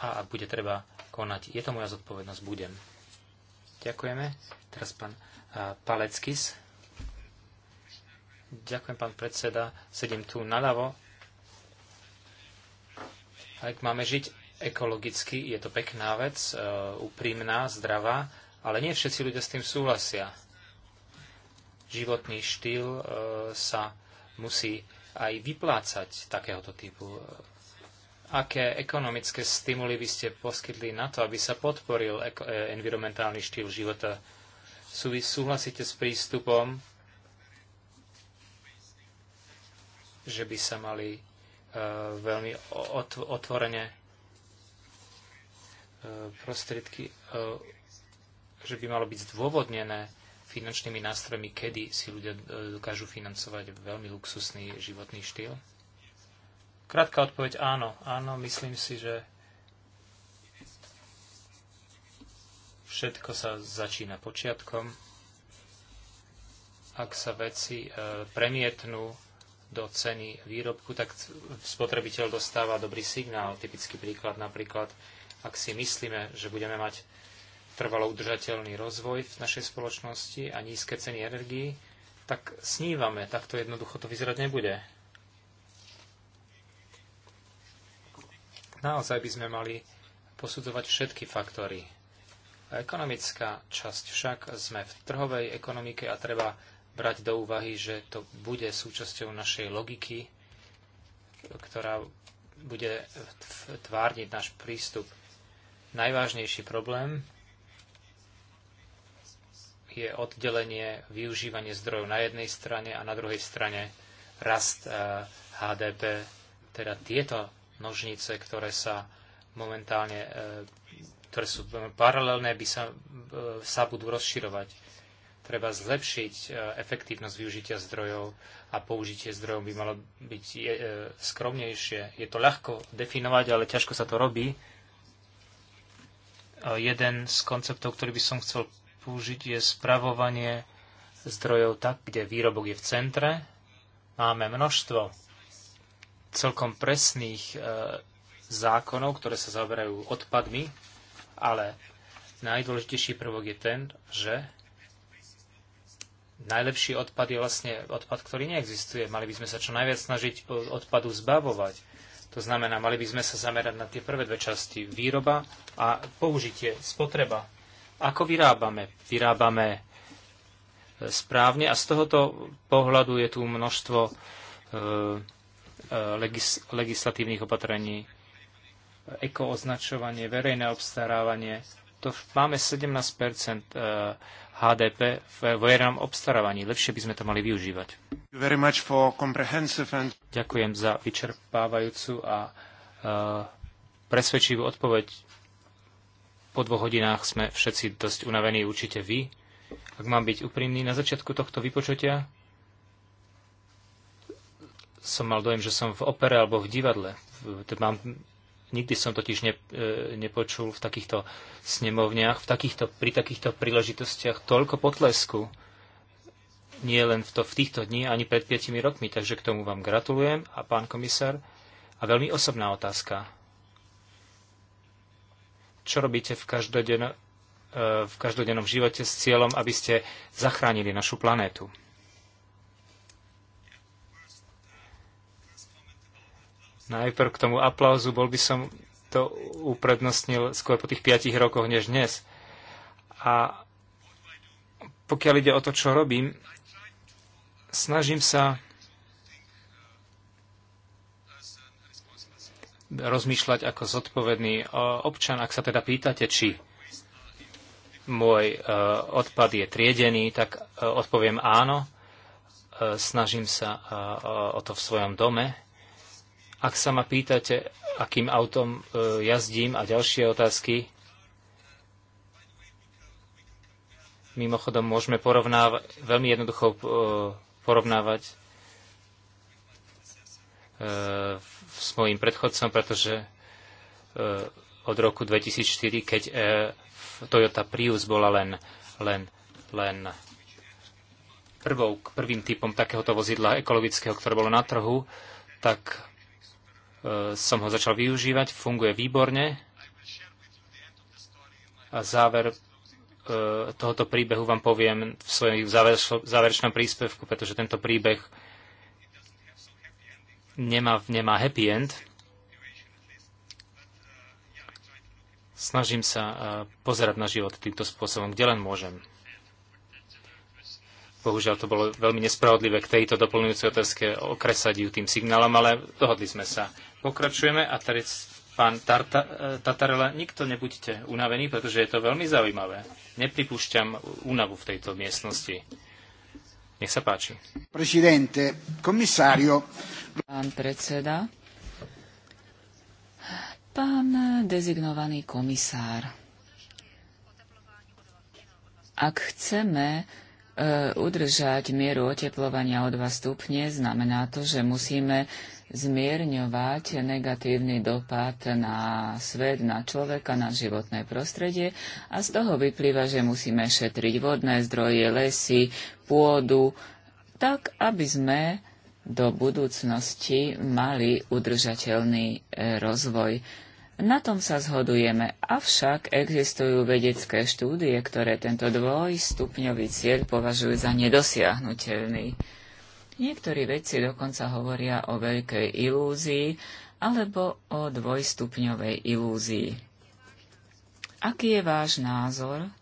S1: a ak bude treba konať, je to moja zodpovednosť, budem. Ďakujeme. Teraz pán e, Paleckis. Ďakujem, pán predseda. Sedím tu naľavo. Ak máme žiť ekologicky, je to pekná vec, e, úprimná, zdravá, ale nie všetci ľudia s tým súhlasia. Životný štýl e, sa musí aj vyplácať takéhoto typu. Aké ekonomické stimuly by ste poskytli na to, aby sa podporil e, environmentálny štýl života? Súhlasíte s prístupom, že by sa mali e, veľmi otvorene e, prostriedky, e, že by malo byť zdôvodnené finančnými nástrojmi, kedy si ľudia dokážu financovať veľmi luxusný životný štýl? Krátka odpoveď áno. Áno, myslím si, že všetko sa začína počiatkom. Ak sa veci premietnú do ceny výrobku, tak spotrebiteľ dostáva dobrý signál. Typický príklad napríklad, ak si myslíme, že budeme mať trvalo udržateľný rozvoj v našej spoločnosti a nízke ceny energií, tak snívame, takto jednoducho to vyzerať nebude. Naozaj by sme mali posudzovať všetky faktory. ekonomická časť však sme v trhovej ekonomike a treba brať do úvahy, že to bude súčasťou našej logiky, ktorá bude tvárniť náš prístup. Najvážnejší problém je oddelenie, využívanie zdrojov na jednej strane a na druhej strane rast HDP, eh, teda tieto nožnice, ktoré sa momentálne, eh, ktoré sú paralelné, by sa, eh, sa budú rozširovať treba zlepšiť e, efektívnosť využitia zdrojov a použitie zdrojov by malo byť e, e, skromnejšie. Je to ľahko definovať, ale ťažko sa to robí. Jeden z konceptov, ktorý by som chcel použiť, je spravovanie zdrojov tak, kde výrobok je v centre. Máme množstvo celkom presných zákonov, ktoré sa zaoberajú odpadmi, ale najdôležitejší prvok je ten, že najlepší odpad je vlastne odpad, ktorý neexistuje. Mali by sme sa čo najviac snažiť odpadu zbavovať. To znamená, mali by sme sa zamerať na tie prvé dve časti. Výroba a použitie, spotreba. Ako vyrábame? Vyrábame e, správne a z tohoto pohľadu je tu množstvo e, e, legis, legislatívnych opatrení. Ekooznačovanie, verejné obstarávanie. To máme 17 HDP v vojernom obstarávaní. Lepšie by sme to mali využívať. And... Ďakujem za vyčerpávajúcu a uh, presvedčivú odpoveď. Po dvoch hodinách sme všetci dosť unavení, určite vy. Ak mám byť úprimný, na začiatku tohto vypočutia som mal dojem, že som v opere alebo v divadle. Mám Nikdy som totiž ne, e, nepočul v takýchto snemovniach, v takýchto, pri takýchto príležitostiach toľko potlesku. Nie len v, to, v týchto dní, ani pred 5 rokmi. Takže k tomu vám gratulujem a pán komisár. A veľmi osobná otázka. Čo robíte v, každoden, e, v každodennom živote s cieľom, aby ste zachránili našu planétu? Najprv k tomu aplauzu, bol by som to uprednostnil skôr po tých 5 rokoch než dnes. A pokiaľ ide o to, čo robím, snažím sa rozmýšľať ako zodpovedný e, občan, ak sa teda pýtate, či môj e, odpad je triedený, tak e, odpoviem áno. Snažím sa o to v svojom dome. Ak sa ma pýtate, akým autom e, jazdím a ďalšie otázky, mimochodom môžeme porovnávať, veľmi jednoducho e, porovnávať e, s mojim predchodcom, pretože od roku 2004, keď Toyota Prius bola len, len, len prvou, prvým typom takéhoto vozidla ekologického, ktoré bolo na trhu, tak Eh, som ho začal využívať, funguje výborne. A záver eh, tohoto príbehu vám poviem v svojom záverečnom príspevku, pretože tento príbeh nemá, nemá happy end. Snažím sa eh, pozerať na život týmto spôsobom, kde len môžem. Bohužiaľ to bolo veľmi nespravodlivé k tejto doplňujúcej otázke okresať ju tým signálom, ale dohodli sme sa. Pokračujeme a teraz pán Tarta, e, Tatarela, nikto nebuďte unavený, pretože je to veľmi zaujímavé. Nepripúšťam únavu v tejto miestnosti. Nech sa páči.
S4: Prezidente, komisário. Pán predseda, pán dezignovaný komisár, ak chceme E, udržať mieru oteplovania o 2 stupne, znamená to, že musíme zmierňovať negatívny dopad na svet, na človeka, na životné prostredie a z toho vyplýva, že musíme šetriť vodné zdroje, lesy, pôdu, tak aby sme do budúcnosti mali udržateľný e, rozvoj. Na tom sa zhodujeme, avšak existujú vedecké štúdie, ktoré tento dvojstupňový cieľ považujú za nedosiahnutelný. Niektorí vedci dokonca hovoria o veľkej ilúzii alebo o dvojstupňovej ilúzii. Aký je váš názor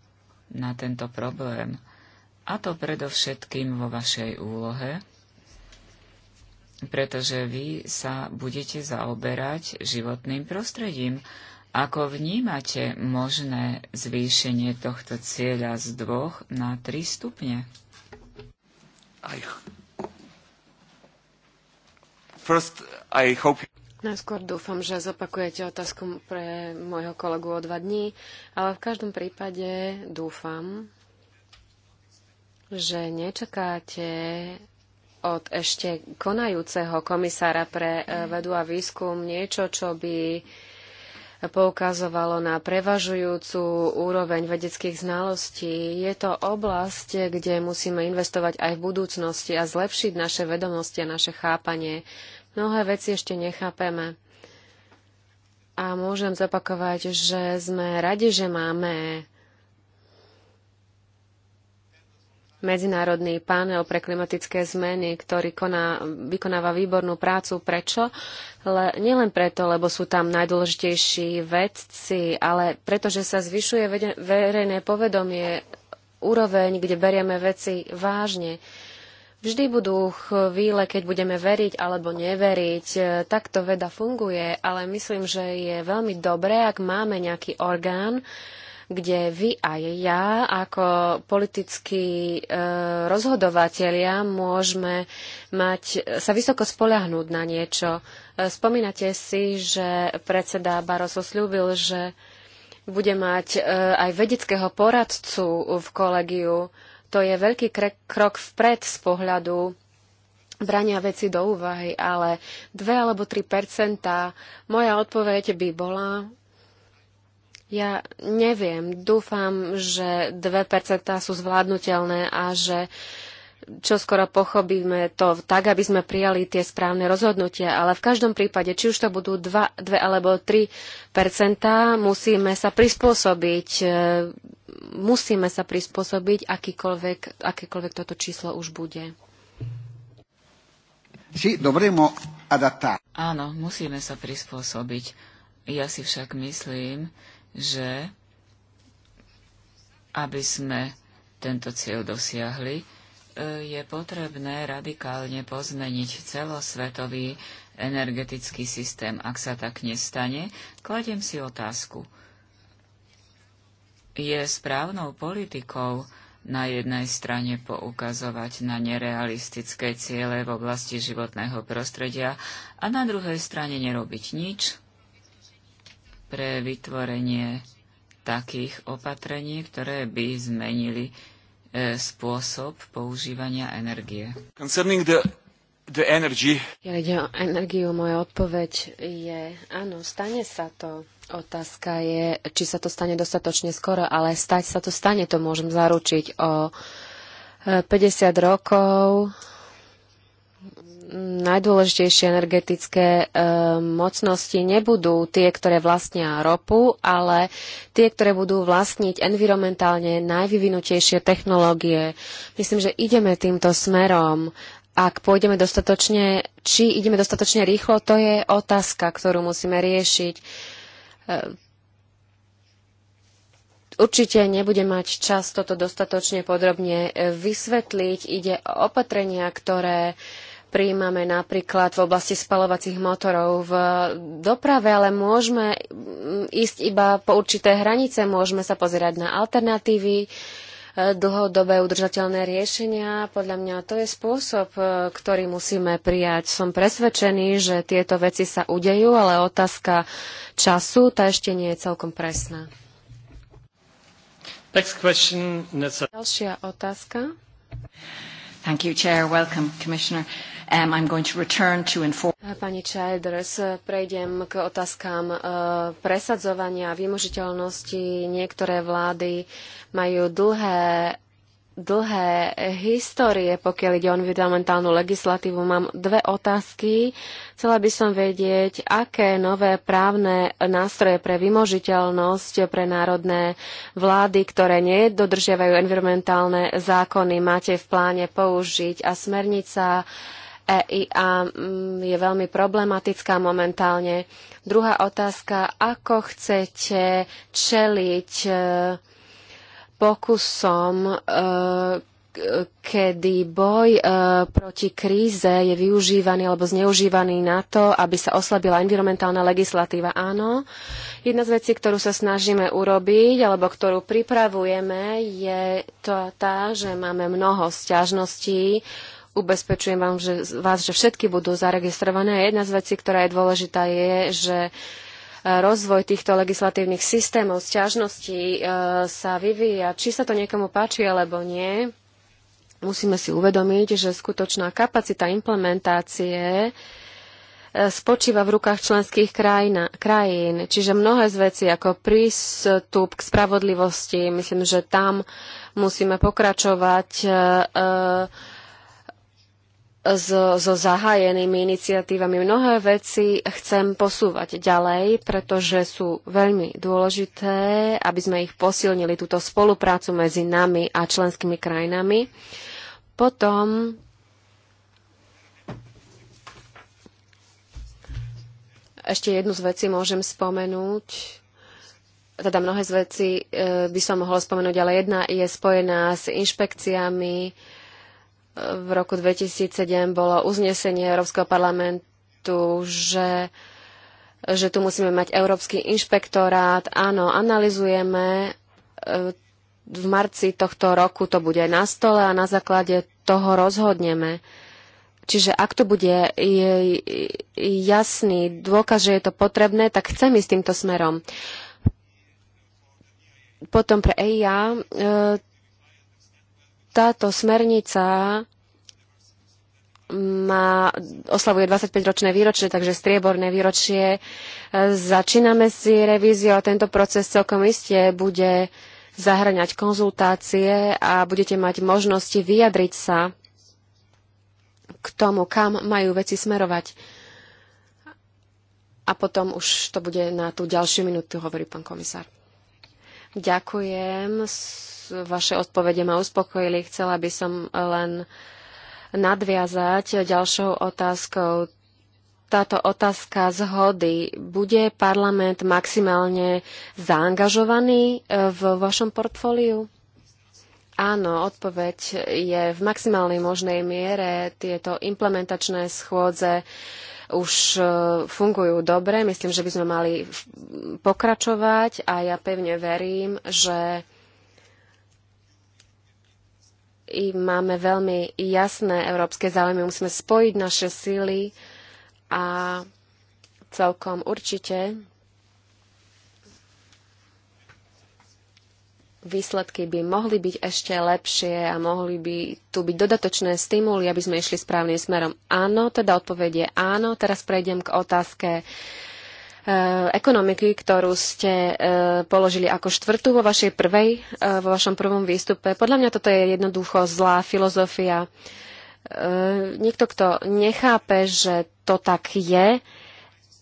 S4: na tento problém? A to predovšetkým vo vašej úlohe pretože vy sa budete zaoberať životným prostredím. Ako vnímate možné zvýšenie tohto cieľa z dvoch na tri stupne? I...
S3: First, I hope...
S2: Najskôr dúfam, že zopakujete otázku pre môjho kolegu o dva dní, ale v každom prípade dúfam, že nečakáte od ešte konajúceho komisára pre e, vedu a výskum niečo, čo by poukazovalo na prevažujúcu úroveň vedeckých znalostí. Je to oblasť, kde musíme investovať aj v budúcnosti a zlepšiť naše vedomosti a naše chápanie. Mnohé veci ešte nechápeme. A môžem zopakovať, že sme radi, že máme medzinárodný panel pre klimatické zmeny, ktorý koná, vykonáva výbornú prácu. Prečo? Le, nielen preto, lebo sú tam najdôležitejší vedci, ale preto, že sa zvyšuje verejné povedomie, úroveň, kde berieme veci vážne. Vždy budú chvíle, keď budeme veriť alebo neveriť. Takto veda funguje, ale myslím, že je veľmi dobré, ak máme nejaký orgán, kde vy aj ja ako politickí e, rozhodovatelia môžeme mať, sa vysoko spoľahnúť na niečo. E, spomínate si, že predseda Barroso slúbil, že bude mať e, aj vedeckého poradcu v kolegiu. To je veľký krok vpred z pohľadu brania veci do úvahy, ale 2 alebo 3 Moja odpoveď by bola, ja neviem, dúfam, že 2% sú zvládnutelné a že čo skoro pochopíme to tak, aby sme prijali tie správne rozhodnutia. Ale v každom prípade, či už to budú 2, 2 alebo 3 musíme sa prispôsobiť. E, musíme sa prispôsobiť, akýkoľvek, akékoľvek toto číslo už bude.
S4: dobremo adattare. Áno, musíme sa prispôsobiť. Ja si však myslím, že aby sme tento cieľ dosiahli, e, je potrebné radikálne pozmeniť celosvetový energetický systém. Ak sa tak nestane, kladiem si otázku. Je správnou politikou na jednej strane poukazovať na nerealistické ciele v oblasti životného prostredia a na druhej strane nerobiť nič, pre vytvorenie takých opatrení, ktoré by zmenili e, spôsob používania energie.
S3: Concerning the, the energy.
S2: Ja ide o energiu, moja odpoveď je, áno, stane sa to. Otázka je, či sa to stane dostatočne skoro, ale stať sa to stane, to môžem zaručiť o 50 e, rokov najdôležitejšie energetické e, mocnosti nebudú tie, ktoré vlastnia ropu, ale tie, ktoré budú vlastniť environmentálne najvyvinutejšie technológie. Myslím, že ideme týmto smerom. Ak pôjdeme dostatočne, či ideme dostatočne rýchlo, to je otázka, ktorú musíme riešiť. E, Určite nebude mať čas toto dostatočne podrobne e, vysvetliť. Ide o opatrenia, ktoré uh, prijímame napríklad v oblasti spalovacích motorov v doprave, ale môžeme mm, ísť iba po určité hranice, môžeme sa pozerať na alternatívy, e, dlhodobé udržateľné riešenia. Podľa mňa to je spôsob, e, ktorý musíme prijať. Som presvedčený, že tieto veci sa udejú, ale otázka času tá ešte nie je celkom presná. Question, Ďalšia otázka. Thank you, Chair. Welcome, Commissioner.
S4: Um, I'm going to return to inform...
S2: Pani Childers, prejdem k otázkám uh, presadzovania a vymožiteľnosti. Niektoré vlády majú dlhé dlhé histórie, pokiaľ ide o environmentálnu legislatívu. Mám dve otázky. Chcela by som vedieť, aké nové právne nástroje pre vymožiteľnosť pre národné vlády, ktoré nedodržiavajú environmentálne zákony, máte v pláne použiť a smernica EIA mm, je veľmi problematická momentálne. Druhá otázka, ako chcete čeliť e, pokusom, e, kedy boj e, proti kríze je využívaný alebo zneužívaný na to, aby sa oslabila environmentálna legislatíva. Áno, jedna z vecí, ktorú sa snažíme urobiť alebo ktorú pripravujeme, je to tá, že máme mnoho sťažností Ubezpečujem vám, že, vás, že všetky budú zaregistrované. A jedna z vecí, ktorá je dôležitá, je, že e, rozvoj týchto legislatívnych systémov sťažností e, sa vyvíja. Či sa to niekomu páči alebo nie, musíme si uvedomiť, že skutočná kapacita implementácie e, spočíva v rukách členských krajín. Čiže mnohé z vecí ako prístup k spravodlivosti, myslím, že tam musíme pokračovať. E, e, so, so zahájenými iniciatívami. Mnohé veci chcem posúvať ďalej, pretože sú veľmi dôležité, aby sme ich posilnili, túto spoluprácu medzi nami a členskými krajinami. Potom ešte jednu z vecí môžem spomenúť teda mnohé z vecí e, by som mohla spomenúť, ale jedna je spojená s inšpekciami, v roku 2007 bolo uznesenie Európskeho parlamentu, že že tu musíme mať Európsky inšpektorát. Áno, analizujeme. E, v marci tohto roku to bude na stole a na základe toho rozhodneme. Čiže ak to bude jasný dôkaz, že je to potrebné, tak chcem ísť týmto smerom. Potom pre EIA e, táto smernica má, oslavuje 25-ročné výročie, takže strieborné výročie. Začíname si revíziu a tento proces celkom iste bude zahrňať konzultácie a budete mať možnosti vyjadriť sa k tomu, kam majú veci smerovať. A potom už to bude na tú ďalšiu minútu, hovorí pán komisár. Ďakujem vaše odpovede ma uspokojili. Chcela by som len nadviazať ďalšou otázkou. Táto otázka zhody. Bude parlament maximálne zaangažovaný e, v vašom portfóliu? Áno, odpoveď je v maximálnej možnej miere. Tieto implementačné schôdze už e, fungujú dobre. Myslím, že by sme mali pokračovať a ja pevne verím, že i máme veľmi jasné európske záujmy. Musíme spojiť naše síly a celkom určite výsledky by mohli byť ešte lepšie a mohli by tu byť dodatočné stimuly, aby sme išli správnym smerom. Áno, teda odpovedie je áno. Teraz prejdem k otázke Eh, ekonomiky, ktorú ste eh, položili ako štvrtú vo vašej prvej, eh, vo vašom prvom výstupe. Podľa mňa toto je jednoducho zlá filozofia. Niekto, kto nechápe, že to tak je,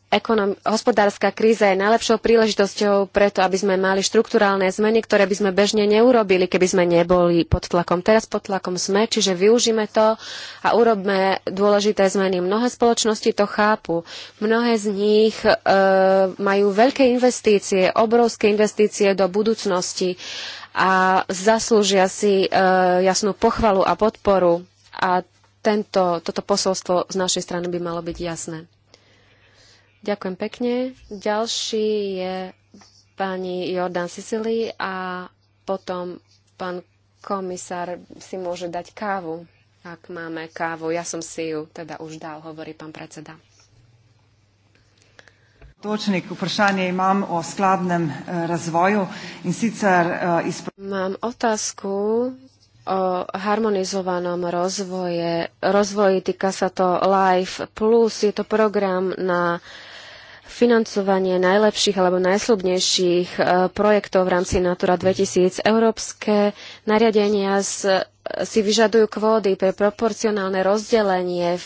S2: ekonom- hospodárska kríza je najlepšou príležitosťou preto, aby sme mali štrukturálne zmeny, ktoré by sme bežne neurobili, keby sme neboli pod tlakom. Teraz pod tlakom sme, čiže využíme to a urobme dôležité zmeny. Mnohé spoločnosti to chápu. Mnohé z nich e, majú veľké investície, obrovské investície do budúcnosti a zaslúžia si e, jasnú pochvalu a podporu. A tento, toto posolstvo z našej strany by malo byť jasné. Ďakujem pekne. Ďalší je pani Jordan Sicily a potom pán komisár si môže dať kávu, ak máme kávu. Ja som si ju teda už dal, hovorí pán predseda.
S4: Točnik, o e, razvoju in sicer e, Mám
S2: otázku o harmonizovanom rozvoje. Rozvoji týka sa to LIFE+, plus je to program na financovanie najlepších alebo najslubnejších e, projektov v rámci Natura 2000. Európske nariadenia e, si vyžadujú kvódy pre proporcionálne rozdelenie v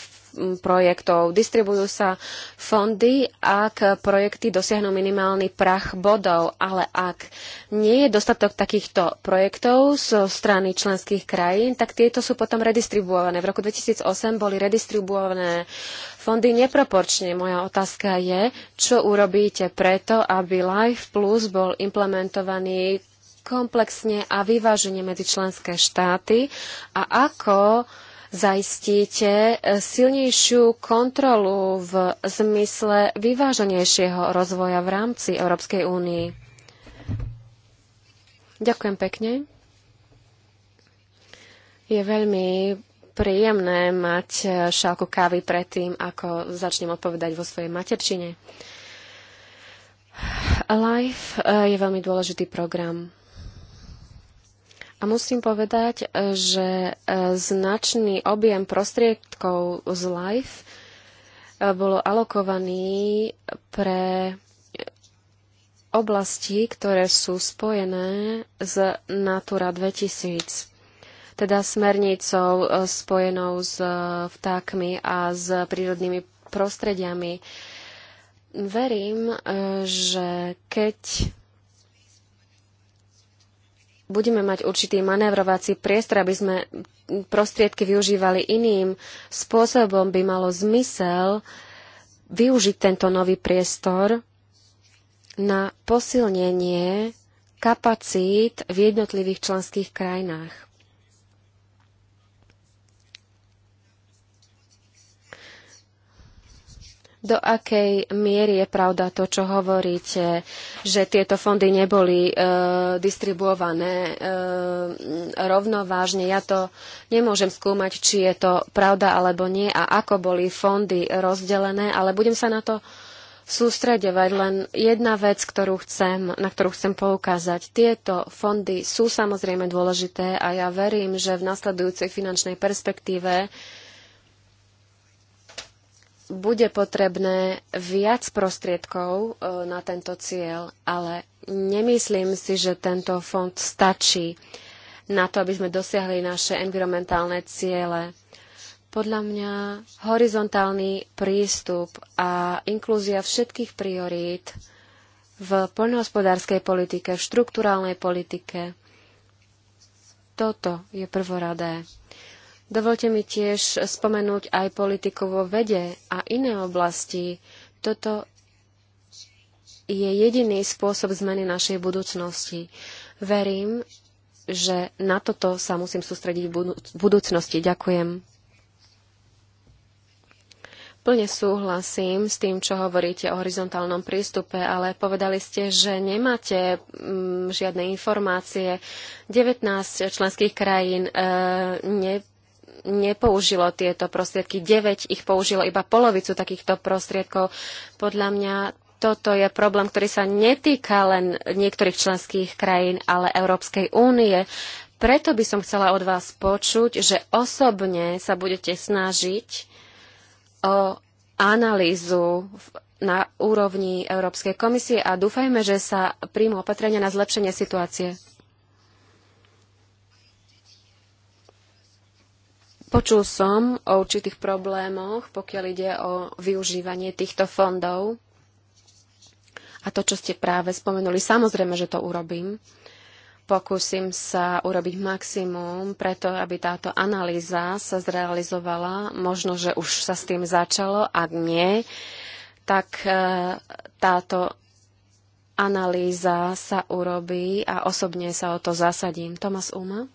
S2: projektov. Distribujú sa fondy, ak projekty dosiahnu minimálny prach bodov, ale ak nie je dostatok takýchto projektov zo strany členských krajín, tak tieto sú potom redistribuované. V roku 2008 boli redistribuované fondy neproporčne. Moja otázka je, čo urobíte preto, aby Life Plus bol implementovaný komplexne a vyváženie medzi členské štáty a ako zaistíte e, silnejšiu kontrolu v zmysle vyváženejšieho rozvoja v rámci Európskej únii. Ďakujem pekne. Je veľmi príjemné mať e, šálku kávy predtým, ako začnem odpovedať vo svojej materčine. Life e, je veľmi dôležitý program. A musím povedať, e, že e, značný objem prostriedkov z LIFE e, bolo alokovaný pre oblasti, ktoré sú spojené s Natura 2000 teda smernicou spojenou s vtákmi a s prírodnými prostrediami. Verím, že keď budeme mať určitý manévrovací priestor, aby sme prostriedky využívali iným spôsobom, by malo zmysel využiť tento nový priestor na posilnenie kapacít v jednotlivých členských krajinách. do akej miery je pravda to, čo hovoríte, že tieto fondy neboli e, distribuované e, rovnovážne. Ja to nemôžem skúmať, či je to pravda alebo nie a ako boli fondy rozdelené, ale budem sa na to sústredovať. Len jedna vec, ktorú chcem, na ktorú chcem poukázať. Tieto fondy sú samozrejme dôležité a ja verím, že v nasledujúcej finančnej perspektíve bude potrebné viac prostriedkov e, na tento cieľ, ale nemyslím si, že tento fond stačí na to, aby sme dosiahli naše environmentálne ciele. Podľa mňa horizontálny prístup a inklúzia všetkých priorít v poľnohospodárskej politike, v štruktúrálnej politike, toto je prvoradé. Dovolte mi tiež spomenúť aj politiku vo vede a iné oblasti. Toto je jediný spôsob zmeny našej budúcnosti. Verím, že na toto sa musím sústrediť v budúcnosti. Ďakujem. Plne súhlasím s tým, čo hovoríte o horizontálnom prístupe, ale povedali ste, že nemáte mm, žiadne informácie. 19 členských krajín e, ne, nepoužilo tieto prostriedky. 9 ich použilo iba polovicu takýchto prostriedkov. Podľa mňa toto je problém, ktorý sa netýka len niektorých členských krajín, ale Európskej únie. Preto by som chcela od vás počuť, že osobne sa budete snažiť o analýzu na úrovni Európskej komisie a dúfajme, že sa príjmu opatrenia na zlepšenie situácie. Počul som o určitých problémoch, pokiaľ ide o využívanie týchto fondov. A to, čo ste práve spomenuli, samozrejme, že to urobím. Pokúsim sa urobiť maximum preto, aby táto analýza sa zrealizovala. Možno, že už sa s tým začalo. Ak nie, tak e, táto analýza sa urobí a osobne sa o to zasadím. Tomas Uma?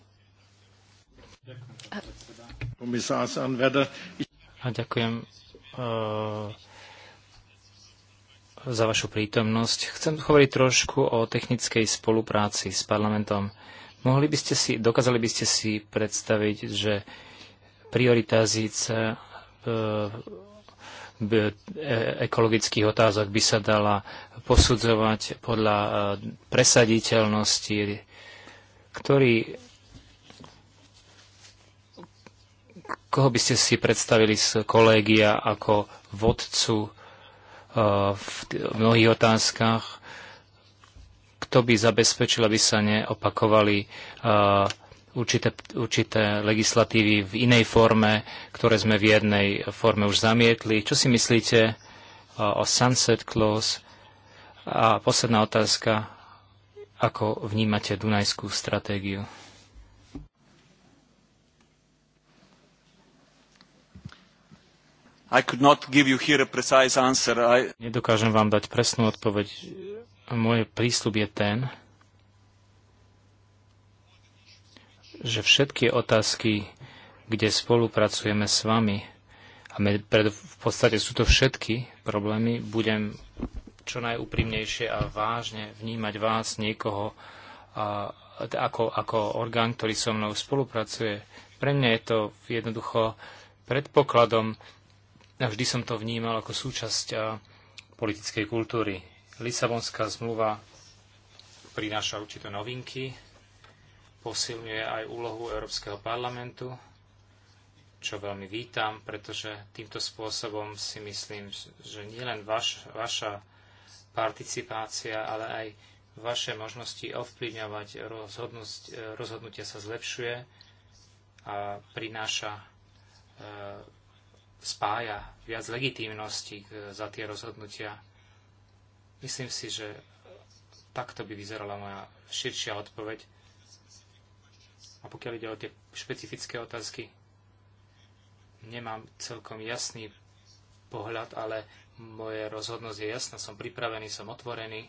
S1: ďakujem eh, za vašu prítomnosť. Chcem hovoriť trošku o technickej spolupráci s parlamentom. Mohli by ste si, dokázali by ste si predstaviť, že v eh, eh, ekologických otázok by sa dala posudzovať podľa presaditeľnosti, ktorý Koho by ste si predstavili z kolégia ako vodcu uh, v mnohých otázkach? Kto by zabezpečil, aby sa neopakovali uh, určité, určité legislatívy v inej forme, ktoré sme v jednej forme už zamietli? Čo si myslíte uh, o Sunset Clause? A posledná otázka, ako vnímate Dunajskú stratégiu?
S3: I could not give you here a precise answer. I...
S1: Nedokážem vám dať presnú odpoveď. Môj prístup je ten, že všetky otázky, kde spolupracujeme s vami, a v podstate sú to všetky problémy, budem čo najúprimnejšie a vážne vnímať vás, niekoho, a, ako, ako orgán, ktorý so mnou spolupracuje. Pre mňa je to jednoducho predpokladom a vždy som to vnímal ako súčasť politickej kultúry. Lisabonská zmluva prináša určité novinky, posilňuje aj úlohu Európskeho parlamentu, čo veľmi vítam, pretože týmto spôsobom si myslím, že nielen vaš, vaša participácia, ale aj vaše možnosti ovplyvňovať rozhodnutia sa zlepšuje a prináša e, spája viac legitímnosti za tie rozhodnutia. Myslím si, že takto by vyzerala moja širšia odpoveď. A pokiaľ ide o tie špecifické otázky, nemám celkom jasný pohľad, ale moje rozhodnosť je jasná, som pripravený, som otvorený.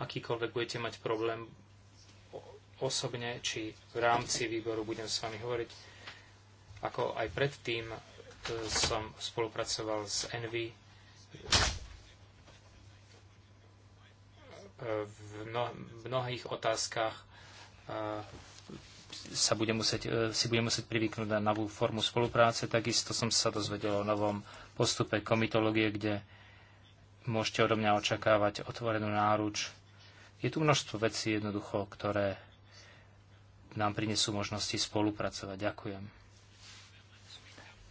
S1: Akýkoľvek budete mať problém osobne či v rámci výboru, budem s vami hovoriť ako aj predtým e, som spolupracoval s Envy e, v mnohých otázkach e, sa bude musieť, si budem musieť privyknúť na novú formu spolupráce. Takisto som sa dozvedel o novom postupe komitológie, kde môžete odo mňa očakávať otvorenú náruč. Je tu množstvo vecí jednoducho, ktoré nám prinesú možnosti spolupracovať. Ďakujem.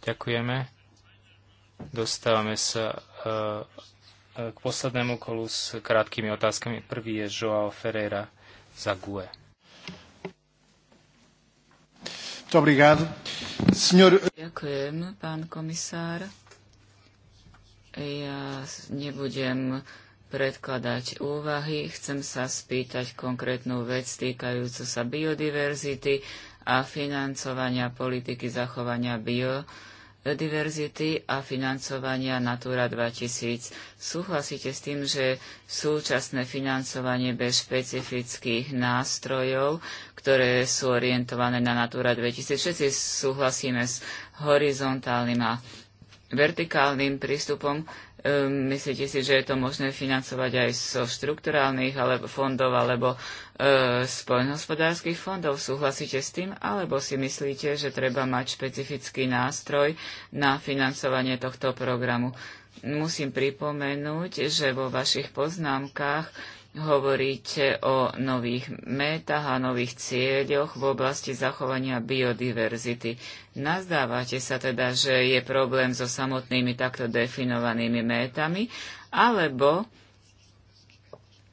S1: Ďakujeme. Dostávame sa eh, eh, k poslednému kolu s krátkými otázkami. Prvý je Joao Ferreira za GUE.
S4: Ďakujem, pán komisár. Ja nebudem predkladať úvahy. Chcem sa spýtať konkrétnu vec týkajúcu sa biodiverzity a financovania politiky zachovania biodiverzity biodiverzity a financovania Natura 2000. Súhlasíte s tým, že súčasné financovanie bez špecifických nástrojov, ktoré sú orientované na Natura 2000, všetci súhlasíme s horizontálnym a vertikálnym prístupom, Ehm, myslíte si, že je to možné financovať aj zo štrukturálnych alebo fondov alebo e, poľnohospodárskych fondov? Súhlasíte s tým? Alebo si myslíte, že treba mať špecifický nástroj na financovanie tohto programu? Musím pripomenúť, že vo vašich poznámkach Hovoríte o nových métach a nových cieľoch v oblasti zachovania biodiverzity. Nazdávate sa teda, že je problém so samotnými takto definovanými métami, alebo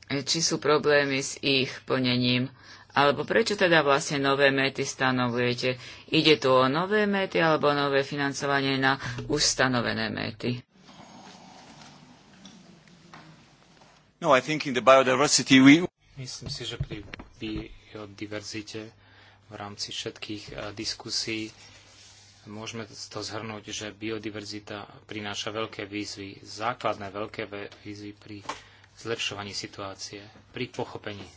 S4: či sú problémy s ich plnením, alebo prečo teda vlastne nové méty stanovujete? Ide tu o nové méty alebo nové financovanie na ustanovené méty?
S3: No, I think in the biodiversity we...
S1: Myslím si, že pri biodiverzite v rámci všetkých eh, diskusí môžeme to zhrnúť, že biodiverzita prináša veľké výzvy, základné veľké výzvy pri zlepšovaní situácie, pri pochopení.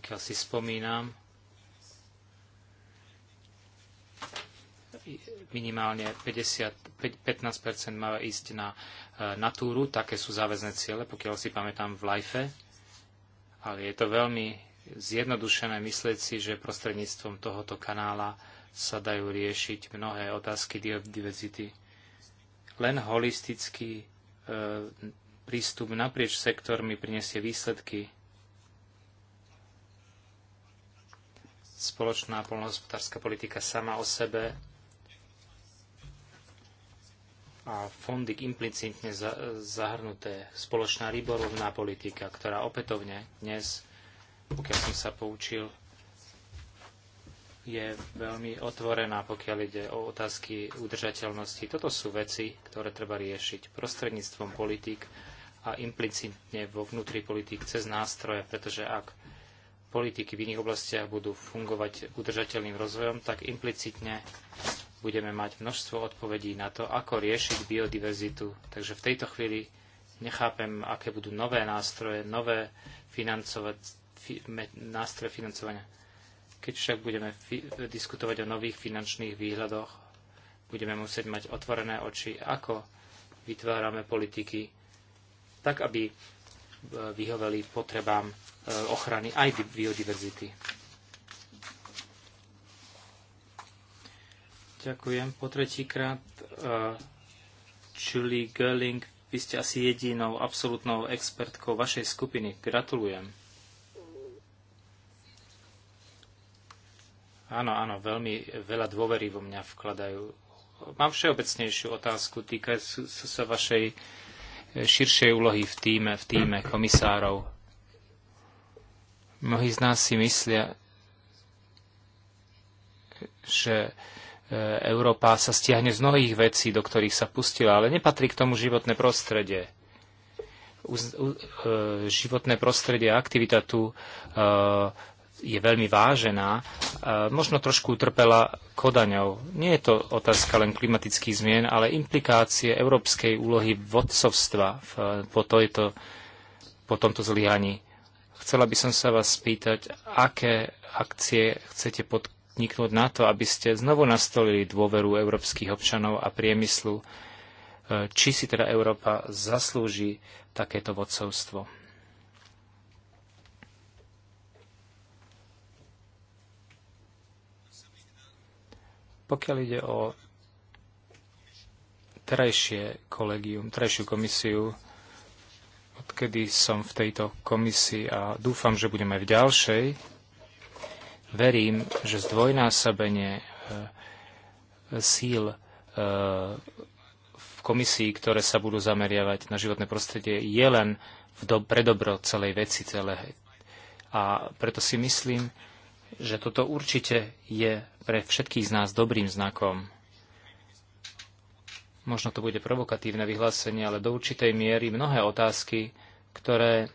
S1: Pokiaľ si spomínam, minimálne 50, 15 má ísť na E, natúru, také sú záväzné ciele, pokiaľ si pamätám v LIFE, ale je to veľmi zjednodušené myslieť si, že prostredníctvom tohoto kanála sa dajú riešiť mnohé otázky diverzity. Len holistický e, prístup naprieč sektormi prinesie výsledky. Spoločná polnohospodárska politika sama o sebe a fondy implicitne zahrnuté. Spoločná rybolovná politika, ktorá opätovne dnes, pokiaľ som sa poučil, je veľmi otvorená, pokiaľ ide o otázky udržateľnosti. Toto sú veci, ktoré treba riešiť prostredníctvom politík a implicitne vo vnútri politík cez nástroje, pretože ak politiky v iných oblastiach budú fungovať udržateľným rozvojom, tak implicitne budeme mať množstvo odpovedí na to, ako riešiť biodiverzitu. Takže v tejto chvíli nechápem, aké budú nové nástroje, nové financovať, nástroje financovania. Keď však budeme fi, diskutovať o nových finančných výhľadoch, budeme musieť mať otvorené oči, ako vytvárame politiky, tak aby e, vyhoveli potrebám e, ochrany aj biodiverzity. Ďakujem. Po tretíkrát uh, Julie Gerling, vy ste asi jedinou absolútnou expertkou vašej skupiny. Gratulujem. Áno, áno, veľmi veľa dôvery vo mňa vkladajú. Mám všeobecnejšiu otázku týkajúcu sa vašej e, širšej úlohy v týme, v týme komisárov. Mnohí z nás si myslia, že E, Európa sa stiahne z mnohých vecí, do ktorých sa pustila, ale nepatrí k tomu životné prostredie. U, u, e, životné prostredie a aktivita tu e, je veľmi vážená. E, možno trošku utrpela kodaňou. Nie je to otázka len klimatických zmien, ale implikácie európskej úlohy vodcovstva v, po, tejto, po tomto zlyhaní. Chcela by som sa vás spýtať, aké akcie chcete pod podniknúť na to, aby ste znovu nastolili dôveru európskych občanov a priemyslu, e, či si teda Európa zaslúži takéto vodcovstvo. Pokiaľ ide o terajšie kolegium, terajšiu komisiu, odkedy som v tejto komisii a dúfam, že budem aj v ďalšej, verím, že zdvojnásobenie e, síl e, v komisii, ktoré sa budú zameriavať na životné prostredie, je len v do, pre dobro celej veci. Celé. A preto si myslím, že toto určite je pre všetkých z nás dobrým znakom. Možno to bude provokatívne vyhlásenie, ale do určitej miery mnohé otázky, ktoré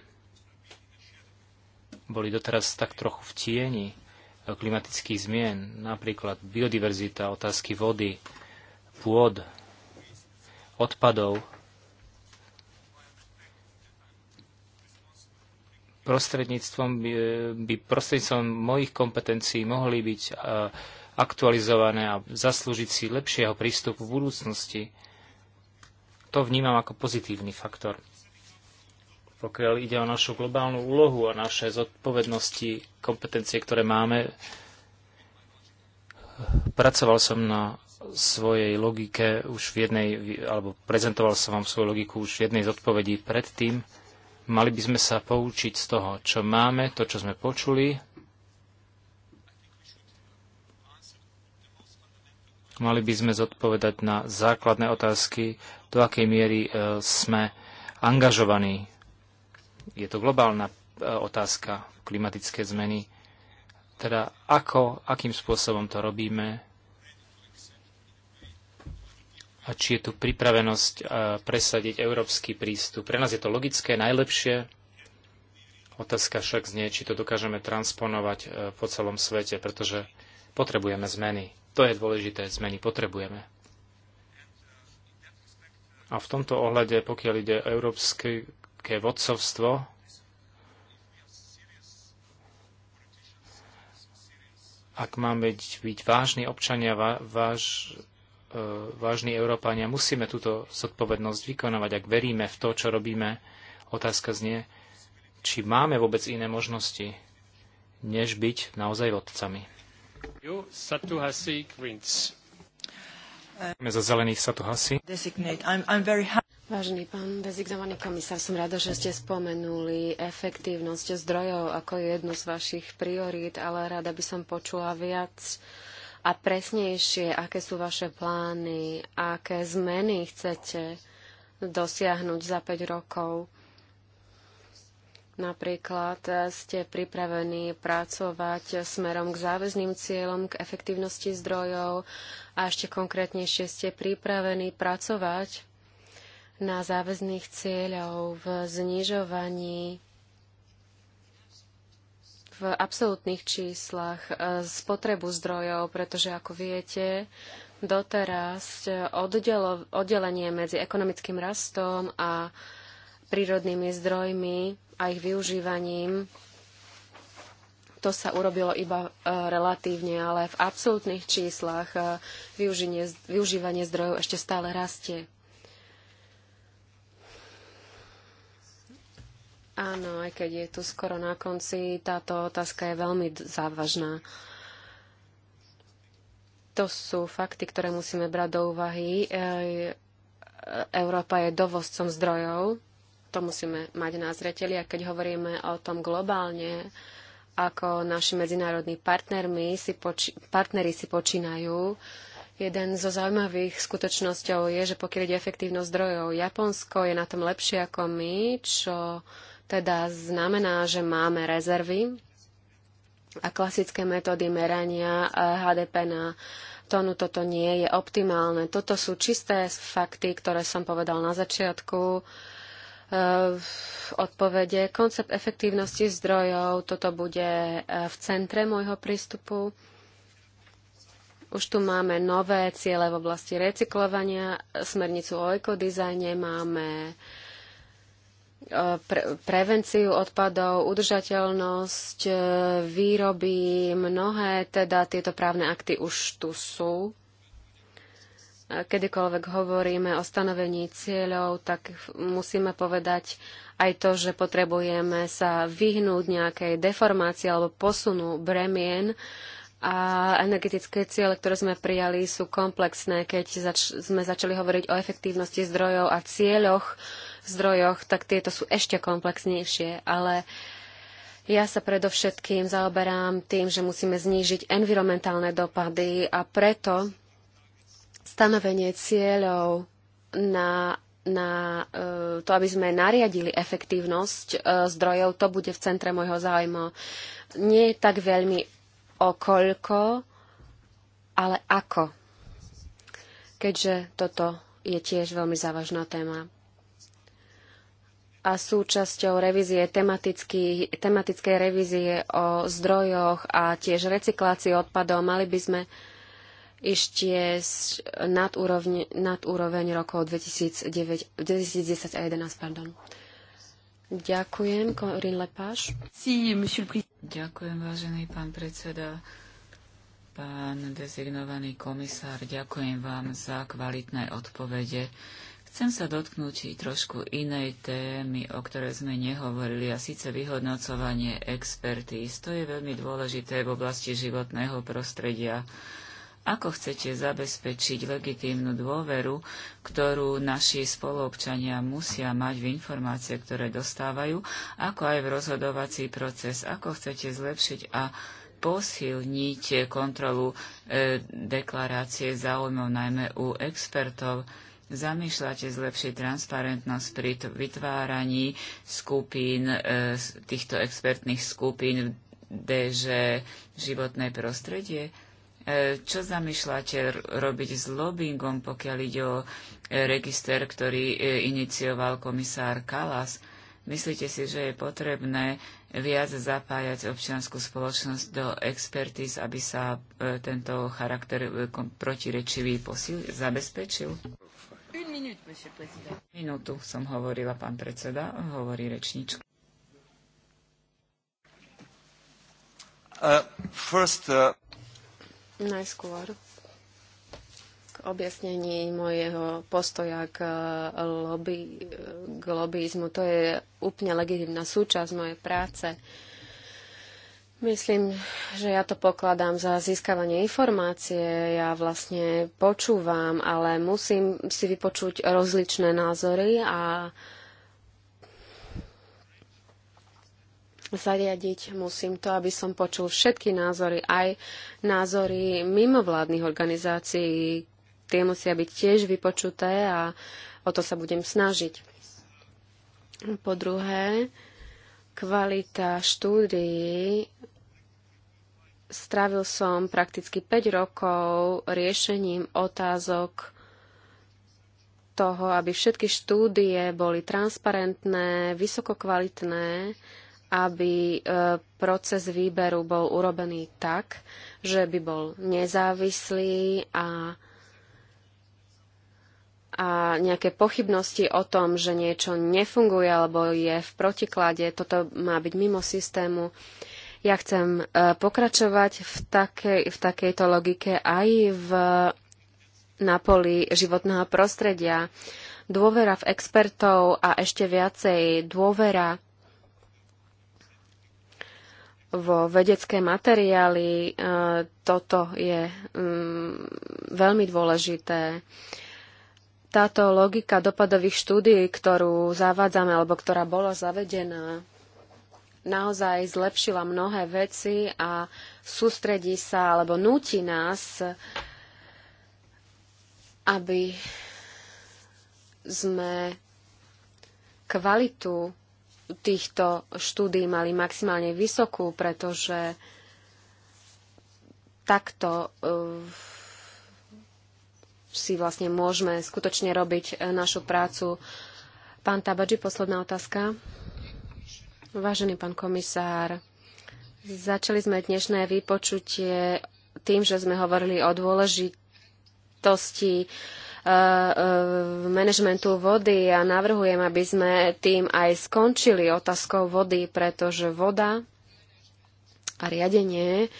S1: boli doteraz tak trochu v tieni, klimatických zmien, napríklad biodiverzita, otázky vody, pôd, odpadov, prostredníctvom by prostredníctvom mojich kompetencií mohli byť aktualizované a zaslúžiť si lepšieho prístupu v budúcnosti. To vnímam ako pozitívny faktor pokiaľ ide o našu globálnu úlohu a naše zodpovednosti, kompetencie, ktoré máme. Pracoval som na svojej logike už v jednej, alebo prezentoval som vám svoju logiku už v jednej z odpovedí predtým. Mali by sme sa poučiť z toho, čo máme, to, čo sme počuli. Mali by sme zodpovedať na základné otázky, do akej miery e, sme angažovaní je to globálna e, otázka klimatické zmeny. Teda ako, akým spôsobom to robíme a či je tu pripravenosť e, presadiť európsky prístup. Pre nás je to logické, najlepšie. Otázka však znie, či to dokážeme transponovať e, po celom svete, pretože potrebujeme zmeny. To je dôležité, zmeny potrebujeme. A v tomto ohľade, pokiaľ ide o európsky také vodcovstvo. Ak máme byť vážni občania, váž, e, vážni Európania, musíme túto zodpovednosť vykonávať, ak veríme v to, čo robíme. Otázka znie, či máme vôbec iné možnosti, než byť naozaj vodcami. Za zelených Satu Hasi.
S2: Vážený pán dezignovaný komisár, som rada, že ste spomenuli efektívnosť zdrojov ako jednu z vašich priorít, ale rada by som počula viac a presnejšie, aké sú vaše plány, aké zmeny chcete dosiahnuť za 5 rokov. Napríklad ste pripravení pracovať smerom k záväzným cieľom, k efektívnosti zdrojov a ešte konkrétnejšie ste pripravení pracovať na záväzných cieľov v znižovaní v absolútnych číslach e, spotrebu zdrojov, pretože ako viete, doteraz oddelo, oddelenie medzi ekonomickým rastom a prírodnými zdrojmi a ich využívaním to sa urobilo iba e, relatívne, ale v absolútnych číslach e, využívanie zdrojov ešte stále rastie. Áno, aj keď je tu skoro na konci, táto otázka je veľmi závažná. To sú fakty, ktoré musíme brať do úvahy. E, Európa je dovozcom zdrojov, to musíme mať na zreteli a keď hovoríme o tom globálne, ako naši medzinárodní partnermi si poči- partneri si počínajú, Jeden zo zaujímavých skutočnosťov je, že pokiaľ ide efektívnosť zdrojov, Japonsko je na tom lepšie ako my, čo teda znamená, že máme rezervy a klasické metódy merania HDP eh, na tónu toto nie je optimálne. Toto sú čisté fakty, ktoré som povedal na začiatku v eh, odpovede. Koncept efektívnosti zdrojov, toto bude eh, v centre môjho prístupu. Už tu máme nové ciele v oblasti recyklovania, smernicu o ekodizajne, máme pre, prevenciu odpadov, udržateľnosť výroby, mnohé teda tieto právne akty už tu sú. Kedykoľvek hovoríme o stanovení cieľov, tak musíme povedať aj to, že potrebujeme sa vyhnúť nejakej deformácii alebo posunu bremien, a energetické ciele, ktoré sme prijali, sú komplexné. Keď zač- sme začali hovoriť o efektívnosti zdrojov a cieľoch, zdrojoch, tak tieto sú ešte komplexnejšie, ale ja sa predovšetkým zaoberám tým, že musíme znížiť environmentálne dopady a preto stanovenie cieľov na na e, to, aby sme nariadili efektívnosť e, zdrojov, to bude v centre môjho záujmu. Nie tak veľmi koľko, ale ako. Keďže toto je tiež veľmi závažná téma a súčasťou revízie tematickej revízie o zdrojoch a tiež recyklácii odpadov mali by sme ešte nad, úrovni, nad úroveň rokov 2009, 2010 a 2011. Pardon. Ďakujem, Corinne Lepáš.
S4: Sí, Ďakujem, vážený pán predseda. Pán dezignovaný komisár, ďakujem vám za kvalitné odpovede Chcem sa dotknúť trošku inej témy, o ktorej sme nehovorili, a síce vyhodnocovanie expertíz. To je veľmi dôležité v oblasti životného prostredia. Ako chcete zabezpečiť legitímnu dôveru, ktorú naši spoluobčania musia mať v informácie, ktoré dostávajú, ako aj v rozhodovací proces? Ako chcete zlepšiť a posilniť kontrolu e, deklarácie záujmov najmä u expertov? zamýšľate zlepšiť transparentnosť pri vytváraní skupín, e, týchto expertných skupín DŽ životné prostredie? E, čo zamýšľate robiť s lobbyingom, pokiaľ ide o e, register, ktorý inicioval komisár Kalas? Myslíte si, že je potrebné viac zapájať občianskú spoločnosť do expertíz, aby sa tento charakter protirečivý posil zabezpečil? monsieur Minútu som hovorila, pán predseda, hovorí
S3: rečnička. Uh, first, uh...
S2: Najskôr k objasnení mojeho postoja k, uh, lobby, k lobbyizmu. To je úplne legitimná súčasť mojej práce. Uh, Myslím, že ja to pokladám za získavanie informácie. Ja vlastne počúvam, ale musím si vypočuť rozličné názory a zariadiť musím to, aby som počul všetky názory, aj názory mimovládnych organizácií. Tie musia byť tiež vypočuté a o to sa budem snažiť. Po druhé, Kvalita štúdií strávil som prakticky 5 rokov riešením otázok toho, aby všetky štúdie boli transparentné, vysokokvalitné, aby e, proces výberu bol urobený tak, že by bol nezávislý a a nejaké pochybnosti o tom, že niečo nefunguje alebo je v protiklade, toto má byť mimo systému. Ja chcem e, pokračovať v, takej, v takejto logike aj v, na poli životného prostredia. Dôvera v expertov a ešte viacej dôvera vo vedecké materiály. E, toto je mm, veľmi dôležité táto logika dopadových štúdií, ktorú zavádzame alebo ktorá bola zavedená, naozaj zlepšila mnohé veci a sústredí sa alebo núti nás, aby sme kvalitu týchto štúdí mali maximálne vysokú, pretože takto uh, si vlastne môžeme skutočne robiť e, našu prácu. Pán Tabadži, posledná otázka. Vážený pán komisár, začali sme dnešné vypočutie tým, že sme hovorili o dôležitosti e, e, manažmentu vody a navrhujem, aby sme tým aj skončili otázkou vody, pretože voda a riadenie uh,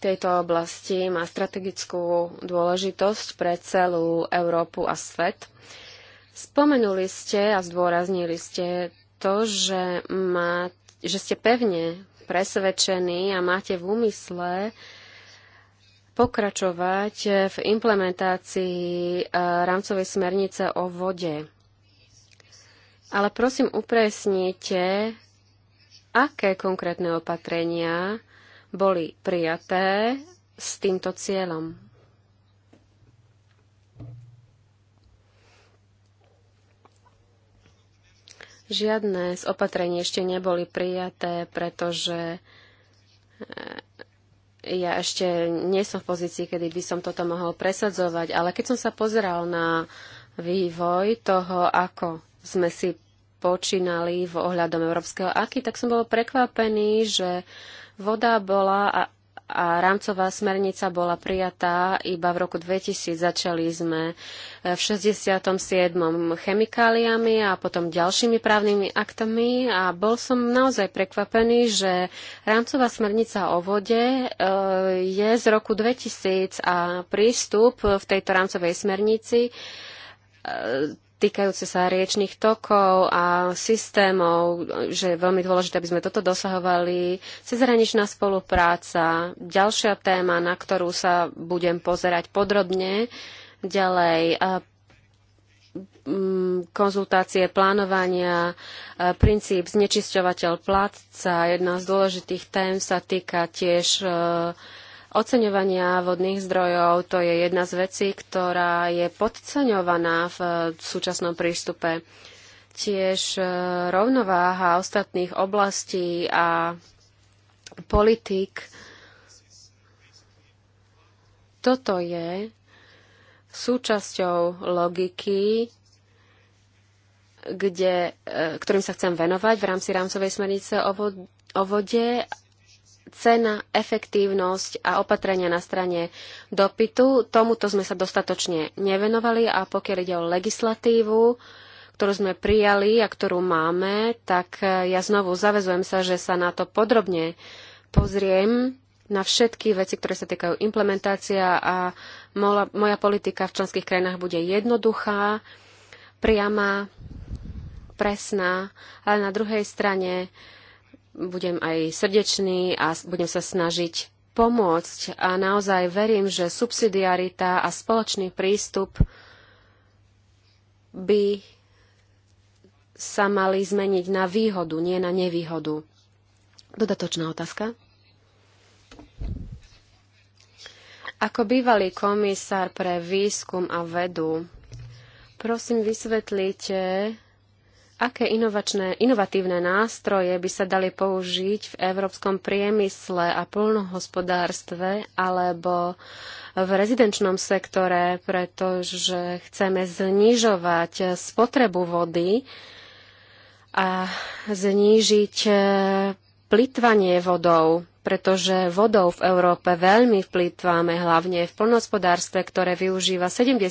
S2: tejto oblasti má strategickú dôležitosť pre celú Európu a svet. Spomenuli ste a zdôraznili ste to, že, má, že ste pevne presvedčení a máte v úmysle pokračovať v implementácii eh, rámcovej smernice o vode. Ale prosím, upresnite, aké konkrétne opatrenia boli prijaté s týmto cieľom. Žiadne z opatrení ešte neboli prijaté, pretože e, ja ešte nie som v pozícii, kedy by som toto mohol presadzovať, ale keď som sa pozeral na vývoj toho, ako sme si počínali v ohľadom Európskeho aky, tak som bol prekvapený, že Voda bola a, a rámcová smernica bola prijatá iba v roku 2000. Začali sme e, v 67. chemikáliami a potom ďalšími právnymi aktami a bol som naozaj prekvapený, že rámcová smernica o vode e, je z roku 2000 a prístup v tejto rámcovej smernici e, týkajúce sa riečných tokov a systémov, že je veľmi dôležité, aby sme toto dosahovali. Cezhraničná spolupráca, ďalšia téma, na ktorú sa budem pozerať podrobne. Ďalej, mm, konzultácie, plánovania, princíp znečisťovateľ platca. Jedna z dôležitých tém sa týka tiež oceňovania vodných zdrojov. To je jedna z vecí, ktorá je podceňovaná v e, súčasnom prístupe. Tiež e, rovnováha ostatných oblastí a politik. Toto je súčasťou logiky kde, e, ktorým sa chcem venovať v rámci rámcovej smernice o, vode cena, efektívnosť a opatrenia na strane dopytu. Tomuto sme sa dostatočne nevenovali a pokiaľ ide o legislatívu, ktorú sme prijali a ktorú máme, tak e, ja znovu zavezujem sa, že sa na to podrobne pozriem na všetky veci, ktoré sa týkajú implementácia a moja, politika v členských krajinách bude jednoduchá, priama, presná, ale na druhej strane budem aj srdečný a budem sa snažiť pomôcť a naozaj verím, že subsidiarita a spoločný prístup by sa mali zmeniť na výhodu, nie na nevýhodu. Dodatočná otázka. Ako bývalý komisár pre výskum a vedu, prosím vysvetlite, aké inovačné, inovatívne nástroje by sa dali použiť v európskom priemysle a plnohospodárstve alebo v rezidenčnom sektore, pretože chceme znižovať spotrebu vody a znížiť e, plitvanie vodou, pretože vodou v Európe veľmi vplýtvame, hlavne v plnohospodárstve, ktoré využíva 70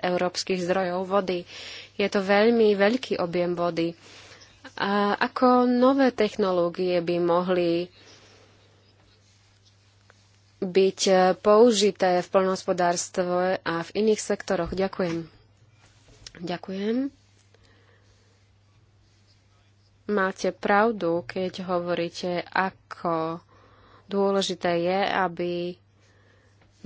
S2: európskych zdrojov vody. Je to veľmi veľký objem vody. A ako nové technológie by mohli byť e, použité v plnohospodárstve a v iných sektoroch? Ďakujem. Ďakujem. Máte pravdu, keď hovoríte, ako dôležité je, aby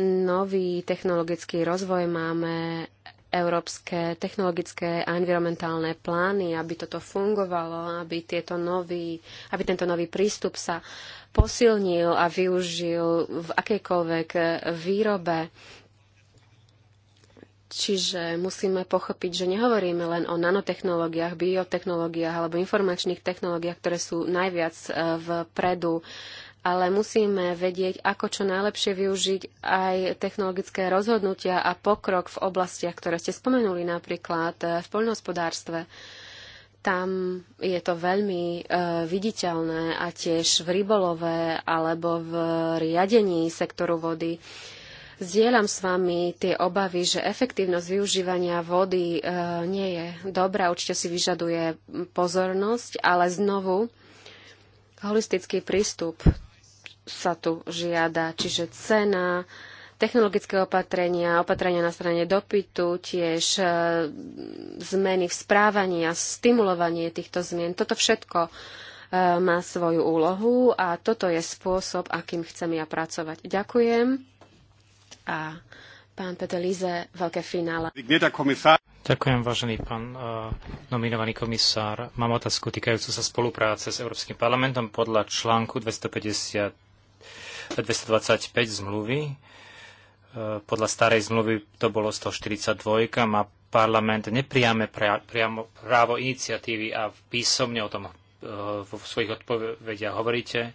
S2: nový technologický rozvoj máme európske technologické a environmentálne plány, aby toto fungovalo, aby, tieto nový, aby tento nový prístup sa posilnil a využil v akejkoľvek výrobe. Čiže musíme pochopiť, že nehovoríme len o nanotechnológiách, biotechnológiách alebo informačných technológiách, ktoré sú najviac eh, vpredu ale musíme vedieť, ako čo najlepšie využiť aj technologické rozhodnutia a pokrok v oblastiach, ktoré ste spomenuli, napríklad eh, v poľnohospodárstve. Tam je to veľmi e, viditeľné a tiež v rybolove alebo v riadení sektoru vody. Zdieľam s vami tie obavy, že efektívnosť využívania vody e, nie je dobrá, určite si vyžaduje pozornosť, ale znovu holistický prístup sa tu žiada, čiže cena, technologické opatrenia, opatrenia na strane dopytu, tiež e, zmeny v správaní a stimulovanie týchto zmien. Toto všetko e, má svoju úlohu a toto je spôsob, akým chcem ja pracovať. Ďakujem a pán Peter Lize, veľké finále.
S1: Ďakujem, vážený pán e, nominovaný komisár. Mám otázku týkajúcu sa spolupráce s Európskym parlamentom podľa článku 250 225 zmluvy. E, podľa starej zmluvy to bolo 142. Má parlament nepriame priamo právo iniciatívy a písomne o tom e, vo svojich odpovediach hovoríte.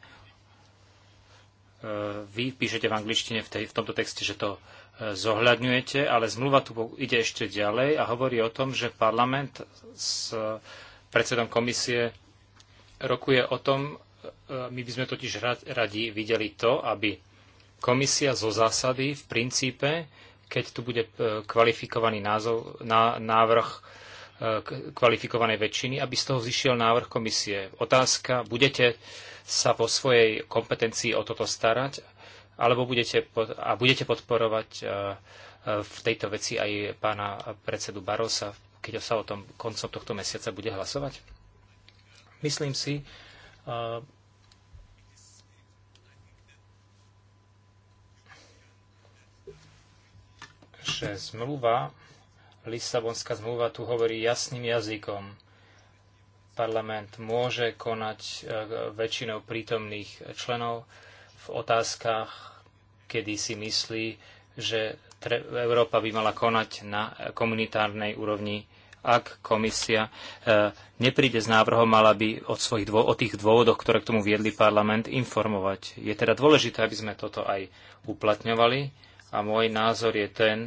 S1: E, vy píšete v angličtine v, tej, v tomto texte, že to zohľadňujete, ale zmluva tu ide ešte ďalej a hovorí o tom, že parlament s predsedom komisie rokuje o tom, my by sme totiž radi videli to, aby komisia zo zásady v princípe, keď tu bude e, kvalifikovaný názov, návrh e, kvalifikovanej väčšiny, aby z toho vzýšiel návrh komisie. Otázka, budete sa po svojej kompetencii o toto starať, alebo budete, a budete podporovať e, v tejto veci aj pána predsedu Barosa, keď sa o tom koncom tohto mesiaca bude hlasovať? Myslím si, že zmluva, Lisabonská zmluva tu hovorí jasným jazykom. Parlament môže konať e, väčšinou prítomných členov v otázkach, kedy si myslí, že Európa by mala konať na komunitárnej úrovni ak komisia e, nepríde s návrhom, mala by od svojich dô- o tých dôvodoch, ktoré k tomu viedli parlament, informovať. Je teda dôležité, aby sme toto aj uplatňovali a môj názor je ten,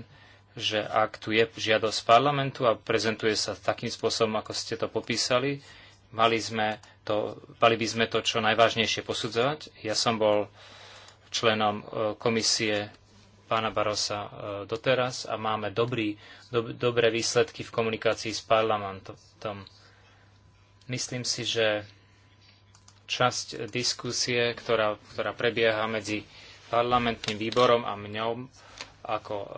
S1: že ak tu je žiadosť parlamentu a prezentuje sa takým spôsobom, ako ste to popísali, mali, sme to, mali by sme to čo najvážnejšie posudzovať. Ja som bol členom e, komisie pána Barosa e, doteraz a máme dobrý, dobré výsledky v komunikácii s parlamentom. Myslím si, že časť diskusie, ktorá, ktorá prebieha medzi parlamentným výborom a mňou ako e,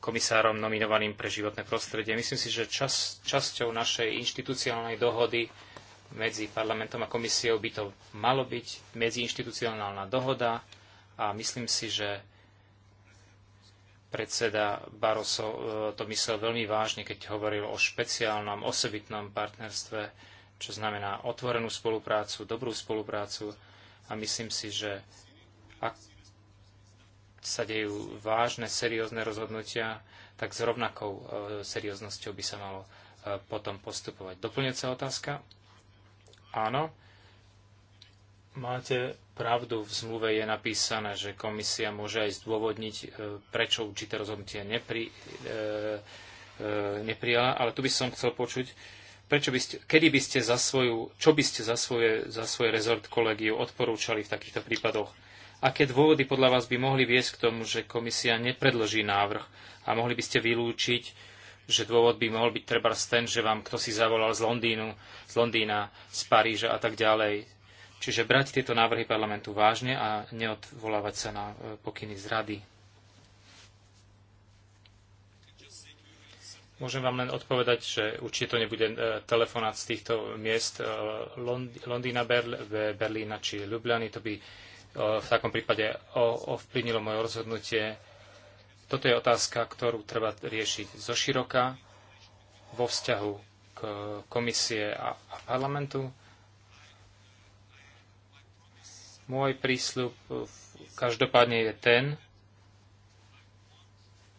S1: komisárom nominovaným pre životné prostredie. Myslím si, že čas, časťou našej inštitucionálnej dohody medzi parlamentom a komisiou by to malo byť medziinštitucionálna dohoda a myslím si, že Predseda Barroso e, to myslel veľmi vážne, keď hovoril o špeciálnom, osobitnom partnerstve, čo znamená otvorenú spoluprácu, dobrú spoluprácu. A myslím si, že ak sa dejú vážne, seriózne rozhodnutia, tak s rovnakou e, serióznosťou by sa malo e, potom postupovať. Doplňujúca otázka? Áno. Máte pravdu. V zmluve je napísané, že komisia môže aj zdôvodniť, e, prečo určité rozhodnutie nepri, e, e, neprijala, ale tu by som chcel počuť, prečo by ste, kedy by ste za svoju, čo by ste za, svoje, za svoj rezort kolegiu odporúčali v takýchto prípadoch? Aké dôvody podľa vás by mohli viesť k tomu, že komisia nepredloží návrh a mohli by ste vylúčiť, že dôvod by mohol byť treba ten, že vám kto si zavolal z, Londýnu, z Londýna, z Paríža a tak ďalej, Čiže brať tieto návrhy parlamentu vážne a neodvolávať sa na e, pokyny z rady. Môžem vám len odpovedať, že určite to nebude e, telefonát z týchto miest e, Londýna, Berlína či Ljubljany. To by v takom prípade ovplyvnilo moje rozhodnutie. Toto je otázka, ktorú treba riešiť zo široka vo vzťahu k komisie a parlamentu môj prísľub e, každopádne je ten,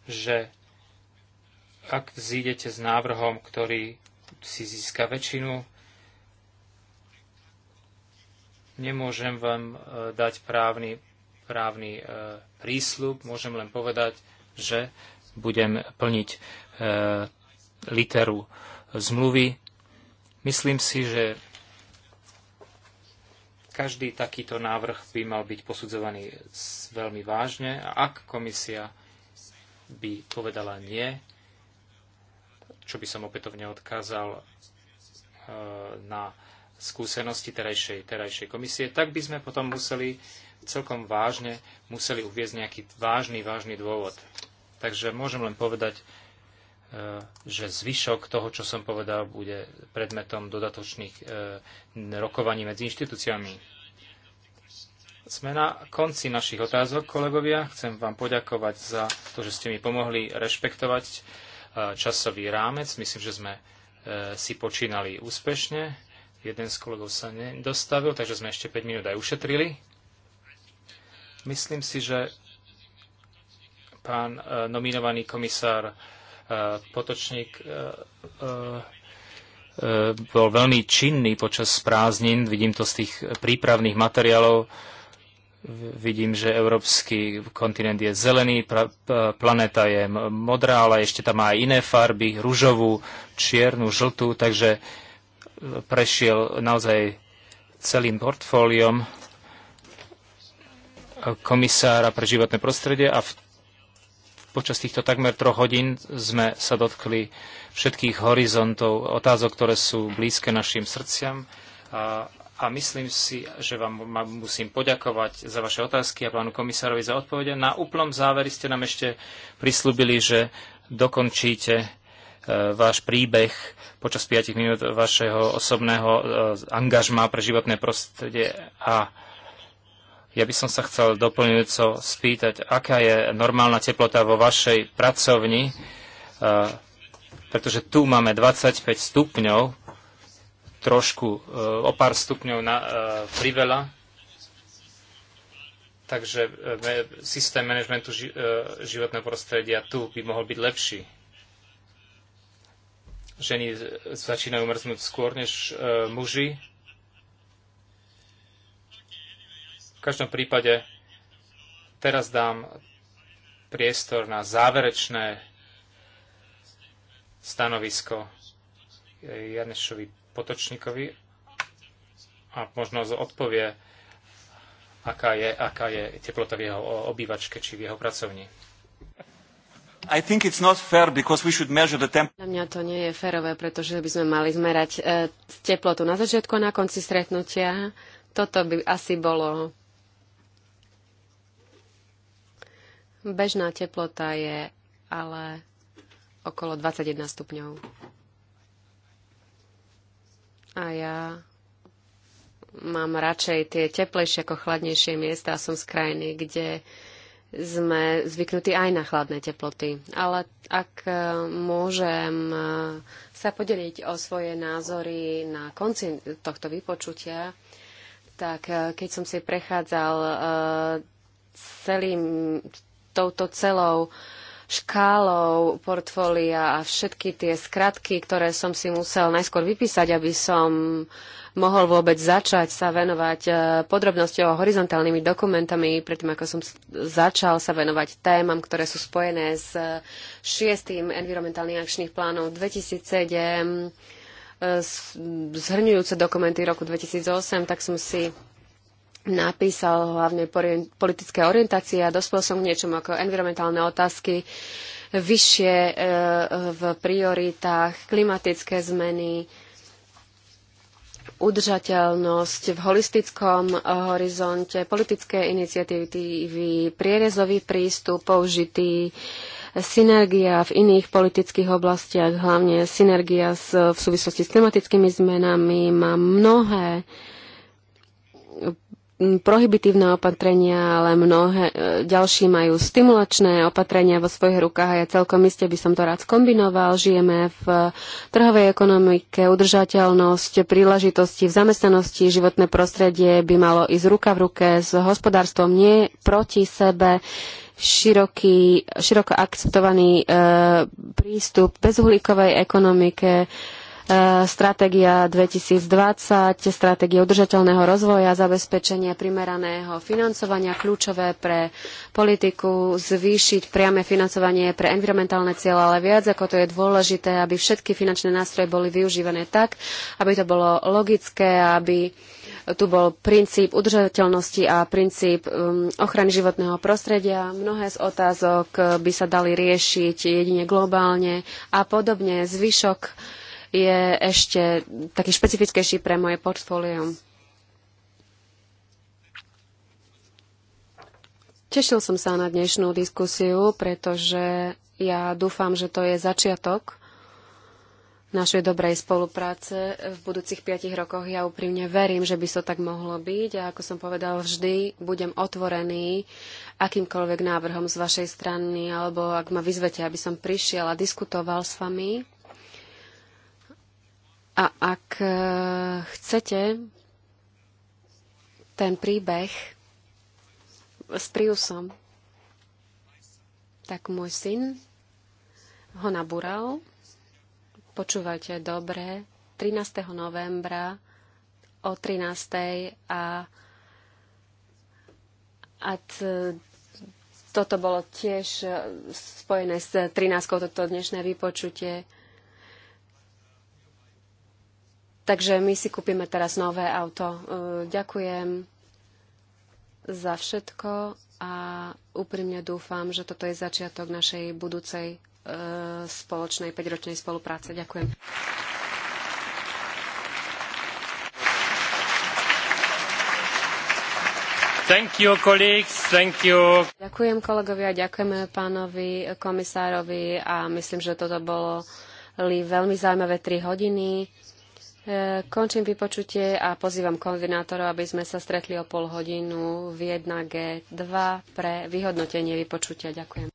S1: že ak zídete s návrhom, ktorý si získa väčšinu, nemôžem vám e, dať právny, právny e, prísľub, môžem len povedať, že budem plniť literu zmluvy. Myslím si, že každý takýto návrh by mal byť posudzovaný veľmi vážne a ak komisia by povedala nie, čo by som opätovne odkázal e, na skúsenosti terajšej, terajšej komisie, tak by sme potom museli celkom vážne museli uviezť nejaký vážny, vážny dôvod. Takže môžem len povedať, E, že zvyšok toho, čo som povedal, bude predmetom dodatočných e, rokovaní medzi inštitúciami. Sme na konci našich otázok, kolegovia. Chcem vám poďakovať za to, že ste mi pomohli rešpektovať e, časový rámec. Myslím, že sme si počínali úspešne. Jeden z kolegov sa nedostavil, takže sme ešte 5 minút aj ušetrili. Myslím si, že pán nominovaný komisár Potočník e, e, e, bol veľmi činný počas prázdnin, vidím to z tých prípravných materiálov, vidím, že európsky kontinent je zelený, planéta je modrá, ale ešte tam má aj iné farby, rúžovú, čiernu, žltú, takže prešiel naozaj celým portfóliom komisára pre životné prostredie a v Počas týchto takmer troch hodín sme sa dotkli všetkých horizontov, otázok, ktoré sú blízke našim srdciam. A, a myslím si, že vám musím poďakovať za vaše otázky a pánu komisárovi za odpovede. Na úplnom záveri ste nám ešte prislúbili, že dokončíte e, váš príbeh počas 5 minút vašeho osobného e, angažma pre životné prostredie a ja by som sa chcel doplňujúco spýtať, aká je normálna teplota vo vašej pracovni, e, pretože tu máme 25 stupňov, trošku e, o pár stupňov na, e, priveľa. Takže systém manažmentu životného prostredia tu by mohol byť lepší. Ženy začínajú mrznúť skôr než muži každom prípade teraz dám priestor na záverečné stanovisko Janešovi Potočníkovi a možno odpovie, aká je, aká je teplota v jeho obývačke či v jeho pracovni.
S3: I think it's not fair because we should measure the temp-
S2: Na mňa to nie je férové, pretože by sme mali zmerať e, teplotu na začiatku a na konci stretnutia. Toto by asi bolo Bežná teplota je ale okolo 21 stupňov. A ja mám radšej tie teplejšie ako chladnejšie miesta som z krajiny, kde sme zvyknutí aj na chladné teploty. Ale ak e, môžem e, sa podeliť o svoje názory na konci tohto vypočutia, tak e, keď som si prechádzal celým touto celou škálou portfólia a všetky tie skratky, ktoré som si musel najskôr vypísať, aby som mohol vôbec začať sa venovať e, podrobnosti o horizontálnymi dokumentami, predtým ako som začal sa venovať témam, ktoré sú spojené s e, šiestým environmentálnym akčných plánov 2007, e, zhrňujúce dokumenty roku 2008, tak som si napísal hlavne politické orientácie a dospel som k niečomu ako environmentálne otázky vyššie e, v prioritách, klimatické zmeny, udržateľnosť v holistickom e, horizonte, politické iniciatívy, prierezový prístup použitý synergia v iných politických oblastiach, hlavne synergia v súvislosti s klimatickými zmenami, má mnohé uh, prohibitívne opatrenia, ale mnohé e, ďalší majú stimulačné opatrenia vo svojich rukách a ja celkom iste by som to rád skombinoval. Žijeme v e, trhovej ekonomike, udržateľnosť, príležitosti v zamestnanosti, životné prostredie by malo ísť ruka v ruke s hospodárstvom, nie proti sebe široký, široko akceptovaný e, prístup bezuhlíkovej ekonomike, stratégia 2020, stratégia udržateľného rozvoja, zabezpečenie primeraného financovania, kľúčové pre politiku, zvýšiť priame financovanie pre environmentálne ciele, ale viac ako to je dôležité, aby všetky finančné nástroje boli využívané tak, aby to bolo logické, aby tu bol princíp udržateľnosti a princíp um, ochrany životného prostredia. Mnohé z otázok by sa dali riešiť jedine globálne a podobne. Zvyšok je ešte taký špecifickejší pre moje portfólio. Tešil som sa na dnešnú diskusiu, pretože ja dúfam, že to je začiatok našej dobrej spolupráce v budúcich piatich rokoch. Ja úprimne verím, že by so tak mohlo byť a ako som povedal, vždy budem otvorený akýmkoľvek návrhom z vašej strany alebo ak ma vyzvete, aby som prišiel a diskutoval s vami a ak e, chcete ten príbeh s Priusom, tak môj syn ho nabúral. Počúvajte dobre. 13. novembra o 13. a, a t, toto bolo tiež e, spojené s 13. toto dnešné vypočutie. Takže my si kúpime teraz nové auto. E, ďakujem za všetko a úprimne dúfam, že toto je začiatok našej budúcej e, spoločnej 5-ročnej spolupráce. Ďakujem.
S1: Thank you, colleagues. Thank you. Ďakujem
S2: kolegovia, ďakujeme pánovi komisárovi a myslím, že toto bolo veľmi zaujímavé 3 hodiny. E, končím vypočutie a pozývam koordinátorov, aby sme sa stretli o pol hodinu v 1G2 pre vyhodnotenie vypočutia. Ďakujem.